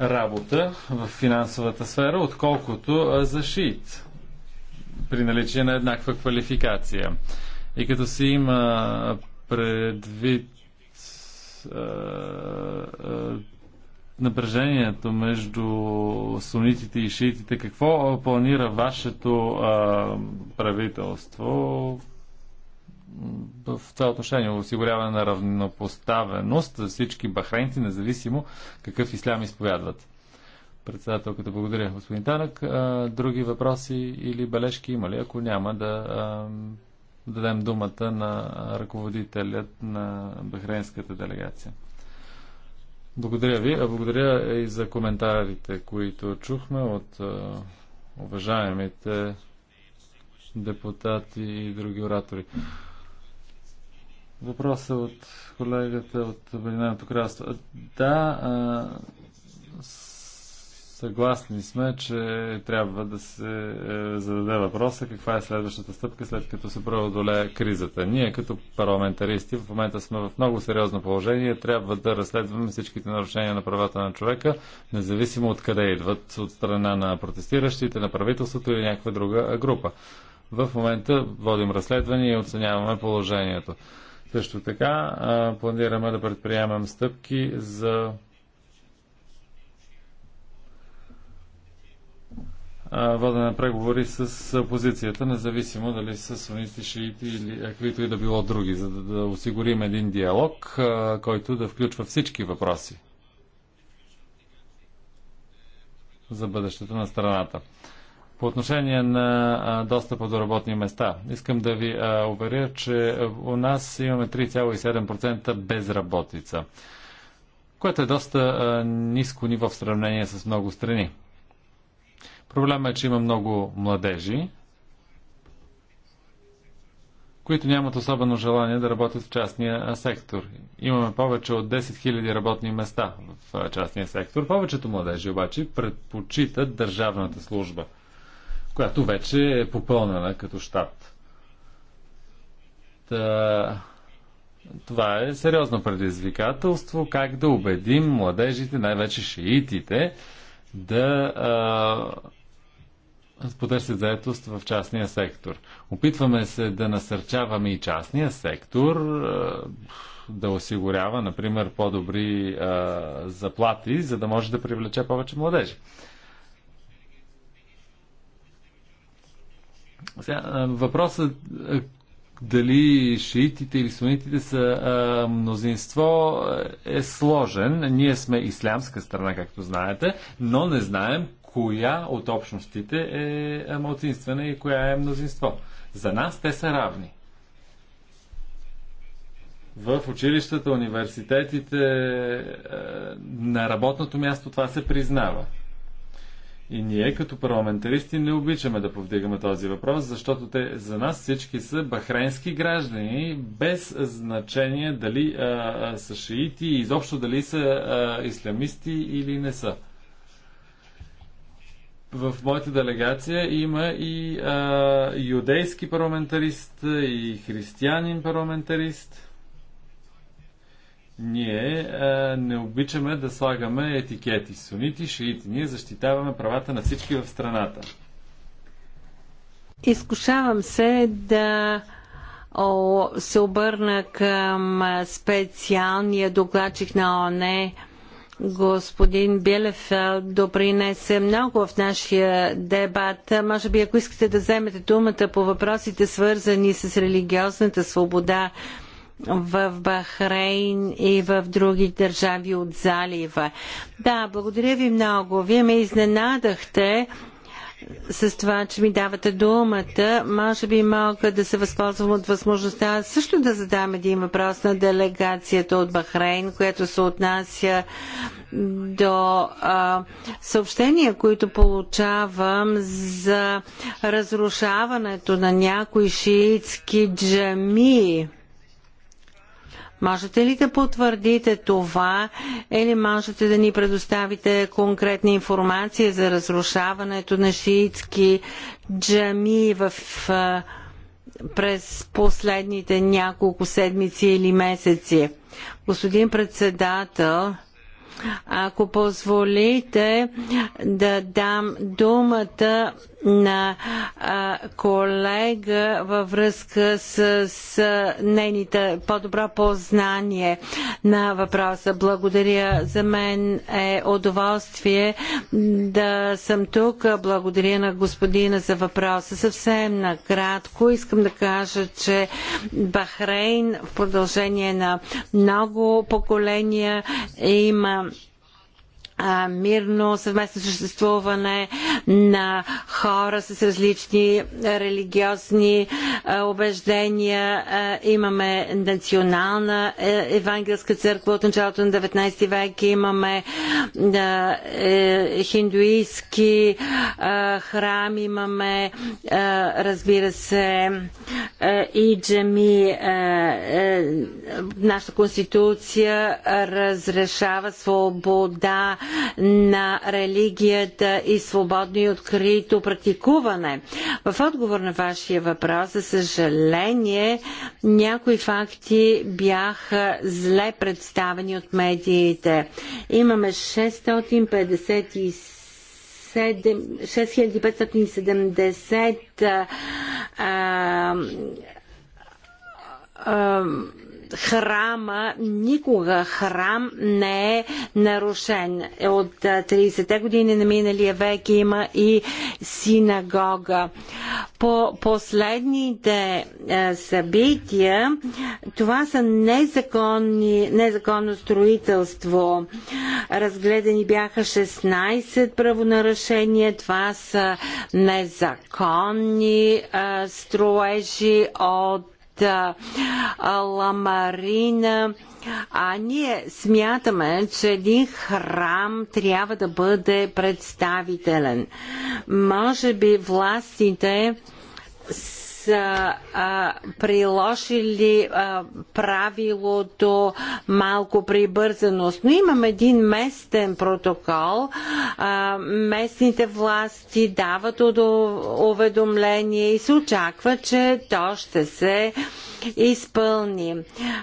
работа в финансовата сфера, отколкото а, за шиит при наличие на еднаква квалификация. И като си има предвид а, а, напрежението между сунитите и шиитите, какво планира вашето а, правителство в това отношение осигуряване на равнопоставеност за всички бахрейнци, независимо какъв ислям изповядват? Председателката, благодаря. Господин Танък, други въпроси или бележки има ли? Ако няма, да дадем думата на ръководителят на Бахрейнската делегация. Благодаря ви. А благодаря и за коментарите, които чухме от уважаемите депутати и други оратори. Въпросът от колегата от Обединеното кралство. Да, Съгласни сме, че трябва да се е, зададе въпроса каква е следващата стъпка след като се преодолее кризата. Ние като парламентаристи в момента сме в много сериозно положение. Трябва да разследваме всичките нарушения на правата на човека, независимо от къде идват, от страна на протестиращите, на правителството или някаква друга група. В момента водим разследване и оценяваме положението. Също така планираме да предприемем стъпки за водене на преговори с опозицията, независимо дали са сунисти, шиити или е, каквито и да било други, за да, да осигурим един диалог, който да включва всички въпроси за бъдещето на страната. По отношение на достъпа до работни места, искам да ви уверя, че у нас имаме 3,7% безработица, което е доста ниско ниво в сравнение с много страни. Проблема е, че има много младежи, които нямат особено желание да работят в частния сектор. Имаме повече от 10 000 работни места в частния сектор. Повечето младежи обаче предпочитат държавната служба, която вече е попълнена като щат. Та... Това е сериозно предизвикателство как да убедим младежите, най-вече шиитите, да а потърсят заетост в частния сектор. Опитваме се да насърчаваме и частния сектор е, да осигурява, например, по-добри е, заплати, за да може да привлече повече младежи. Сега, е, въпросът дали шиитите или сунитите са а, мнозинство е сложен. Ние сме ислямска страна, както знаете, но не знаем коя от общностите е, е малцинствена и коя е мнозинство. За нас те са равни. В училищата, университетите, е, на работното място това се признава. И ние като парламентаристи не обичаме да повдигаме този въпрос, защото те за нас всички са бахренски граждани, без значение дали а, са шиити и изобщо дали са а, ислямисти или не са в моята делегация има и а, юдейски парламентарист, и християнин парламентарист. Ние а, не обичаме да слагаме етикети сунити, шиити. Ние защитаваме правата на всички в страната. Изкушавам се да о, се обърна към специалния докладчик на ОНЕ господин Билефелд допринесе много в нашия дебат. Може би, ако искате да вземете думата по въпросите, свързани с религиозната свобода в Бахрейн и в други държави от залива. Да, благодаря ви много. Вие ме изненадахте с това, че ми давате думата. Може би мога да се възползвам от възможността също да задам един въпрос на делегацията от Бахрейн, която се отнася до а, съобщения, които получавам за разрушаването на някои шиитски джамии. Можете ли да потвърдите това или можете да ни предоставите конкретна информация за разрушаването на шиитски джами в през последните няколко седмици или месеци. Господин председател, ако позволите да дам думата на а, колега във връзка с, с нейните по-добро познание на въпроса. Благодаря. За мен е удоволствие да съм тук. Благодаря на господина за въпроса. Съвсем накратко искам да кажа, че Бахрейн в продължение на много поколения има мирно съвместно съществуване на хора с различни религиозни убеждения. имаме национална е, евангелска църква от началото на 19 век, имаме е, хиндуистки храм, имаме разбира се и джами. Е, нашата конституция разрешава свобода на религията и свободно и открито практикуване. В отговор на вашия въпрос, за съжаление, някои факти бяха зле представени от медиите. Имаме 657 6570 а, а, а храма, никога храм не е нарушен. Е, от 30-те години на миналия век има и синагога. По последните събития, това са незаконни, незаконно строителство. Разгледани бяха 16 правонарушения. Това са незаконни строежи от ламарина. А ние смятаме, че един храм трябва да бъде представителен. Може би властите са а, приложили а, правилото малко прибързаност. Но имам един местен протокол. А, местните власти дават уведомление и се очаква, че то ще се изпълни.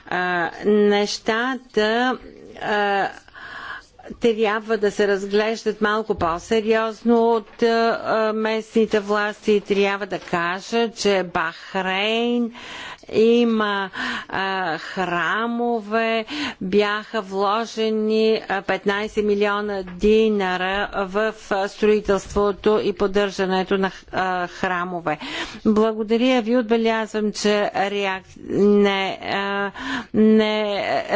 А, нещата. А, трябва да се разглеждат малко по-сериозно от е, е, местните власти и трябва да кажа, че Бахрейн има а, храмове, бяха вложени 15 милиона динара в строителството и поддържането на а, храмове. Благодаря ви, отбелязвам, че реак... не, а, не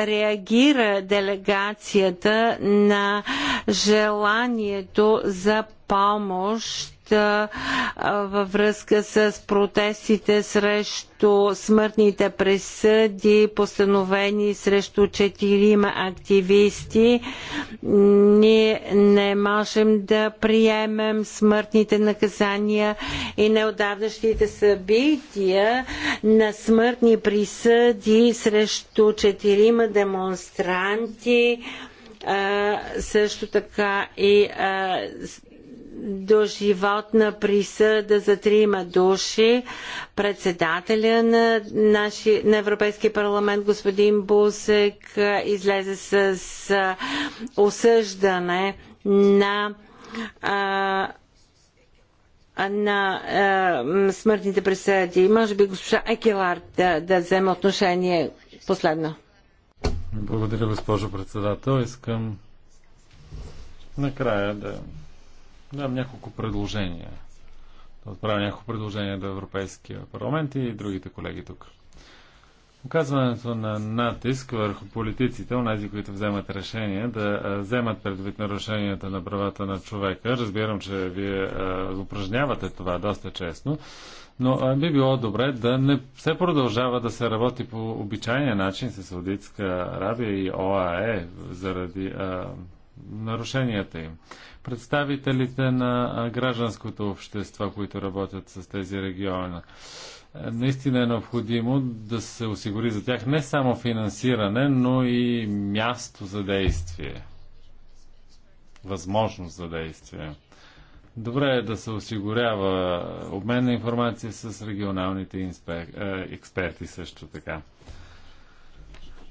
реагира делегацията на желанието за помощ във връзка с протестите срещу смъртните присъди, постановени срещу четирима активисти. Ние не можем да приемем смъртните наказания и неодавнащите събития на смъртни присъди срещу четирима демонстранти също така и до животна присъда за трима души. Председателя на, наши, на Европейския парламент, господин Бусек, излезе с, с осъждане на а, на а, смъртните присъди. Може би госпожа Екелар да, да вземе отношение последно. Благодаря, госпожо председател. Искам накрая да Имам няколко предложения. Да отправя няколко предложения до Европейския парламент и другите колеги тук. Оказването на натиск върху политиците, онези, които вземат решение, да вземат предвид нарушенията на правата на човека. Разбирам, че вие упражнявате това доста честно, но би било добре да не се продължава да се работи по обичайния начин с Саудитска Арабия и ОАЕ заради а, нарушенията им представителите на гражданското общество, които работят с тези региони. Е, наистина е необходимо да се осигури за тях не само финансиране, но и място за действие. Възможност за действие. Добре е да се осигурява обмен на информация с регионалните е, експерти също така.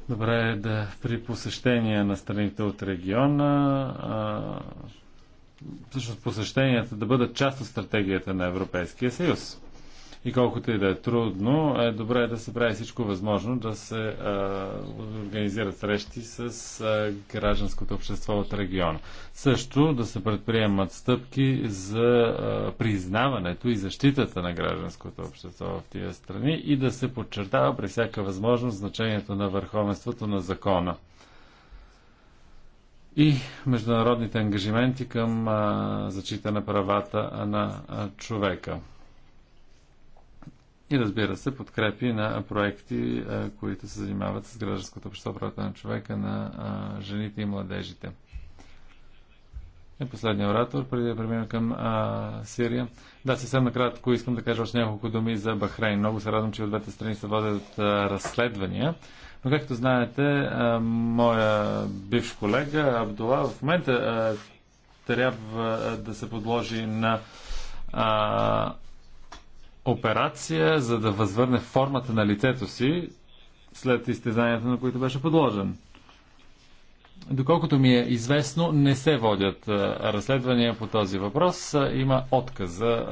Добре е да при посещение на страните от региона всъщност посещенията да бъдат част от стратегията на Европейския съюз. И колкото и да е трудно, е добре да се прави всичко възможно да се а, организират срещи с а, гражданското общество от региона. Също да се предприемат стъпки за а, признаването и защитата на гражданското общество в тия страни и да се подчертава при всяка възможност значението на върховенството на закона и международните ангажименти към защита зачитане правата на човека. И разбира се, подкрепи на проекти, които се занимават с гражданското общество, правата на човека, на жените и младежите. И последния оратор, преди да преминем към а, Сирия. Да, съвсем накратко искам да кажа още няколко думи за Бахрейн. Много се радвам, че от двете страни се водят а, разследвания но както знаете, моя бивш колега Абдула в момента трябва да се подложи на операция, за да възвърне формата на лицето си след изтезанията, на които беше подложен. Доколкото ми е известно, не се водят разследвания по този въпрос. Има отказ за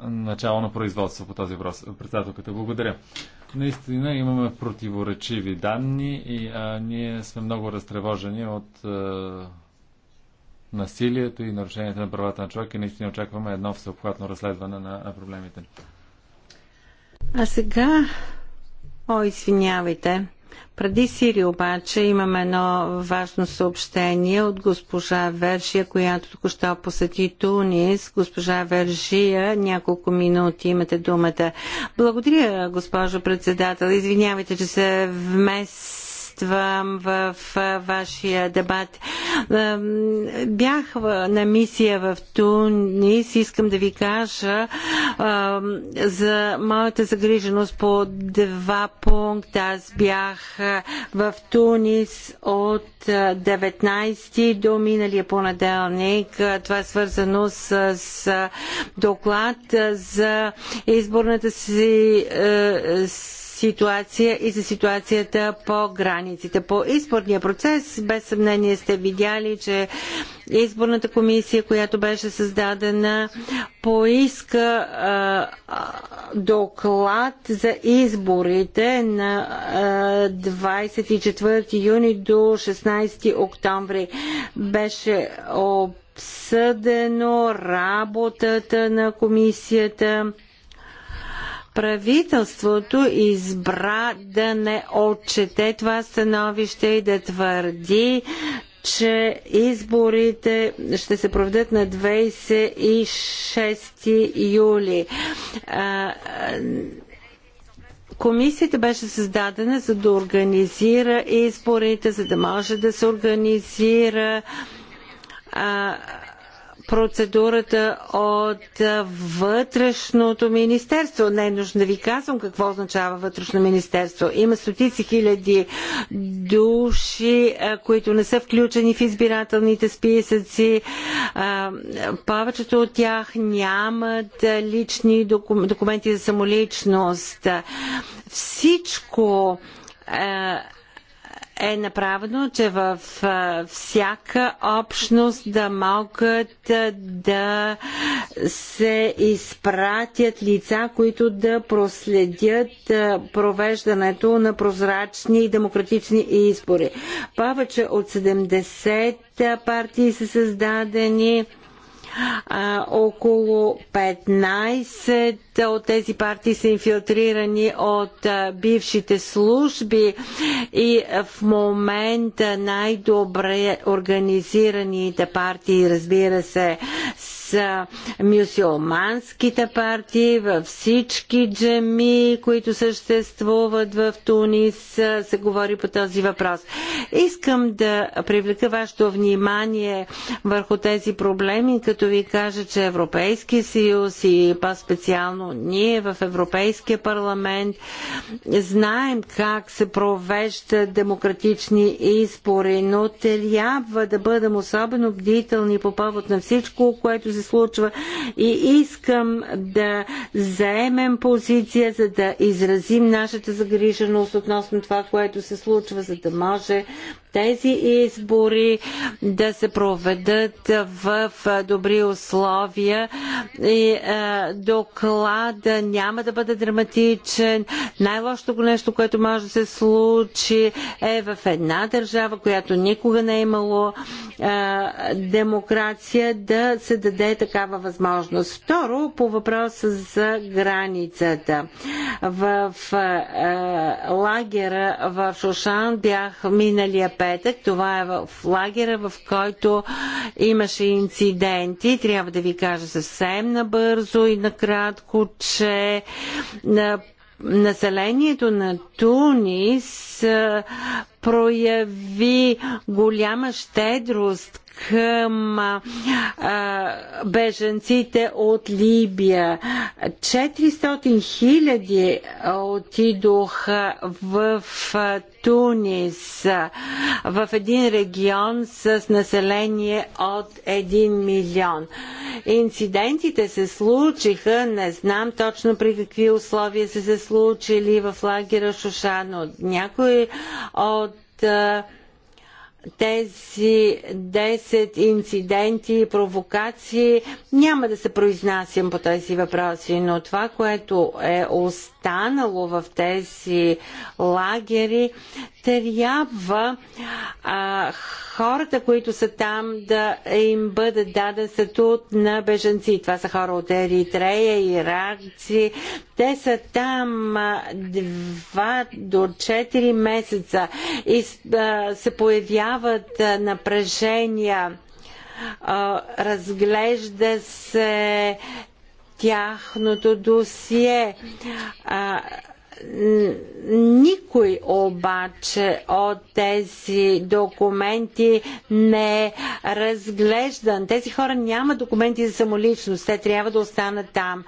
начало на производство по този въпрос. Председателката, благодаря. Наистина имаме противоречиви данни и а, ние сме много разтревожени от а, насилието и нарушението на правата на човека и наистина очакваме едно всеобхватно разследване на проблемите. А сега, о, извинявайте, преди Сирия обаче имаме едно важно съобщение от госпожа Вержия, която току-що посети Тунис. Госпожа Вержия, няколко минути имате думата. Благодаря, госпожо председател. Извинявайте, че се вмес участвам в вашия дебат. Бях на мисия в Тунис. Искам да ви кажа за моята загриженост по два пункта. Аз бях в Тунис от 19 до миналия понеделник. Това е свързано с, доклад за изборната си ситуация и за ситуацията по границите. По изборния процес, без съмнение сте видяли, че изборната комисия, която беше създадена, поиска а, доклад за изборите на а, 24 юни до 16 октомври. Беше обсъдено работата на комисията Правителството избра да не отчете това становище и да твърди, че изборите ще се проведат на 26 юли. Комисията беше създадена за да организира изборите, за да може да се организира а, процедурата от вътрешното министерство. Не е нужно да ви казвам какво означава вътрешно министерство. Има стотици хиляди души, които не са включени в избирателните списъци. Повечето от тях нямат лични документи за самоличност. Всичко е направено, че в всяка общност да могат да се изпратят лица, които да проследят провеждането на прозрачни и демократични избори. Повече от 70 партии са създадени а, около 15 от тези партии са инфилтрирани от а, бившите служби и в момента най-добре организираните партии, разбира се, за мюсюлманските партии, във всички джеми, които съществуват в Тунис, се говори по този въпрос. Искам да привлека вашето внимание върху тези проблеми, като ви кажа, че Европейския съюз и по-специално ние в Европейския парламент знаем как се провеждат демократични избори, но трябва да бъдем особено бдителни по повод на всичко, което се се случва и искам да заемем позиция, за да изразим нашата загриженост относно това, което се случва, за да може тези избори да се проведат в добри условия. И, е, доклада няма да бъде драматичен. Най-лошото нещо, което може да се случи е в една държава, която никога не е имало е, демокрация, да се даде такава възможност. Второ, по въпроса за границата. В е, лагера в Шушан бях миналия петък. Това е в лагера, в който имаше инциденти. Трябва да ви кажа съвсем набързо и накратко, че на населението на Тунис прояви голяма щедрост към а, беженците от Либия. 400 хиляди отидоха в Тунис, в един регион с население от 1 милион. Инцидентите се случиха, не знам точно при какви условия са се случили в лагера Шушано. Някои от тези 10 инциденти и провокации. Няма да се произнасям по тези въпроси, но това, което е останало в тези лагери, трябва а, хората, които са там, да им бъде даден статут на беженци. Това са хора от Еритрея, иракци. Те са там а, 2 до 4 месеца и а, се появяват а, напрежения. А, разглежда се тяхното досие. А, никой обаче от тези документи не е разглеждан. Тези хора няма документи за самоличност. Те трябва да останат там.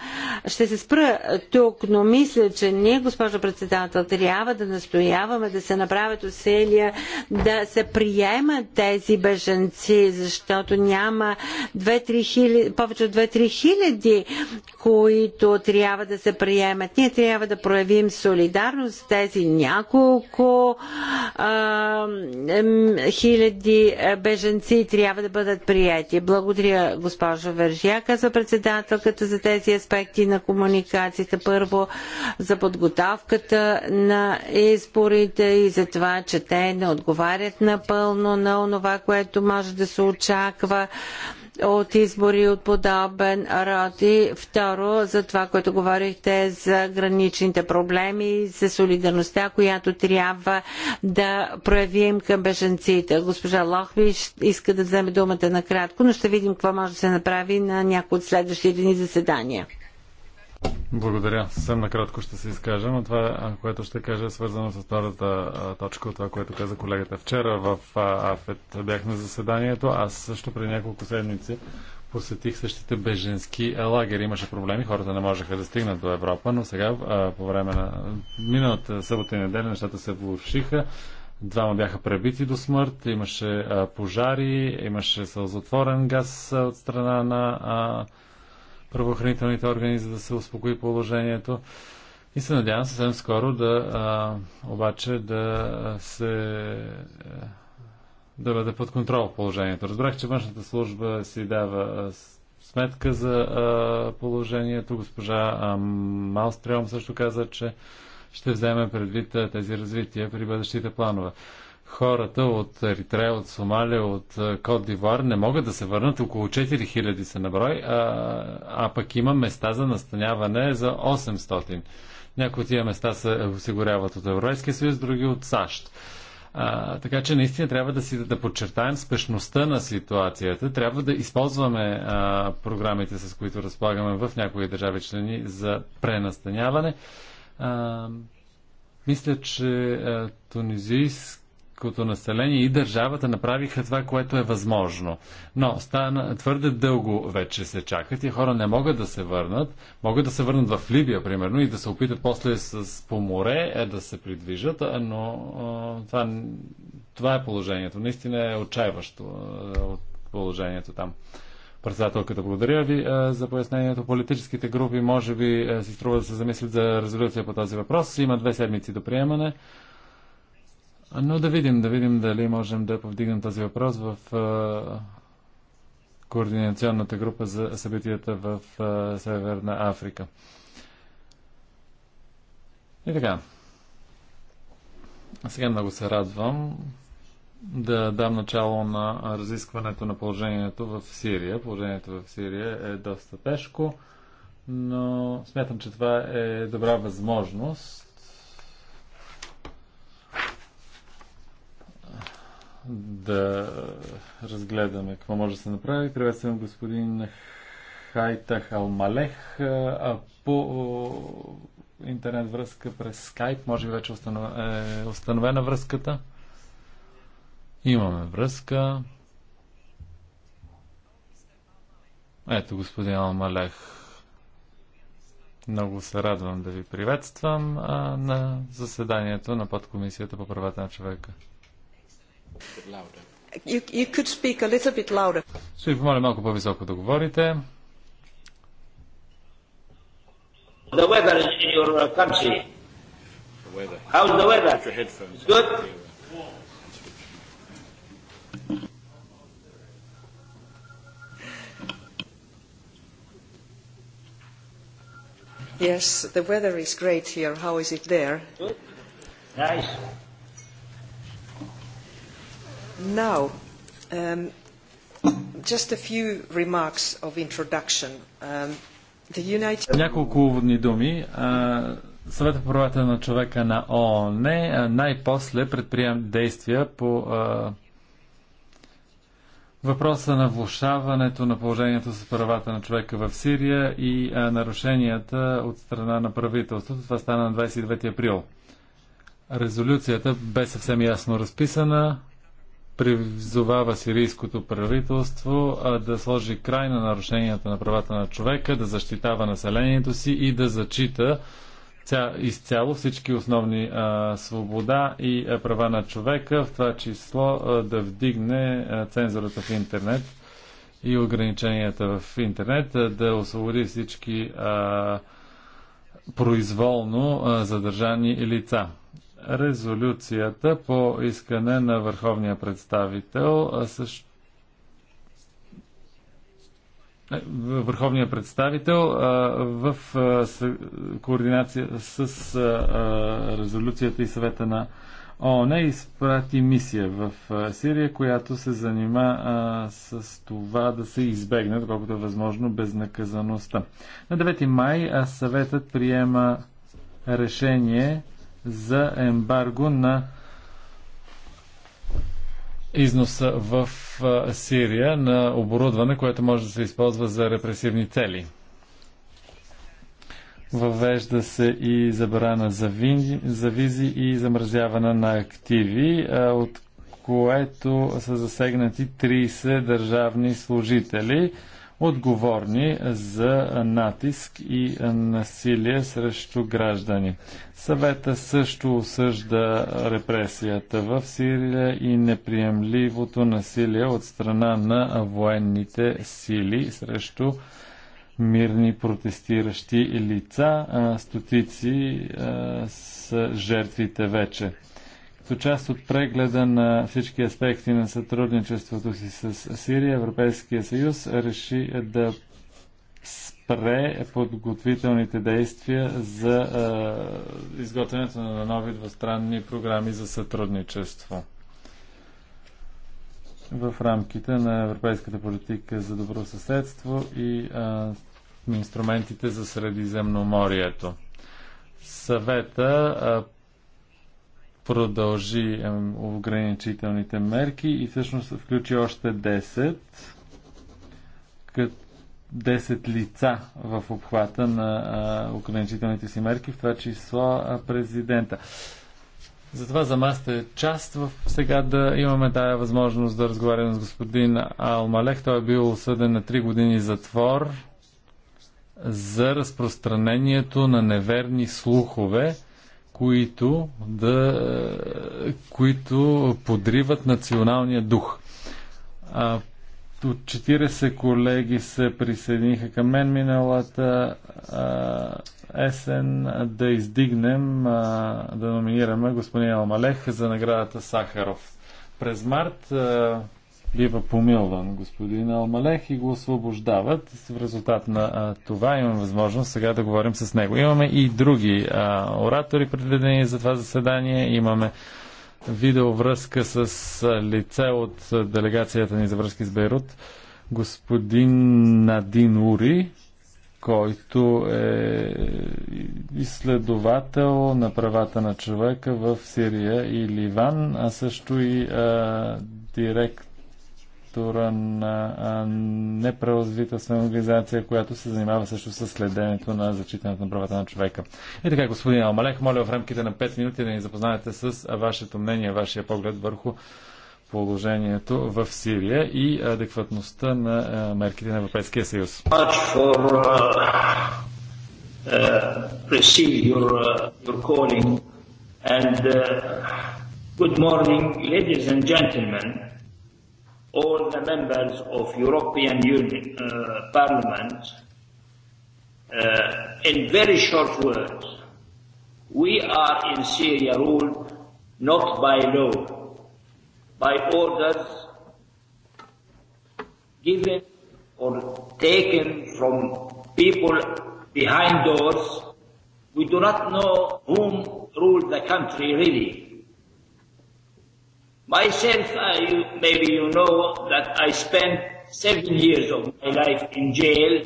Ще се спра тук, но мисля, че ние, госпожо председател, трябва да настояваме да се направят усилия да се приемат тези беженци, защото няма 2-3 хиляди, повече от 2-3 хиляди, които трябва да се приемат. Ние трябва да проявим солидарност с тези няколко а, хиляди беженци трябва да бъдат прияти. Благодаря, госпожо Вержяка за председателката за тези аспекти на комуникацията. Първо за подготовката на изборите и за това, че те не отговарят напълно на онова, което може да се очаква от избори от подобен род. И второ, за това, което говорихте за граничните проблеми, за солидарността, която трябва да проявим към беженците. Госпожа Лохви иска да вземе думата накратко, но ще видим какво може да се направи на някои от следващите ни заседания. Благодаря. Съвсем накратко ще се изкажа, но това, което ще кажа, е свързано с втората точка от това, което каза колегата. Вчера в АФЕТ бях на заседанието. Аз също преди няколко седмици посетих същите беженски лагери. Имаше проблеми, хората не можеха да стигнат до Европа, но сега по време на миналата събота и неделя нещата се влушиха. Двама бяха пребити до смърт, имаше пожари, имаше сълзотворен газ от страна на правоохранителните органи, за да се успокои положението. И се надявам съвсем скоро да а, обаче да се е, да бъде под контрол положението. Разбрах, че външната служба си дава сметка за а, положението. Госпожа Малстрелм също каза, че ще вземе предвид тези развития при бъдещите планове хората от Еритрея, от Сомалия, от е, Кот Дивуар не могат да се върнат. Около 4000 са на брой, а, а пък има места за настаняване за 800. Някои от тия места се осигуряват от Европейския съюз, други от САЩ. А, така че наистина трябва да си да подчертаем спешността на ситуацията. Трябва да използваме а, програмите, с които разполагаме в някои държави члени за пренастаняване. А, мисля, че а, тунизийски българското население и държавата направиха това, което е възможно. Но стана, твърде дълго вече се чакат и хора не могат да се върнат. Могат да се върнат в Либия, примерно, и да се опитат после с, по море е, да се придвижат, но това, това е положението. Наистина е отчаиващо от положението там председателката. Благодаря ви а, за пояснението. Политическите групи може би а, си струва да се замислят за резолюция по този въпрос. Има две седмици до приемане. Но да видим, да видим дали можем да повдигнем този въпрос в координационната група за събитията в Северна Африка. И така. Сега много се радвам да дам начало на разискването на положението в Сирия. Положението в Сирия е доста тежко, но смятам, че това е добра възможност да разгледаме какво може да се направи. Приветствам господин Хайтах Алмалех по интернет връзка през Skype. Може би вече е установена връзката. Имаме връзка. Ето господин Алмалех. Много се радвам да ви приветствам а, на заседанието на подкомисията по правата на човека. You, Ще ви помоля малко по-високо да говорите. The weather in your country. How's the weather? It's good? Yes, the weather is great here. How is it there? Good. Nice. Now, um, just a few remarks of introduction. Um, the United... Няколко уводни думи. Uh, Съвета по правата на човека на ООН най-после предприем действия по въпроса на влушаването на положението с правата на човека в Сирия и а, нарушенията от страна на правителството. Това стана на 29 април. Резолюцията бе съвсем ясно разписана призовава сирийското правителство а, да сложи край на нарушенията на правата на човека, да защитава населението си и да зачита ця, изцяло всички основни а, свобода и а, права на човека, в това число а, да вдигне а, цензурата в интернет и ограниченията в интернет, а, да освободи всички а, произволно а, задържани лица резолюцията по искане на върховния представител, също е, върховния представител в координация с резолюцията и съвета на ООН изпрати мисия в Сирия, която се занима а, с това да се избегне, доколкото е възможно, безнаказаността. На 9 май съветът приема решение за ембарго на износа в Сирия на оборудване, което може да се използва за репресивни цели. Въвежда се и забрана за, за визи и замразяване на активи, от което са засегнати 30 държавни служители отговорни за натиск и насилие срещу граждани. Съвета също осъжда репресията в Сирия и неприемливото насилие от страна на военните сили срещу мирни протестиращи лица. Стотици са жертвите вече. Като част от прегледа на всички аспекти на сътрудничеството си с Сирия, Европейския съюз реши да спре подготвителните действия за а, изготвянето на нови двустранни програми за сътрудничество в рамките на европейската политика за добро съседство и а, инструментите за Средиземноморието. Съвета а, продължи ограничителните мерки и всъщност включи още 10, 10 лица в обхвата на ограничителните си мерки, в това число президента. Затова за маста е част в сега да имаме тая възможност да разговаряме с господин Алмалех. Той е бил осъден на 3 години затвор за разпространението на неверни слухове които, да, които подриват националния дух. А, от 40 колеги се присъединиха към мен миналата а, есен да издигнем, а, да номинираме господин Алмалех за наградата Сахаров. През март а, бива помилван господин Алмалех и го освобождават. В резултат на а, това имаме възможност сега да говорим с него. Имаме и други а, оратори предвидени за това заседание. Имаме видеовръзка с а, лице от а, делегацията ни за връзки с Бейрут. Господин Надин Ури, който е изследовател на правата на човека в Сирия и Ливан, а също и а, директ структура на неправозвителствена организация, която се занимава също с следенето на зачитането на правата на човека. И така, господин Алмалех, моля в рамките на 5 минути да ни запознаете с вашето мнение, вашия поглед върху положението в Сирия и адекватността на мерките на Европейския съюз. Uh, uh, uh, good morning, ladies and gentlemen all the members of European Union uh, Parliament uh, in very short words. We are in Syria ruled not by law, by orders given or taken from people behind doors. We do not know whom ruled the country really Myself, I, maybe you know that I spent seven years of my life in jail,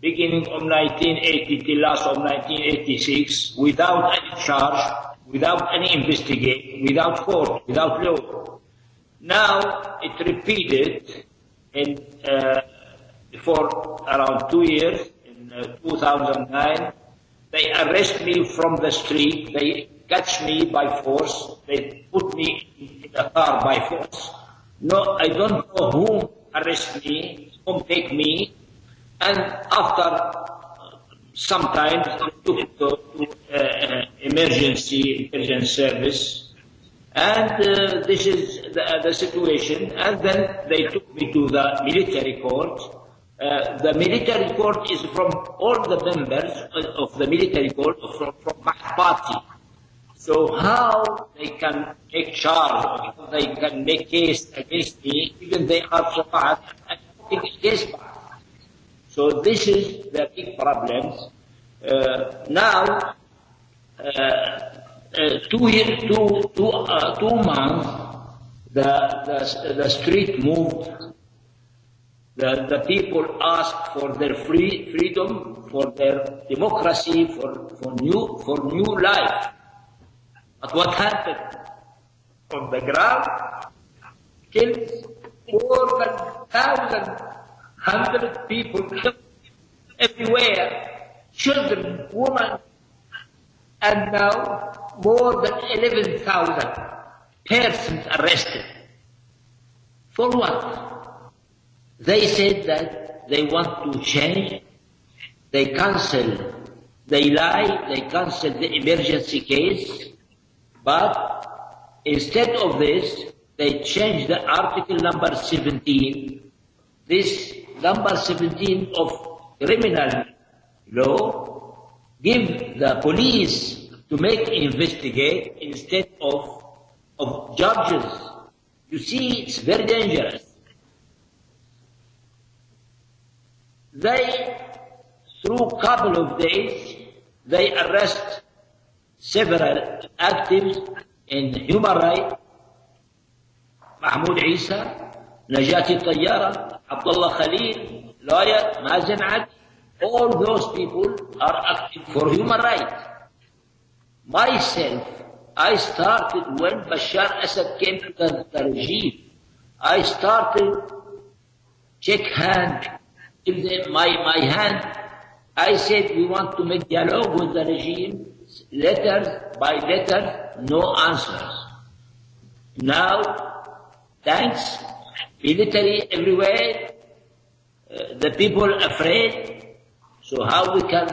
beginning of 1980 till last of 1986, without any charge, without any investigation, without court, without law. Now it repeated in, uh, for around two years, in uh, 2009, they arrest me from the street, they catch me by force, they put me in the car by force. No, I don't know whom arrest me, whom take me. And after some time I took to, to uh, emergency intelligence service. And uh, this is the, the situation. And then they took me to the military court. Uh, the military court is from all the members of the military court from, from my party So how they can take charge, how they can make case against me, even they are so bad, I'm talking against Ba'ath. So this is the big problem. Uh, now, uh, uh, two, year, two, two, uh, two months, the, the, the street moved. The, the people asked for their free freedom, for their democracy, for, for new for new life. But what happened on the ground killed more than thousand hundred people killed everywhere, children, women, and now more than eleven thousand persons arrested. For what? They said that they want to change, they cancel, they lie, they cancel the emergency case, But instead of this, they changed the article number 17, this number 17 of criminal law, give the police to make investigate instead of, of judges. You see, it's very dangerous. They, through a couple of days, they arrest several actives in human rights محمود عيسى نجاة الطيارة عبد الله خليل lawyer مازن عدي all those people are active for human rights myself I started when Bashar Assad came to the, the regime I started check hand give them my my hand I said we want to make dialogue with the regime letter by letter, no answers. Now, thanks, military everywhere, uh, the people afraid. So how we can,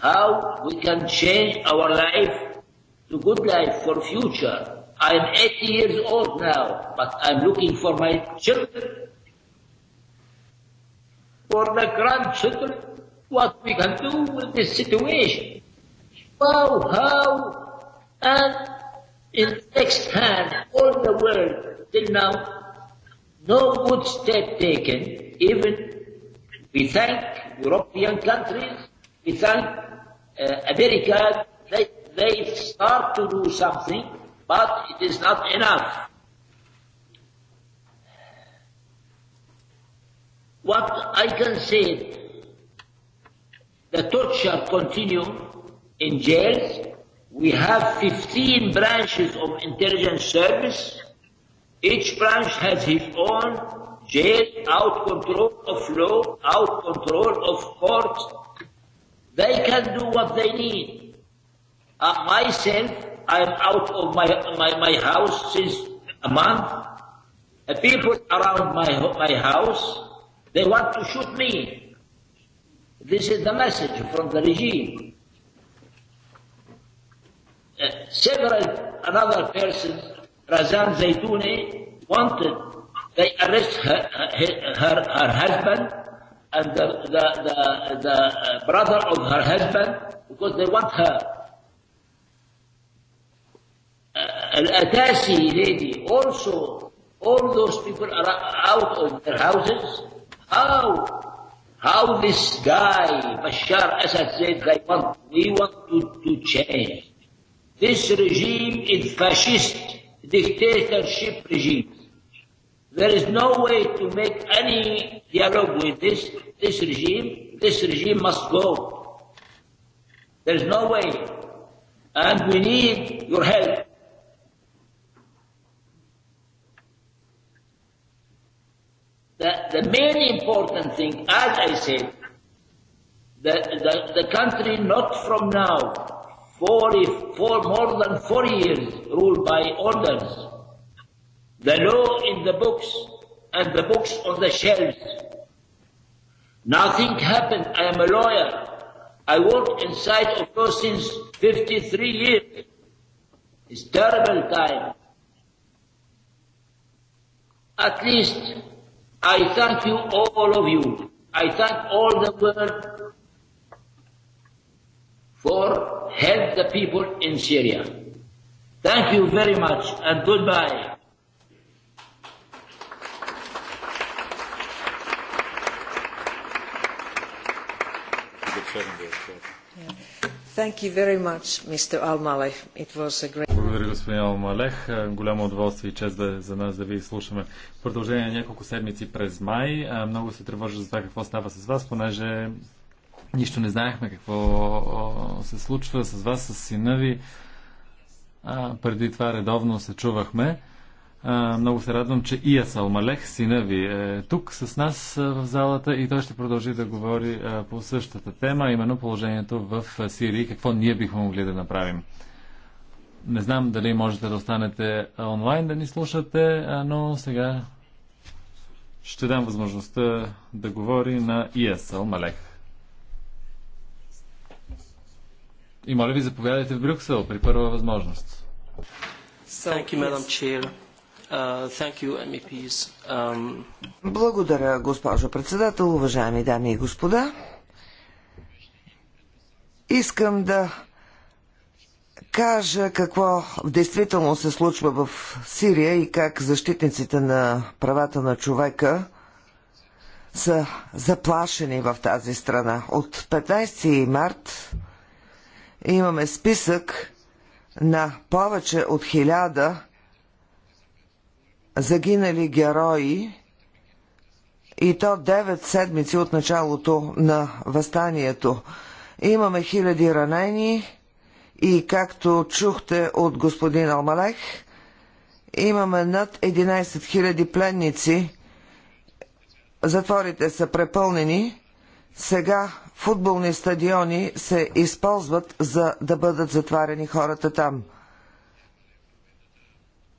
how we can change our life to good life for future? I'm 80 years old now, but I'm looking for my children, for the grandchildren, what we can do with this situation. Wow, how and in next hand all the world till now, no good step taken. Even we thank European countries, we thank uh, America, they, they start to do something, but it is not enough. What I can say, the torture continue in jails. We have 15 branches of intelligence service. Each branch has his own jail, out control of law, out control of court. They can do what they need. Uh, myself, I'm out of my, my, my house since a month. The people around my, my house, they want to shoot me. This is the message from the regime several another persons, Razan Zaytouni, wanted. They arrest her, her, her, husband and the, the, the, the brother of her husband because they want her. Uh, Al-Atasi lady also, all those people are out of their houses. How? How this guy, Bashar Assad said they want, we want to, to change. This regime is fascist dictatorship regime. There is no way to make any dialogue with this, this regime. This regime must go. There is no way. And we need your help. The, the main important thing, as I said, the, the, the country not from now, 40, for more than 40 years ruled by orders. The law in the books and the books on the shelves. Nothing happened. I am a lawyer. I worked inside of law since 53 years. It's terrible time. At least I thank you, all of you. I thank all the world for help the people in Syria. Thank you very much and goodbye. Thank you very much, Mr. Al-Malek. It was a great... Благодаря, господин Алмалех. Голямо удоволствие и чест да, за нас да ви слушаме. продължение на няколко седмици през май много се тревожа за това какво става с вас, понеже Нищо не знаехме какво се случва с вас, с сина ви. А, преди това редовно се чувахме. А, много се радвам, че Ия Салмалех, сина ви, е тук с нас в залата и той ще продължи да говори а, по същата тема, именно положението в Сирия и какво ние бихме могли да направим. Не знам дали можете да останете онлайн да ни слушате, но сега ще дам възможността да говори на Ия Салмалех. И моля ви, заповядайте в Брюксел при първа възможност. Uh, um, Благодаря, госпожо председател, уважаеми дами и господа. Искам да кажа какво действително се случва в Сирия и как защитниците на правата на човека са заплашени в тази страна. От 15 март имаме списък на повече от хиляда загинали герои и то 9 седмици от началото на възстанието. Имаме хиляди ранени и както чухте от господин Алмалех, имаме над 11 000 пленници. Затворите са препълнени сега футболни стадиони се използват за да бъдат затварени хората там.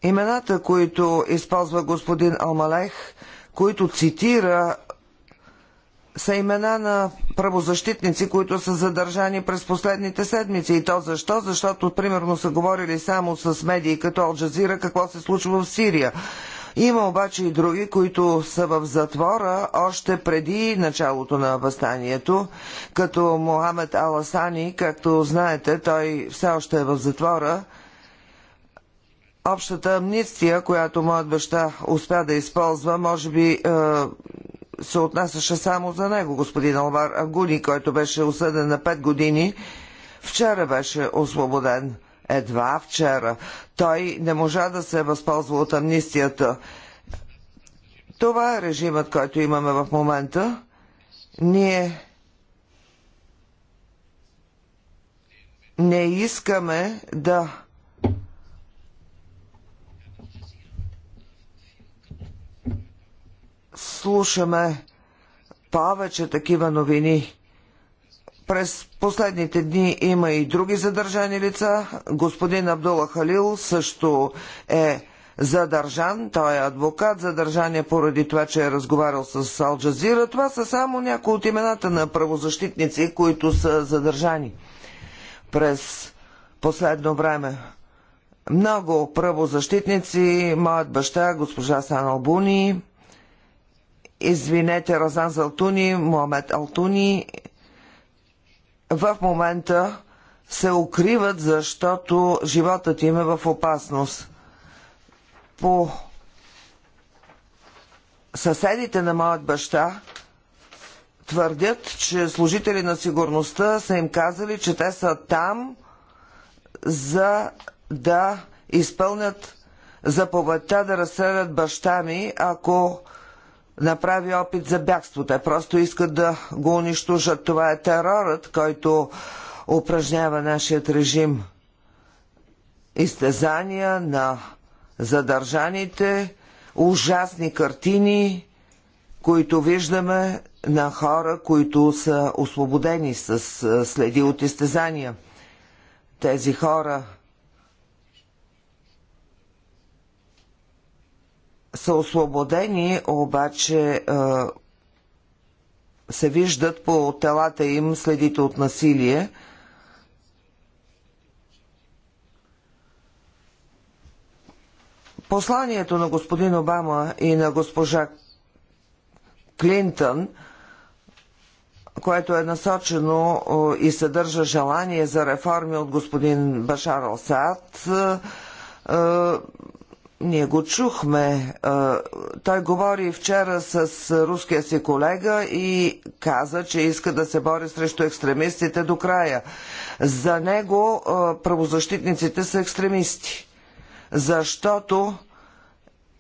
Имената, които използва господин Алмалех, които цитира, са имена на правозащитници, които са задържани през последните седмици. И то защо? Защото, примерно, са говорили само с медии като Алджазира какво се случва в Сирия. Има обаче и други, които са в затвора още преди началото на възстанието, като Мохамед Аласани, както знаете, той все още е в затвора. Общата амнистия, която моят баща успя да използва, може би е, се отнасяше само за него, господин Алвар Агуни, който беше осъден на 5 години, вчера беше освободен едва вчера. Той не можа да се възползва от амнистията. Това е режимът, който имаме в момента. Ние не искаме да слушаме повече такива новини. През последните дни има и други задържани лица. Господин Абдула Халил също е задържан. Той е адвокат, задържан е поради това, че е разговарял с Ал Джазира. Това са само някои от имената на правозащитници, които са задържани през последно време. Много правозащитници, моят баща, госпожа Сан Албуни, извинете, Розан Залтуни, Мохамед Алтуни в момента се укриват, защото животът им е в опасност. По съседите на моят баща твърдят, че служители на сигурността са им казали, че те са там, за да изпълнят заповедта да разстрелят баща ми, ако направи опит за бягство. Те просто искат да го унищожат. Това е терорът, който упражнява нашият режим. Изтезания на задържаните, ужасни картини, които виждаме на хора, които са освободени с следи от изтезания. Тези хора са освободени, обаче се виждат по телата им следите от насилие. Посланието на господин Обама и на госпожа Клинтън, което е насочено и съдържа желание за реформи от господин Башар Осад, ние го чухме. Той говори вчера с руския си колега и каза, че иска да се бори срещу екстремистите до края. За него правозащитниците са екстремисти, защото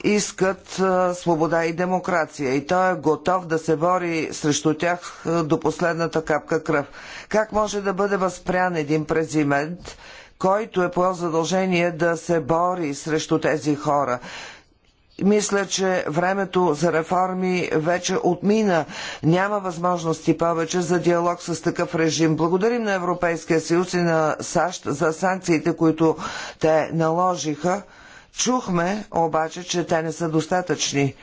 искат свобода и демокрация и той е готов да се бори срещу тях до последната капка кръв. Как може да бъде възпрян един презимент? който е поел задължение да се бори срещу тези хора. Мисля, че времето за реформи вече отмина. Няма възможности повече за диалог с такъв режим. Благодарим на Европейския съюз и на САЩ за санкциите, които те наложиха. Чухме обаче, че те не са достатъчни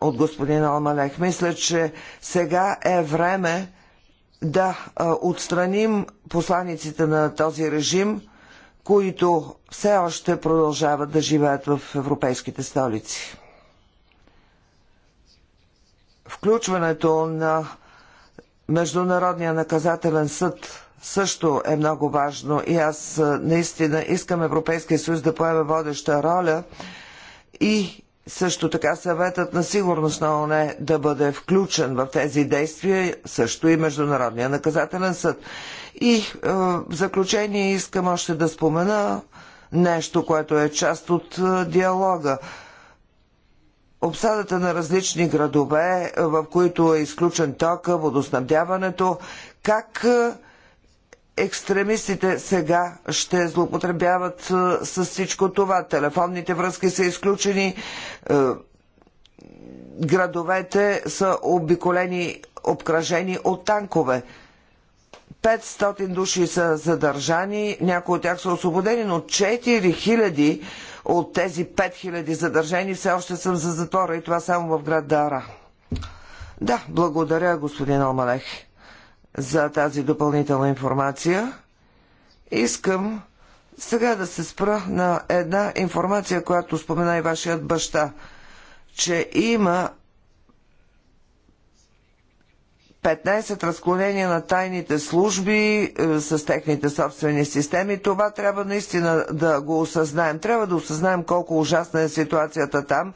от господин Алмалех. Мисля, че сега е време да отстраним посланиците на този режим които все още продължават да живеят в европейските столици. Включването на Международния наказателен съд също е много важно и аз наистина искам Европейския съюз да поеме водеща роля и също така съветът на сигурност на ОНЕ да бъде включен в тези действия, също и Международния наказателен съд. И е, в заключение искам още да спомена нещо, което е част от е, диалога. Обсадата на различни градове, е, в които е изключен тока, водоснабдяването, как екстремистите сега ще злоупотребяват с всичко това. Телефонните връзки са изключени, градовете са обиколени, обкръжени от танкове. 500 души са задържани, някои от тях са освободени, но 4000 от тези 5000 задържани все още са за затвора и това само в град Дара. Да, благодаря господин Омалех за тази допълнителна информация. Искам сега да се спра на една информация, която спомена и вашият баща, че има 15 разклонения на тайните служби е, с техните собствени системи. Това трябва наистина да го осъзнаем. Трябва да осъзнаем колко ужасна е ситуацията там,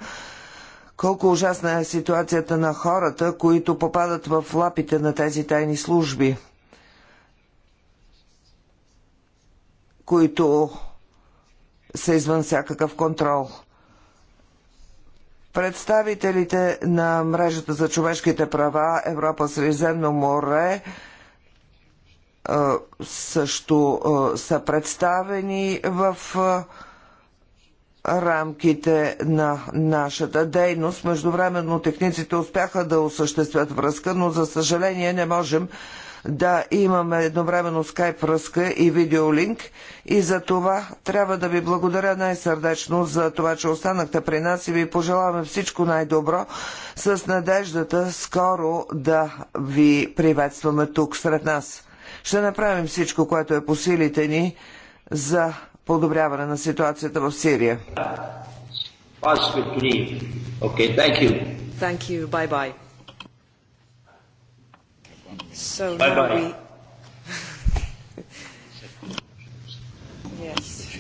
колко ужасна е ситуацията на хората, които попадат в лапите на тези тайни служби, които са извън всякакъв контрол. Представителите на мрежата за човешките права Европа Средиземно море е, също е, са представени в е, рамките на нашата дейност. Междувременно техниците успяха да осъществят връзка, но за съжаление не можем да имаме едновременно скайп връзка и видеолинк и за това трябва да ви благодаря най-сърдечно за това, че останахте при нас и ви пожелаваме всичко най-добро с надеждата скоро да ви приветстваме тук сред нас. Ще направим всичко, което е по силите ни за подобряване на ситуацията в Сирия. Okay, thank you. Thank you. Bye bye. So bye now bye. we. yes.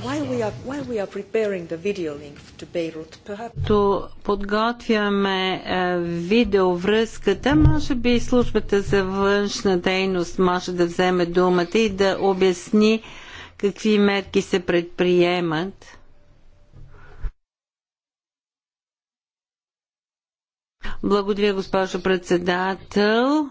While we, are, while we are preparing the video link to Beirut, perhaps... to подготвяме е, видеовръзката, може би службата за външна дейност може да вземе думата и да обясни какви мерки се предприемат. Благодаря, госпожо председател.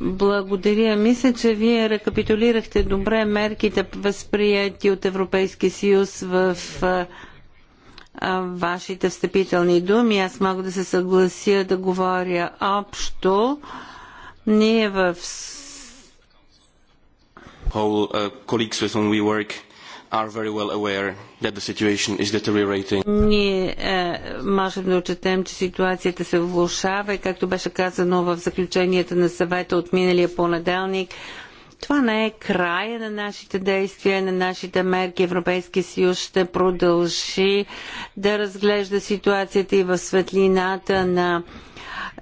Благодаря. Мисля, че вие рекапитулирахте добре мерките, възприяти от Европейския съюз в вашите встъпителни думи. Аз мога да се съглася да говоря общо. Ние в How, uh, are very well aware that the situation is deteriorating. Ние е, можем да отчетем, че ситуацията се влушава и както беше казано в заключенията на съвета от миналия понеделник, това не е края на нашите действия, на нашите мерки. Европейския съюз ще продължи да разглежда ситуацията и в светлината на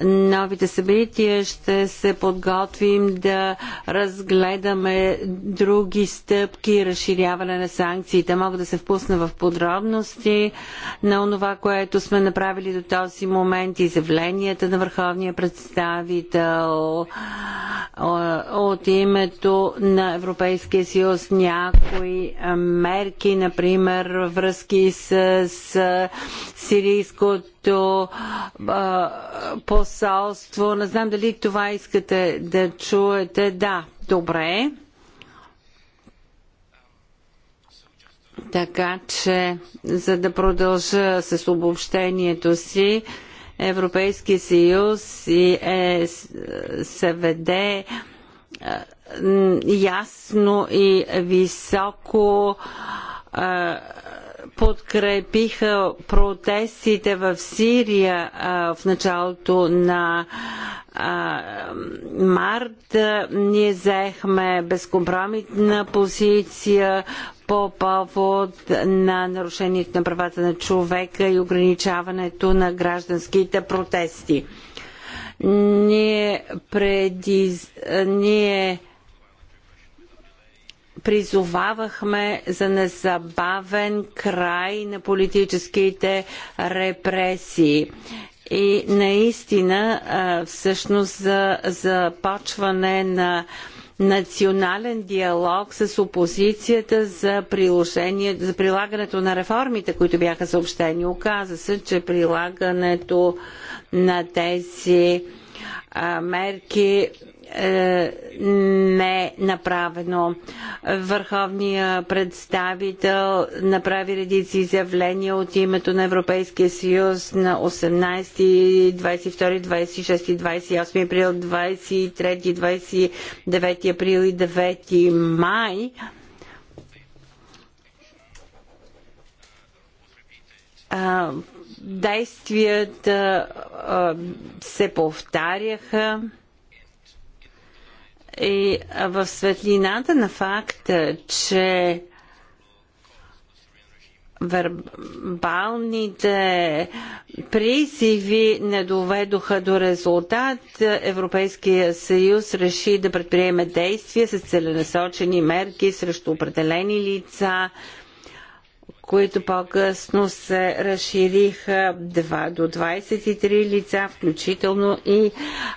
новите събития, ще се подготвим да разгледаме други стъпки, разширяване на санкциите. Мога да се впусна в подробности на това, което сме направили до този момент, изявленията на върховния представител от името на Европейския съюз, някои мерки, например, връзки с сирийското посолство посолство. Не знам дали това искате да чуете. Да, добре. Така че, за да продължа с обобщението си, Европейския съюз и е, СВД е, е, е, ясно и високо е, подкрепиха протестите в Сирия в началото на март. Ние заехме безкомпромисна позиция по повод на нарушението на правата на човека и ограничаването на гражданските протести. Ние преди... Ние призовавахме за незабавен край на политическите репресии. И наистина, всъщност, за започване на национален диалог с опозицията за, за прилагането на реформите, които бяха съобщени. Оказа се, че прилагането на тези мерки е, не е направено. Върховният представител направи редици изявления от името на Европейския съюз на 18, 22, 26, 28 април, 23, 29 април и 9 май. действията се повтаряха. И в светлината на факта, че вербалните призиви не доведоха до резултат, Европейския съюз реши да предприеме действия с целенасочени мерки срещу определени лица, които по-късно се разшириха до 23 лица, включително и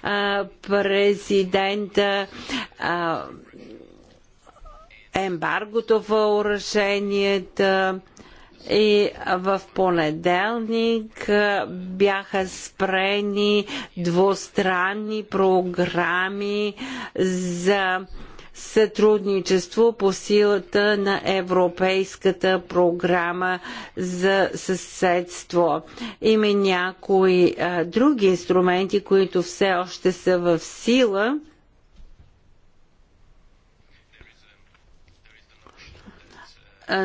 а, президента. А, ембаргото въоръженията и в понеделник бяха спрени двустранни програми за сътрудничество по силата на Европейската програма за съседство. Има някои а, други инструменти, които все още са в сила.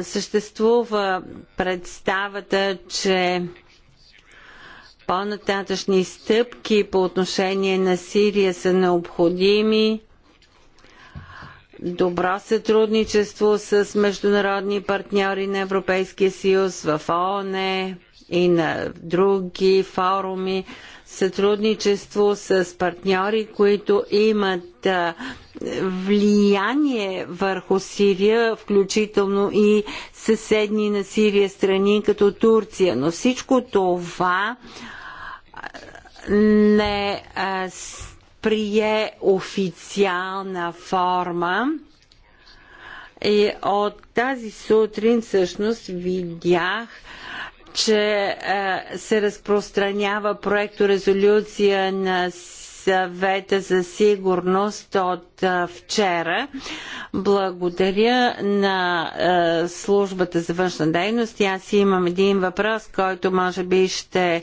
съществува представата, че по-нататъчни стъпки по отношение на Сирия са необходими добро сътрудничество с международни партньори на Европейския съюз в ООН и на други форуми, сътрудничество с партньори, които имат влияние върху Сирия, включително и съседни на Сирия страни, като Турция. Но всичко това не а, прие официална форма. И от тази сутрин всъщност видях, че е, се разпространява проекто резолюция на съвета за сигурност от е, вчера. Благодаря на е, службата за външна дейност. Аз имам един въпрос, който може би ще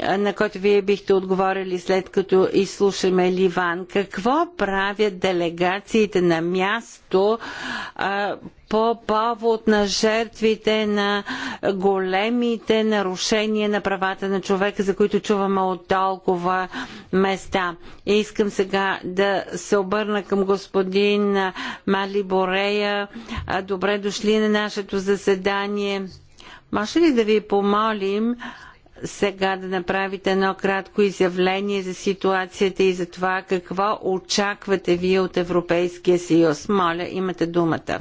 на който вие бихте отговорили след като изслушаме Ливан. Какво правят делегациите на място а, по повод на жертвите на големите нарушения на правата на човека, за които чуваме от толкова места. И искам сега да се обърна към господин Мали Борея. Добре дошли на нашето заседание. Може ли да ви помолим сега да направите едно кратко изявление за ситуацията и за това какво очаквате вие от Европейския съюз. Моля, имате думата.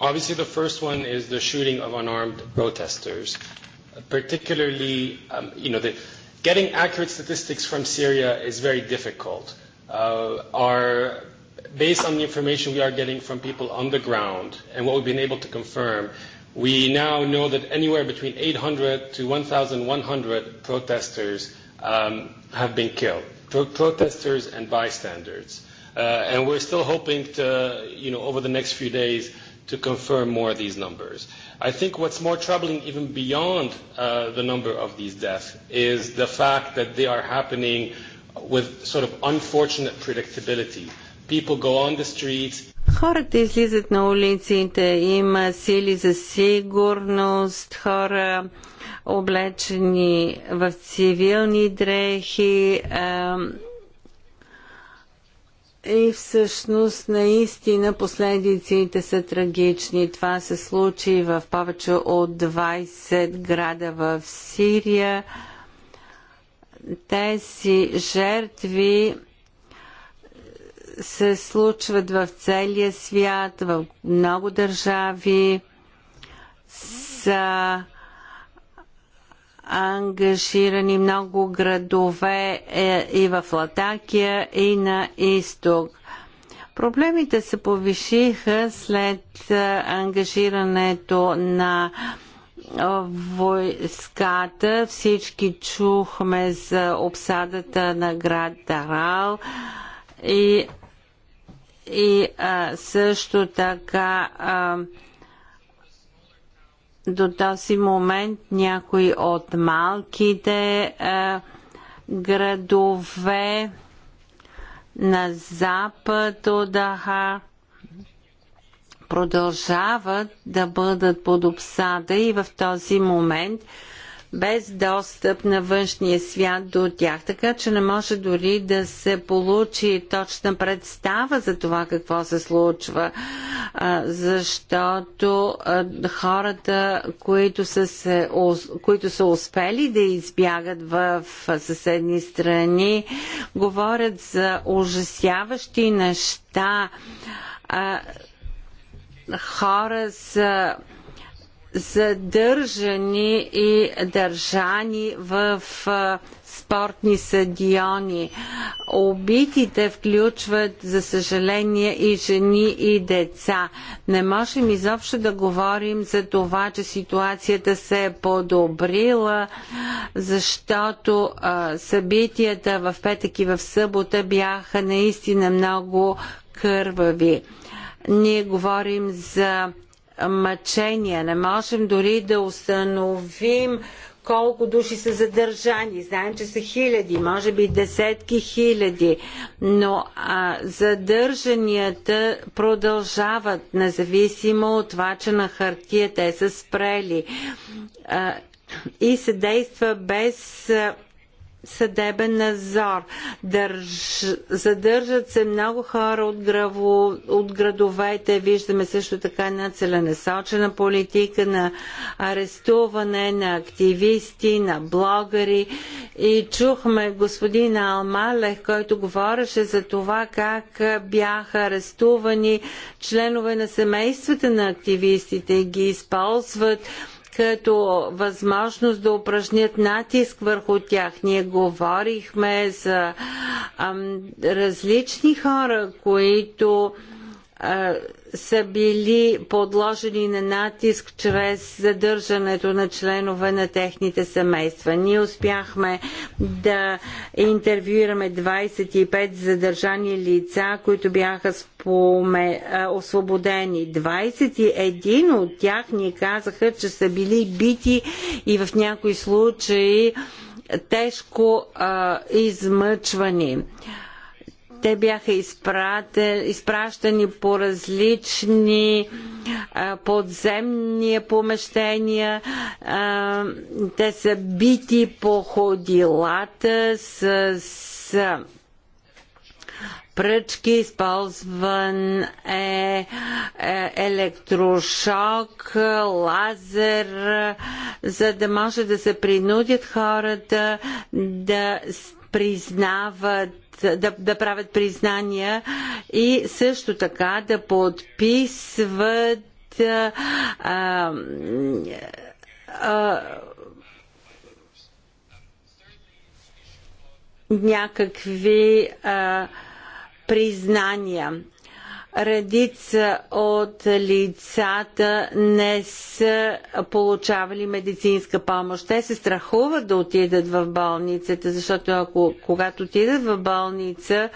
Obviously, the first one is the shooting of unarmed protesters, particularly, um, you know, the, Getting accurate statistics from Syria is very difficult. Uh, our, based on the information we are getting from people on the ground and what we've been able to confirm, we now know that anywhere between 800 to 1,100 protesters um, have been killed, pro- protesters and bystanders. Uh, and we're still hoping to, you know, over the next few days to confirm more of these numbers. I think what's more troubling, even beyond uh, the number of these deaths, is the fact that they are happening with sort of unfortunate predictability. People go on the streets. Хората излизат на улиците, има сили за сигурност, хора облечени в цивилни дрехи. И всъщност наистина последиците са трагични. Това се случи в повече от 20 града в Сирия. Тези жертви се случват в целия свят, в много държави. Са ангажирани много градове е, и в Латакия, и на изток. Проблемите се повишиха след е, ангажирането на е, войската. Всички чухме за обсадата на град Дарал и, и а, също така а, до този момент някои от малките е, градове на запад от Аха продължават да бъдат под обсада и в този момент е, без достъп на външния свят до тях, така че не може дори да се получи точна представа за това какво се случва, защото хората, които са, се, които са успели да избягат в съседни страни, говорят за ужасяващи неща хора са задържани и държани в спортни стадиони. Обитите включват, за съжаление, и жени и деца. Не можем изобщо да говорим за това, че ситуацията се е подобрила, защото а, събитията в петък и в събота бяха наистина много кървави. Ние говорим за мъчения. Не можем дори да установим колко души са задържани. Знаем, че са хиляди, може би десетки хиляди, но а, задържанията продължават, независимо от това, че на хартия те са спрели. А, и се действа без съдебен надзор. Държ... Задържат се много хора от, граво... от градовете. Виждаме също така една целенасочена политика на арестуване на активисти, на блогъри. И чухме господин Алмалех, който говореше за това как бяха арестувани членове на семействата на активистите и ги използват като възможност да упражнят натиск върху тях. Ние говорихме за ам, различни хора, които а, са били подложени на натиск чрез задържането на членове на техните семейства. Ние успяхме да интервюираме 25 задържани лица, които бяха споме... освободени. 21 от тях ни казаха, че са били бити и в някои случаи тежко а, измъчвани. А, те бяха изпращани по различни подземни помещения. Те са бити по ходилата с пръчки, използван е, е, електрошок, лазер, за да може да се принудят хората да признават да, да правят признания и също така да подписват а, а, някакви а, признания редица от лицата не са получавали медицинска помощ. Те се страхуват да отидат в болницата, защото ако, когато отидат в болница,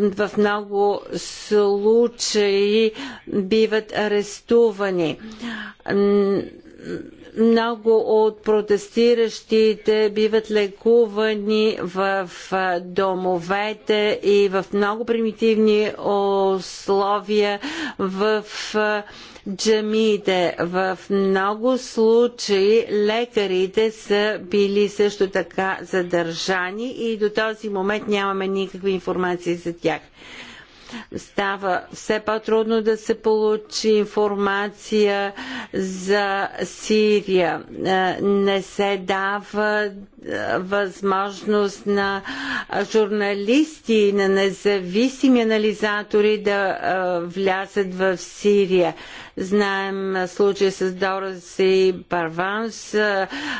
в много случаи биват арестувани много от протестиращите биват лекувани в домовете и в много примитивни условия в джамиите. В много случаи лекарите са били също така задържани и до този момент нямаме никаква информация за тях. Става все по-трудно да се получи информация за Сирия. Е, не се дава е, възможност на журналисти и на независими анализатори да е, влязат в Сирия. Знаем случая с Дороси Парванс,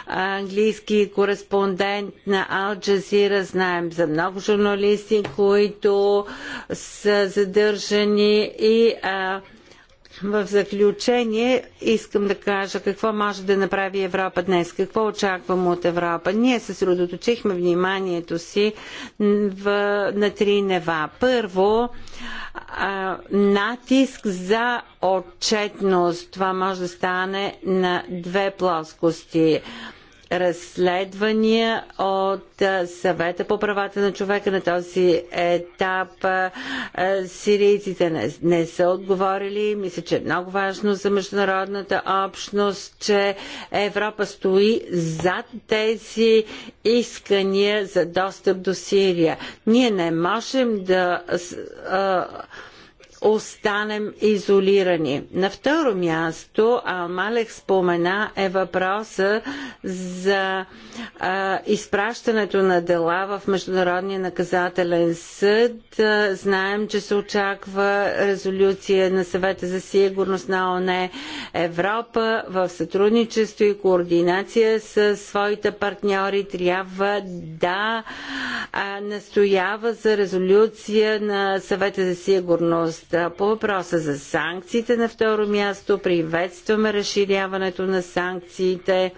английски кореспондент на Ал Джазира. Знаем за много журналисти, които са задържани и а, в заключение искам да кажа какво може да направи Европа днес, какво очакваме от Европа. Ние съсредоточихме вниманието си в, на три нева. Първо, а, натиск за отчетност. Това може да стане на две плоскости разследвания от съвета по правата на човека на този етап. Сирийците не, не са отговорили. Мисля, че е много важно за международната общност, че Европа стои зад тези искания за достъп до Сирия. Ние не можем да останем изолирани. На второ място, Алмалех спомена е въпроса за а, изпращането на дела в Международния наказателен съд. А, знаем, че се очаква резолюция на съвета за сигурност на ОНЕ Европа в сътрудничество и координация с своите партньори трябва да а, настоява за резолюция на съвета за сигурност въпроса. По въпроса за санкциите на второ място приветстваме разширяването на санкциите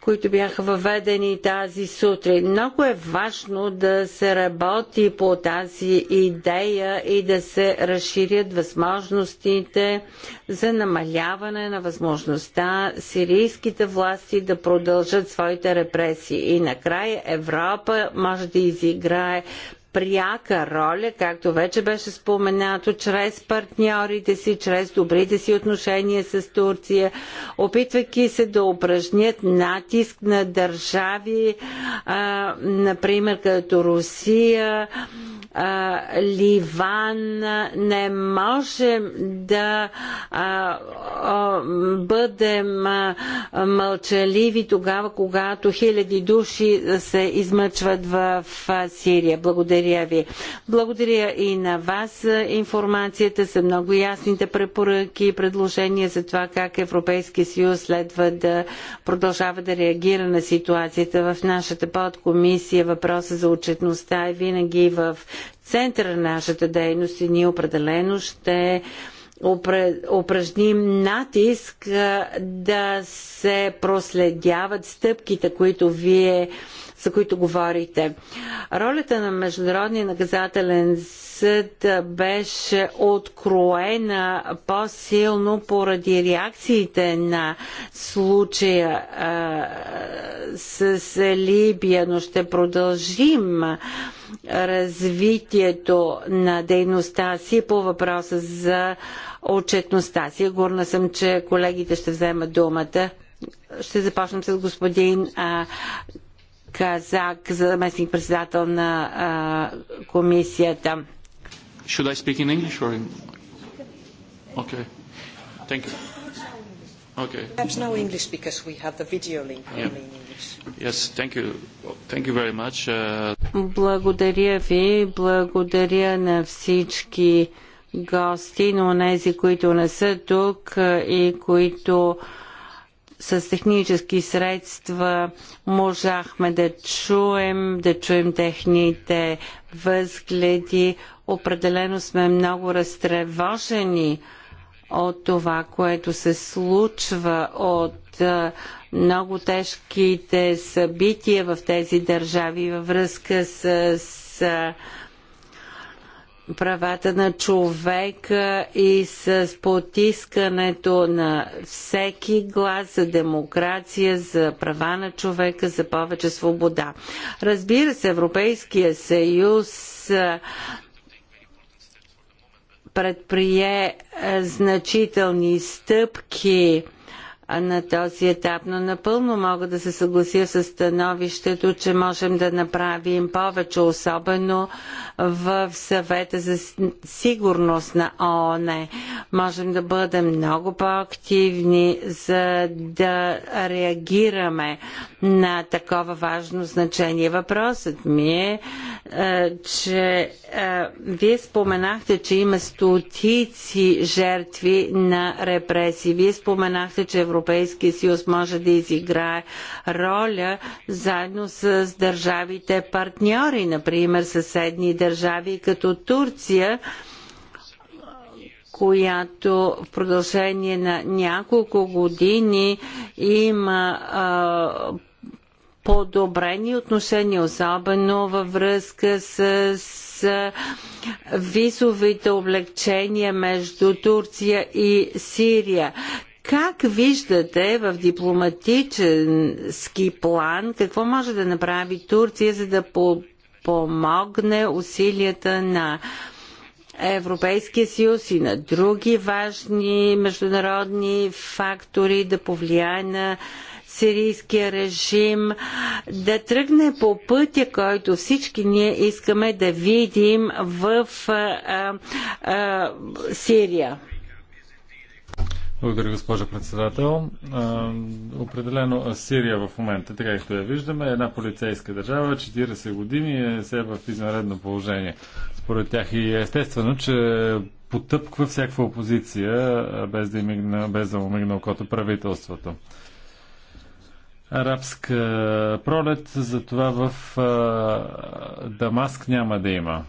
които бяха въведени тази сутрин. Много е важно да се работи по тази идея и да се разширят възможностите за намаляване на възможността сирийските власти да продължат своите репресии. И накрая Европа може да изиграе пряка роля, както вече беше споменато, чрез партньорите си, чрез добрите си отношения с Турция, опитвайки се да упражнят натиск на държави, а, например като Русия, а, Ливан. Не можем да а, а, бъдем а, мълчаливи тогава, когато хиляди души се измъчват в, в Сирия. Благодаря благодаря ви. Благодаря и на вас за информацията, за много ясните препоръки и предложения за това как Европейския съюз следва да продължава да реагира на ситуацията в нашата подкомисия. Въпроса за отчетността е винаги в центъра на нашата дейност и ние определено ще упражним натиск да се проследяват стъпките, които вие за които говорите. Ролята на Международния наказателен съд беше откроена по-силно поради реакциите на случая с Либия, но ще продължим развитието на дейността си по въпроса за отчетността. Сигурна съм, че колегите ще вземат думата. Ще започнем с господин а, Казак, заместник председател на а, комисията. Should I speak in English or in... Okay. Thank you. Okay. Perhaps no English because we have the video link yeah. in English. Yes, thank you. Thank you very much. Uh... Благодаря ви. Благодаря на всички гости, но тези, които не са тук и които с технически средства можахме да чуем, да чуем техните възгледи. Определено сме много разтревожени от това, което се случва, от много тежките събития в тези държави във връзка с, с правата на човека и с потискането на всеки глас за демокрация, за права на човека, за повече свобода. Разбира се, Европейския съюз предприе значителни стъпки на този етап, но напълно мога да се съглася с становището, че можем да направим повече, особено в съвета за сигурност на ООН. Можем да бъдем много по-активни, за да реагираме на такова важно значение. Въпросът ми е, е че е, вие споменахте, че има стотици жертви на репресии. Вие споменахте, че Европейския Европейския съюз може да изиграе роля заедно с държавите партньори, например съседни държави като Турция, която в продължение на няколко години има а, подобрени отношения, особено във връзка с, с визовите облегчения между Турция и Сирия. Как виждате в дипломатически план какво може да направи Турция, за да по помогне усилията на Европейския съюз и на други важни международни фактори да повлияе на сирийския режим, да тръгне по пътя, който всички ние искаме да видим в а, а, Сирия. Благодаря, госпожа председател. А, определено Сирия в момента, така както я виждаме, е една полицейска държава, 40 години е се в изнаредно положение. Според тях и е естествено, че потъпква всякаква опозиция, без да, мигна, без да му мигна окото правителството. Арабска пролет, затова в а, Дамаск няма да има.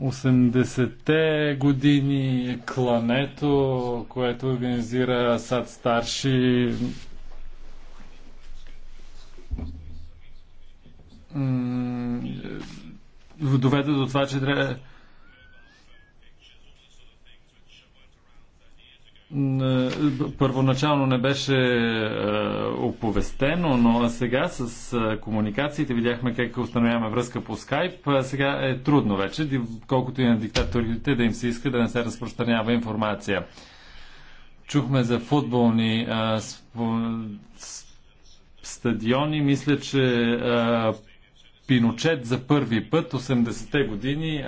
80-те години, е клането, което организира Сад Старши, е, доведе до това, че трябва първоначално не беше е, оповестено, но сега с е, комуникациите видяхме как установяваме връзка по скайп. Е, сега е трудно вече, колкото и на диктаторите да им се иска да не се разпространява информация. Чухме за футболни спо, стадиони. Мисля, че Пиночет за първи път, 80-те години,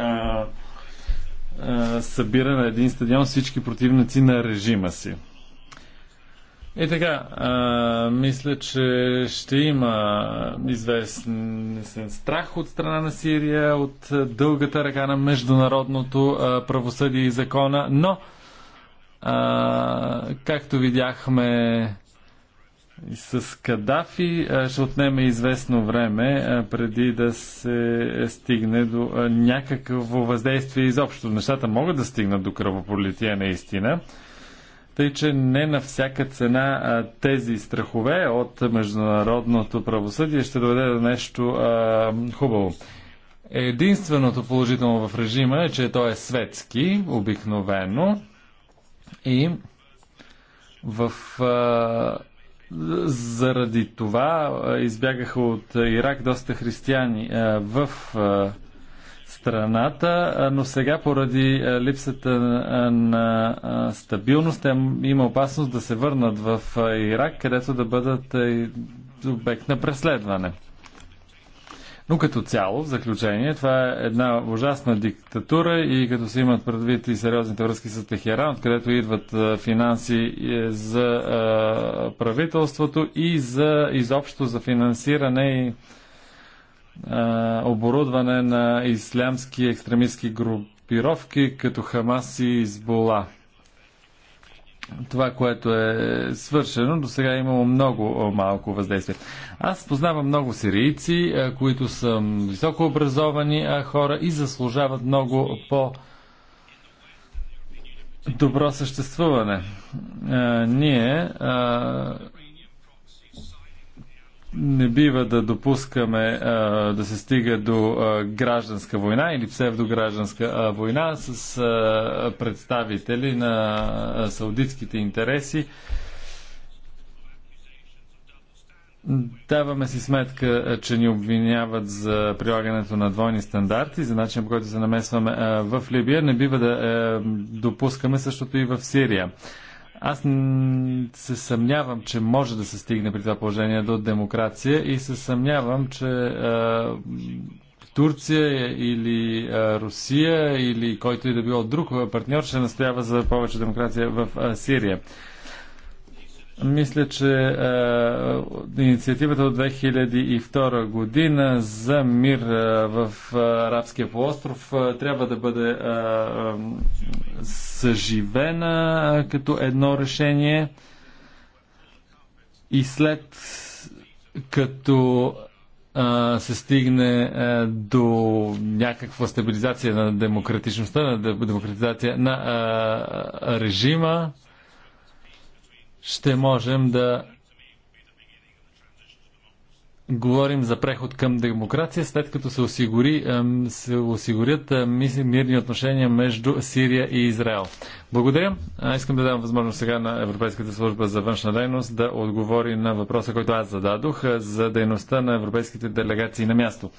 събира на един стадион всички противници на режима си. И така, а, мисля, че ще има известен страх от страна на Сирия, от дългата ръка на международното а, правосъдие и закона, но, а, както видяхме и с Кадафи, а, ще отнеме известно време а, преди да се стигне до а, някакво въздействие изобщо. Нещата могат да стигнат до кръвопролитие наистина. Тъй, че не на всяка цена а, тези страхове от международното правосъдие ще доведе до нещо а, хубаво. Единственото положително в режима е, че той е светски, обикновено и в а, заради това избягаха от Ирак доста християни а, в а, страната, но сега поради липсата на стабилност има опасност да се върнат в Ирак, където да бъдат обект на преследване. Но като цяло, в заключение, това е една ужасна диктатура и като се имат предвид и сериозните връзки с Техеран, откъдето идват финанси е, за правителството и за изобщо за финансиране и оборудване на ислямски екстремистски групировки, като Хамас и Избола. Това, което е свършено, до сега е имало много малко въздействие. Аз познавам много сирийци, които са високо образовани хора и заслужават много по- добро съществуване. ние не бива да допускаме а, да се стига до а, гражданска война или псевдогражданска а, война с а, представители на а, саудитските интереси. Даваме си сметка, че ни обвиняват за прилагането на двойни стандарти, за начин по който се намесваме в Либия. Не бива да допускаме същото и в Сирия. Аз се съмнявам, че може да се стигне при това положение до демокрация и се съмнявам, че а, Турция или а, Русия или който и да било друг партньор ще настоява за повече демокрация в а, Сирия. Мисля, че е, инициативата от 2002 година за мир е, в е, Арабския полуостров е, трябва да бъде е, е, съживена е, като едно решение и след като а, е, се стигне а, е, до някаква стабилизация на демократичността, на демократизация на а, е, режима, ще можем да говорим за преход към демокрация, след като се, осигури, се осигурят мирни отношения между Сирия и Израел. Благодаря. Искам да дам възможност сега на Европейската служба за външна дейност да отговори на въпроса, който аз зададох за дейността на европейските делегации на място.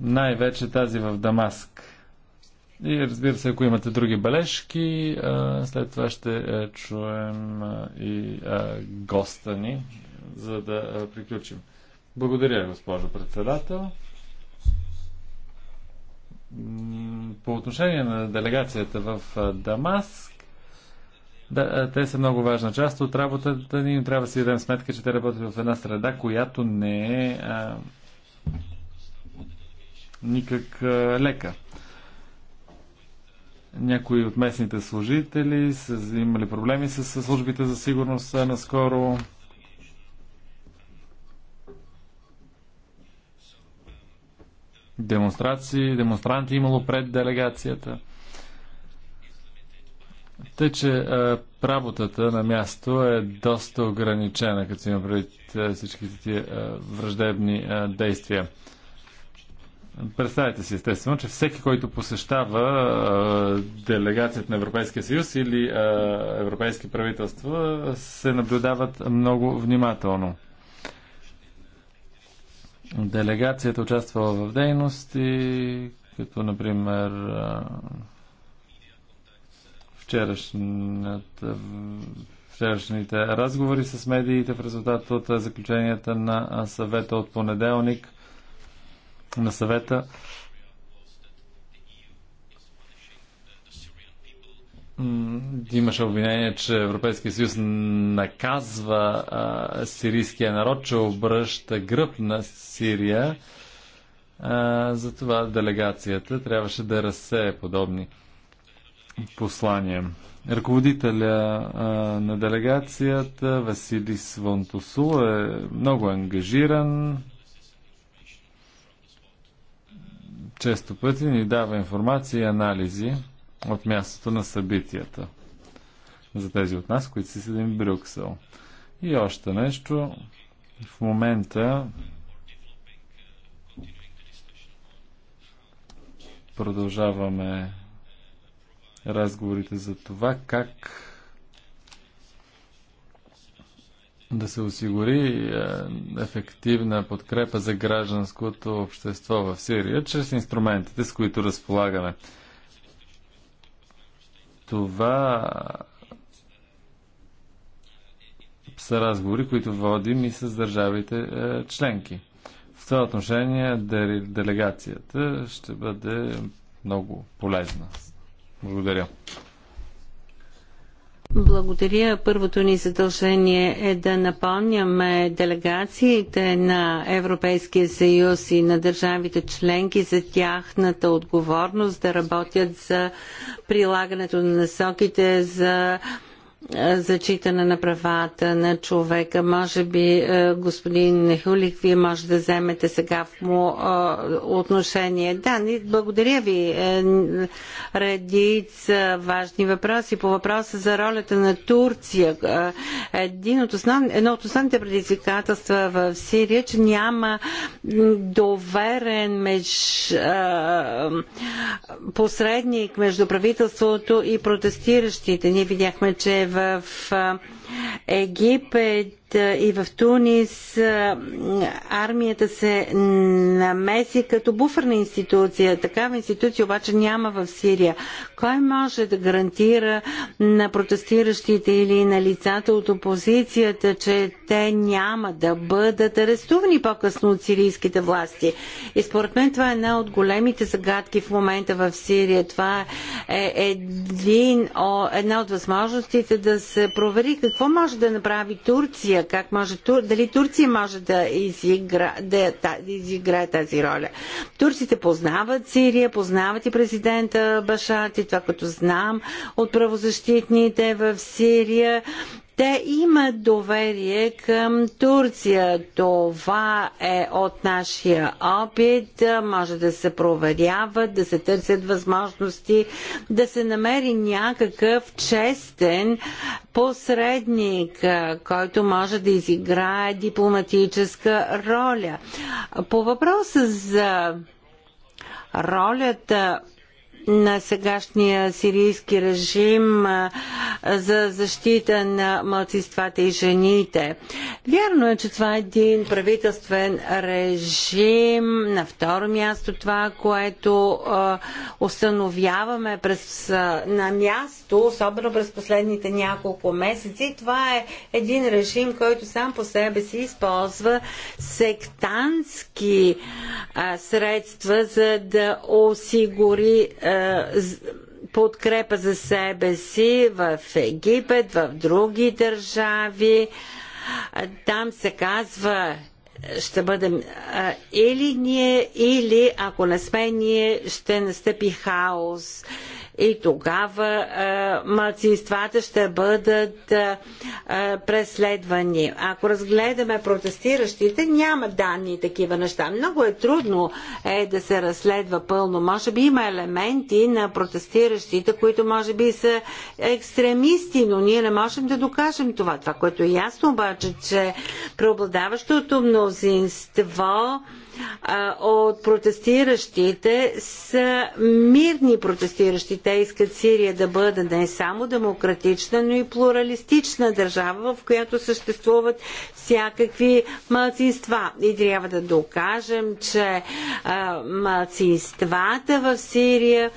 Най-вече тази в Дамаск и разбира се, ако имате други бележки, след това ще е, чуем и госта ни, за да е, приключим. Благодаря, госпожо председател. По отношение на делегацията в Дамаск, да, те са много важна част от работата ни, трябва да си дадем сметка, че те работят в една среда, която не е а, никак а, лека. Някои от местните служители са имали проблеми с службите за сигурност наскоро. Демонстрации, демонстранти имало пред делегацията. Тъй, че а, работата на място е доста ограничена, като има пред всичките тия враждебни а, действия. Представете си, естествено, че всеки, който посещава делегацията на Европейския съюз или европейски правителства, се наблюдават много внимателно. Делегацията участвала в дейности, като, например, вчерашната вчерашните разговори с медиите в резултат от заключенията на съвета от понеделник на съвета имаше обвинение, че Европейския съюз наказва а, сирийския народ, че обръща гръб на Сирия. А, затова делегацията трябваше да разсее подобни послания. Ръководителя а, на делегацията Василис Вонтосул е много ангажиран, често пъти ни дава информация и анализи от мястото на събитията. За тези от нас, които си седим в Брюксел. И още нещо. В момента продължаваме разговорите за това как да се осигури е, ефективна подкрепа за гражданското общество в Сирия чрез инструментите, с които разполагаме. Това е, са разговори, които водим и с държавите е, членки. В това отношение делегацията ще бъде много полезна. Благодаря. Благодаря. Първото ни задължение е да напомняме делегациите на Европейския съюз и на държавите членки за тяхната отговорност да работят за прилагането на насоките за е, зачитане на правата на човека. Може би, е, господин Нехулик, вие може да вземете сега в му е, отношение. Да, благодаря ви. Редица важни въпроси по въпроса за ролята на Турция. Един от основ... едно от основните предизвикателства в Сирия, че няма доверен меж, посредник между правителството и протестиращите. Ние видяхме, че в в Египет и в Тунис армията се намеси като буферна институция. Такава институция обаче няма в Сирия. Кой може да гарантира на протестиращите или на лицата от опозицията, че те няма да бъдат арестувани по-късно от сирийските власти? И според мен това е една от големите загадки в момента в Сирия. Това е един, една от възможностите да се провери какво може да направи Турция Турция. Как може, дали Турция може да изигра, да, да изиграе тази роля? Турците познават Сирия, познават и президента Башат и това, като знам от правозащитните в Сирия. Те имат доверие към Турция. Това е от нашия опит. Може да се проверяват, да се търсят възможности, да се намери някакъв честен посредник, който може да изиграе дипломатическа роля. По въпроса за ролята на сегашния сирийски режим за защита на младсинствата и жените. Вярно е, че това е един правителствен режим. На второ място това, което установяваме през, на място, особено през последните няколко месеци, това е един режим, който сам по себе си използва сектантски средства, за да осигури е, подкрепа за себе си в Египет, в други държави. Е, там се казва, ще бъдем а, е, или ние, или ако не сме ние, ще настъпи хаос и тогава младсинствата ще бъдат преследвани. Ако разгледаме протестиращите, няма данни такива неща. Много е трудно е да се разследва пълно. Може би има елементи на протестиращите, които може би са екстремисти, но ние не можем да докажем това. Това, което е ясно обаче, че преобладаващото мнозинство от протестиращите са мирни протестиращи. Те искат Сирия да бъде не само демократична, но и плуралистична държава, в която съществуват всякакви малцинства. И трябва да докажем, че малцинствата в Сирия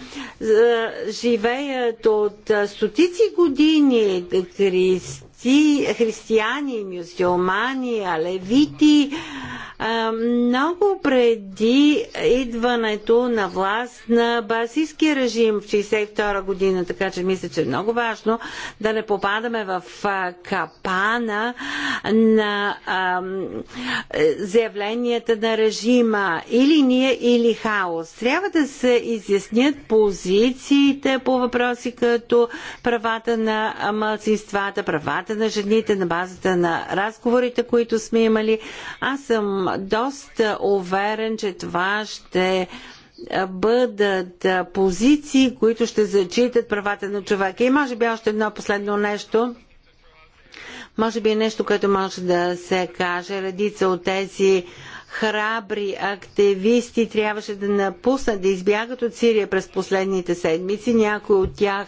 живеят от стотици години християни христи, християни, мюсюлмани, алевити, много преди идването на власт на басийския режим в 1962 година, така че мисля, че е много важно да не попадаме в капана на заявленията на режима или ние, или хаос. Трябва да се изяснят позициите по въпроси като правата на мълцинствата, правата правата на жените, на базата на разговорите, които сме имали. Аз съм доста уверен, че това ще е, бъдат е, позиции, които ще зачитат правата на човека. И може би още едно последно нещо. Може би е нещо, което може да се каже. Редица от тези храбри активисти трябваше да напуснат, да избягат от Сирия през последните седмици. Някои от тях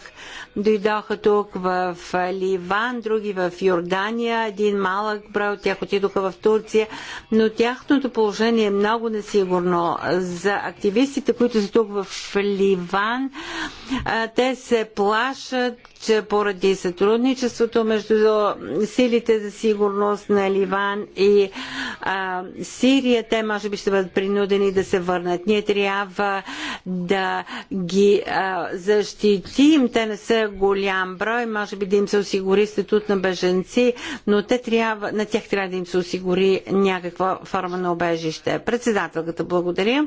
дойдоха тук в Ливан, други в Йордания, един малък брой от тях отидоха в Турция, но тяхното положение е много несигурно. За активистите, които са тук в Ливан, те се плашат, че поради сътрудничеството между силите за сигурност на Ливан и а, Сирия, те може би ще бъдат принудени да се върнат. Ние трябва да ги а, защитим. Те не са голям брой, може би да им се осигури статут на беженци, но те трябва, на тях трябва да им се осигури някаква форма на обежище. Председателката, благодаря.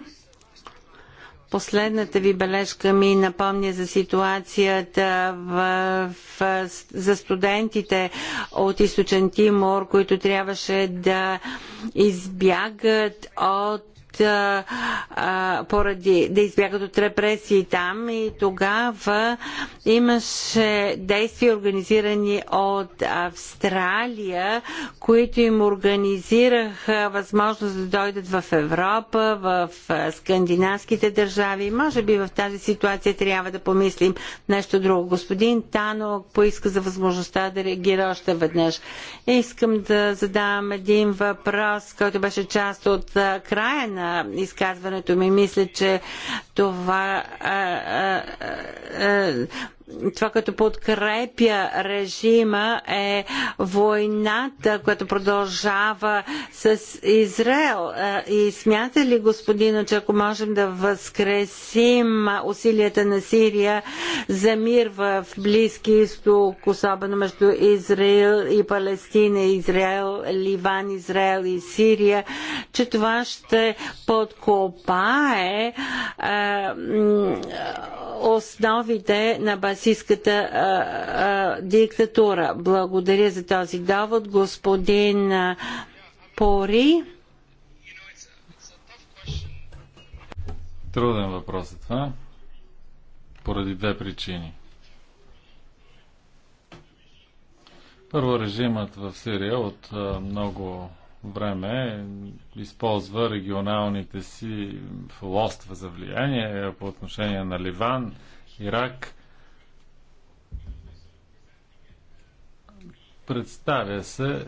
Последната ви бележка ми напомня за ситуацията в, в, за студентите от източен Тимор, които трябваше да избягат от а, поради да избягат от репресии там и тогава имаше действия организирани от Австралия, които им организираха възможност да дойдат в Европа, в скандинавските държави. Може би в тази ситуация трябва да помислим нещо друго. Господин Тано, поиска за възможността да реагира още веднъж. Искам да задам един въпрос, който беше част от края на на изказването ми. Мисля, че това а, а, а, това, което подкрепя режима е войната, която продължава с Израел. И смята ли господина, че ако можем да възкресим усилията на Сирия за мир в Близки изток, особено между Израел и Палестина, Израел, Ливан, Израел и Сирия, че това ще подкопае основите на базирането марксистската диктатура. Благодаря за този довод, господин Пори. Труден въпрос е това. Поради две причини. Първо, режимът в Сирия от много време използва регионалните си лоства за влияние по отношение на Ливан, Ирак представя се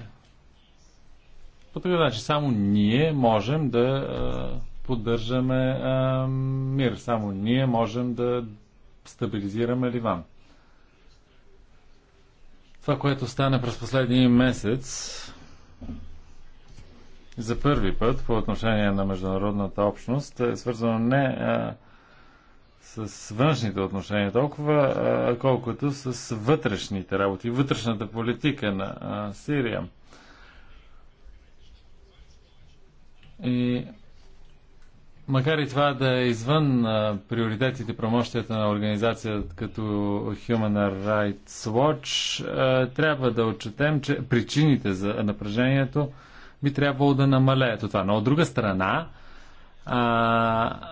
по такъв начин. Само ние можем да а, поддържаме а, мир. Само ние можем да стабилизираме Ливан. Това, което стана през последния месец, за първи път по отношение на международната общност е свързано не а, с външните отношения толкова, колкото с вътрешните работи, вътрешната политика на Сирия. И макар и това да е извън а, приоритетите, промощията на организация като Human Rights Watch, а, трябва да отчетем, че причините за напрежението би трябвало да намалеят от това. Но от друга страна, а,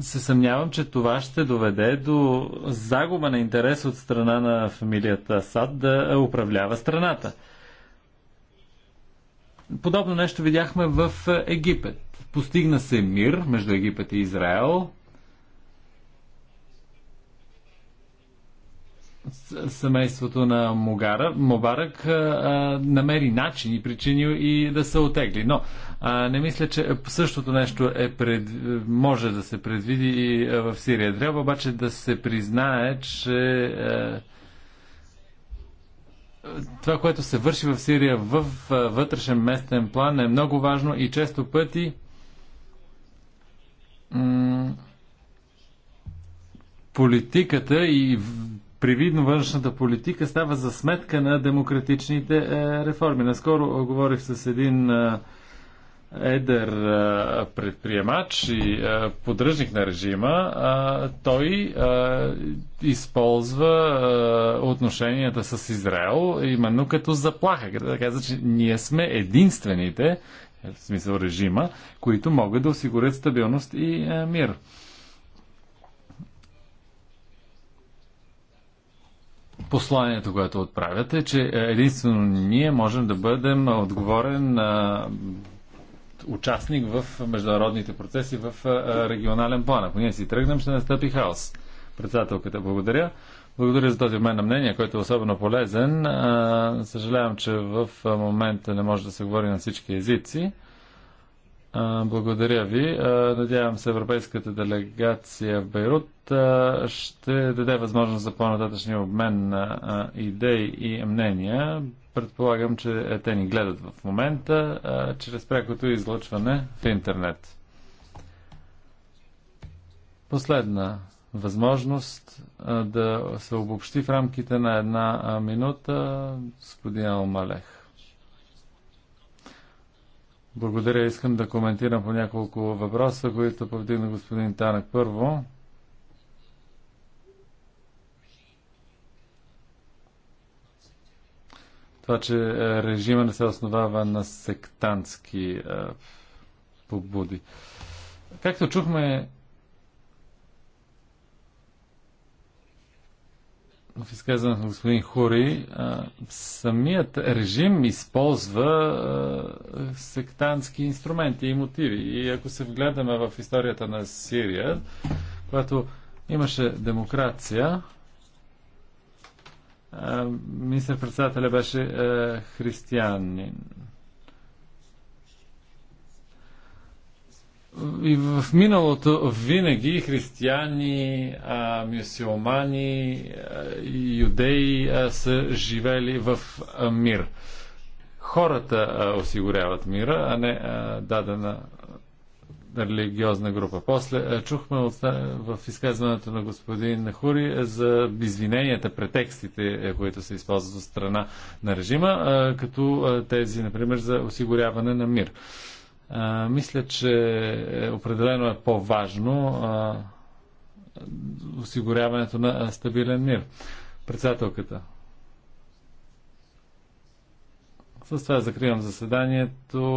се съмнявам, че това ще доведе до загуба на интерес от страна на фамилията Асад да управлява страната. Подобно нещо видяхме в Египет. Постигна се мир между Египет и Израел. Семейството на Мугара, Мобарък намери начин и причини и да се отегли. Но а, не мисля, че същото нещо е пред... може да се предвиди и в Сирия. Трябва обаче да се признае, че е, това, което се върши в Сирия в вътрешен местен план е много важно и често пъти политиката и привидно външната политика става за сметка на демократичните е, реформи. Наскоро говорих с един е, едър предприемач и поддръжник на режима, той използва отношенията с Израел именно като заплаха. Да каза, че ние сме единствените, в смисъл режима, които могат да осигурят стабилност и мир. посланието, което отправяте, е, че единствено ние можем да бъдем отговорен на участник в международните процеси в регионален план. Ако ние си тръгнем, ще настъпи хаос. Председателката, благодаря. Благодаря за този обмен на мнение, който е особено полезен. Съжалявам, че в момента не може да се говори на всички езици. Благодаря ви. Надявам се Европейската делегация в Бейрут ще даде възможност за по-нататъчния обмен на идеи и мнения. Предполагам, че е, те ни гледат в момента а, чрез прякото излъчване в интернет. Последна възможност а, да се обобщи в рамките на една а, минута господин Алмалех. Благодаря. Искам да коментирам по няколко въпроса, които повдигна господин Танък. Първо, това, че е, режима не се основава на сектантски е, побуди. Както чухме, в изказването на господин Хури, е, самият режим използва сектантски инструменти и мотиви. И ако се вгледаме в историята на Сирия, когато имаше демокрация, Министър-председателя беше е, християнин. И в миналото винаги християни, а, мюсюлмани, юдеи са живели в мир. Хората осигуряват мира, а не дадена религиозна група. После е, чухме от, е, в изказването на господин Хури е, за извиненията, претекстите, които се използват от страна на режима, като тези, например, за осигуряване на мир. Мисля, че определено е по-важно осигуряването на стабилен мир. Председателката. С това закривам заседанието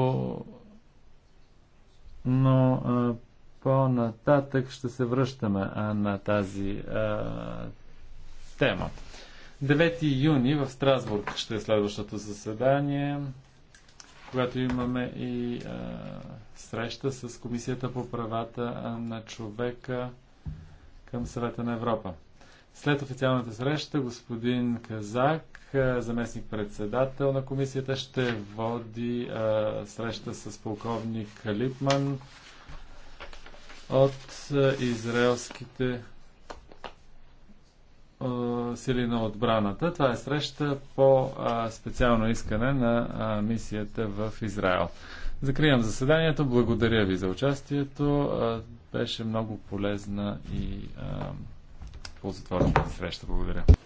но по-нататък ще се връщаме на тази тема. 9 юни в Страсбург ще е следващото заседание, когато имаме и а, среща с Комисията по правата на човека към Съвета на Европа. След официалната среща господин Казак е, заместник-председател на комисията, ще води а, е, среща с полковник Липман от а, е, израелските а, сили на отбраната. Това е среща по а, специално искане на а, мисията в Израел. Закривам заседанието. Благодаря ви за участието. А, беше много полезна и а, ползотворна среща. Благодаря.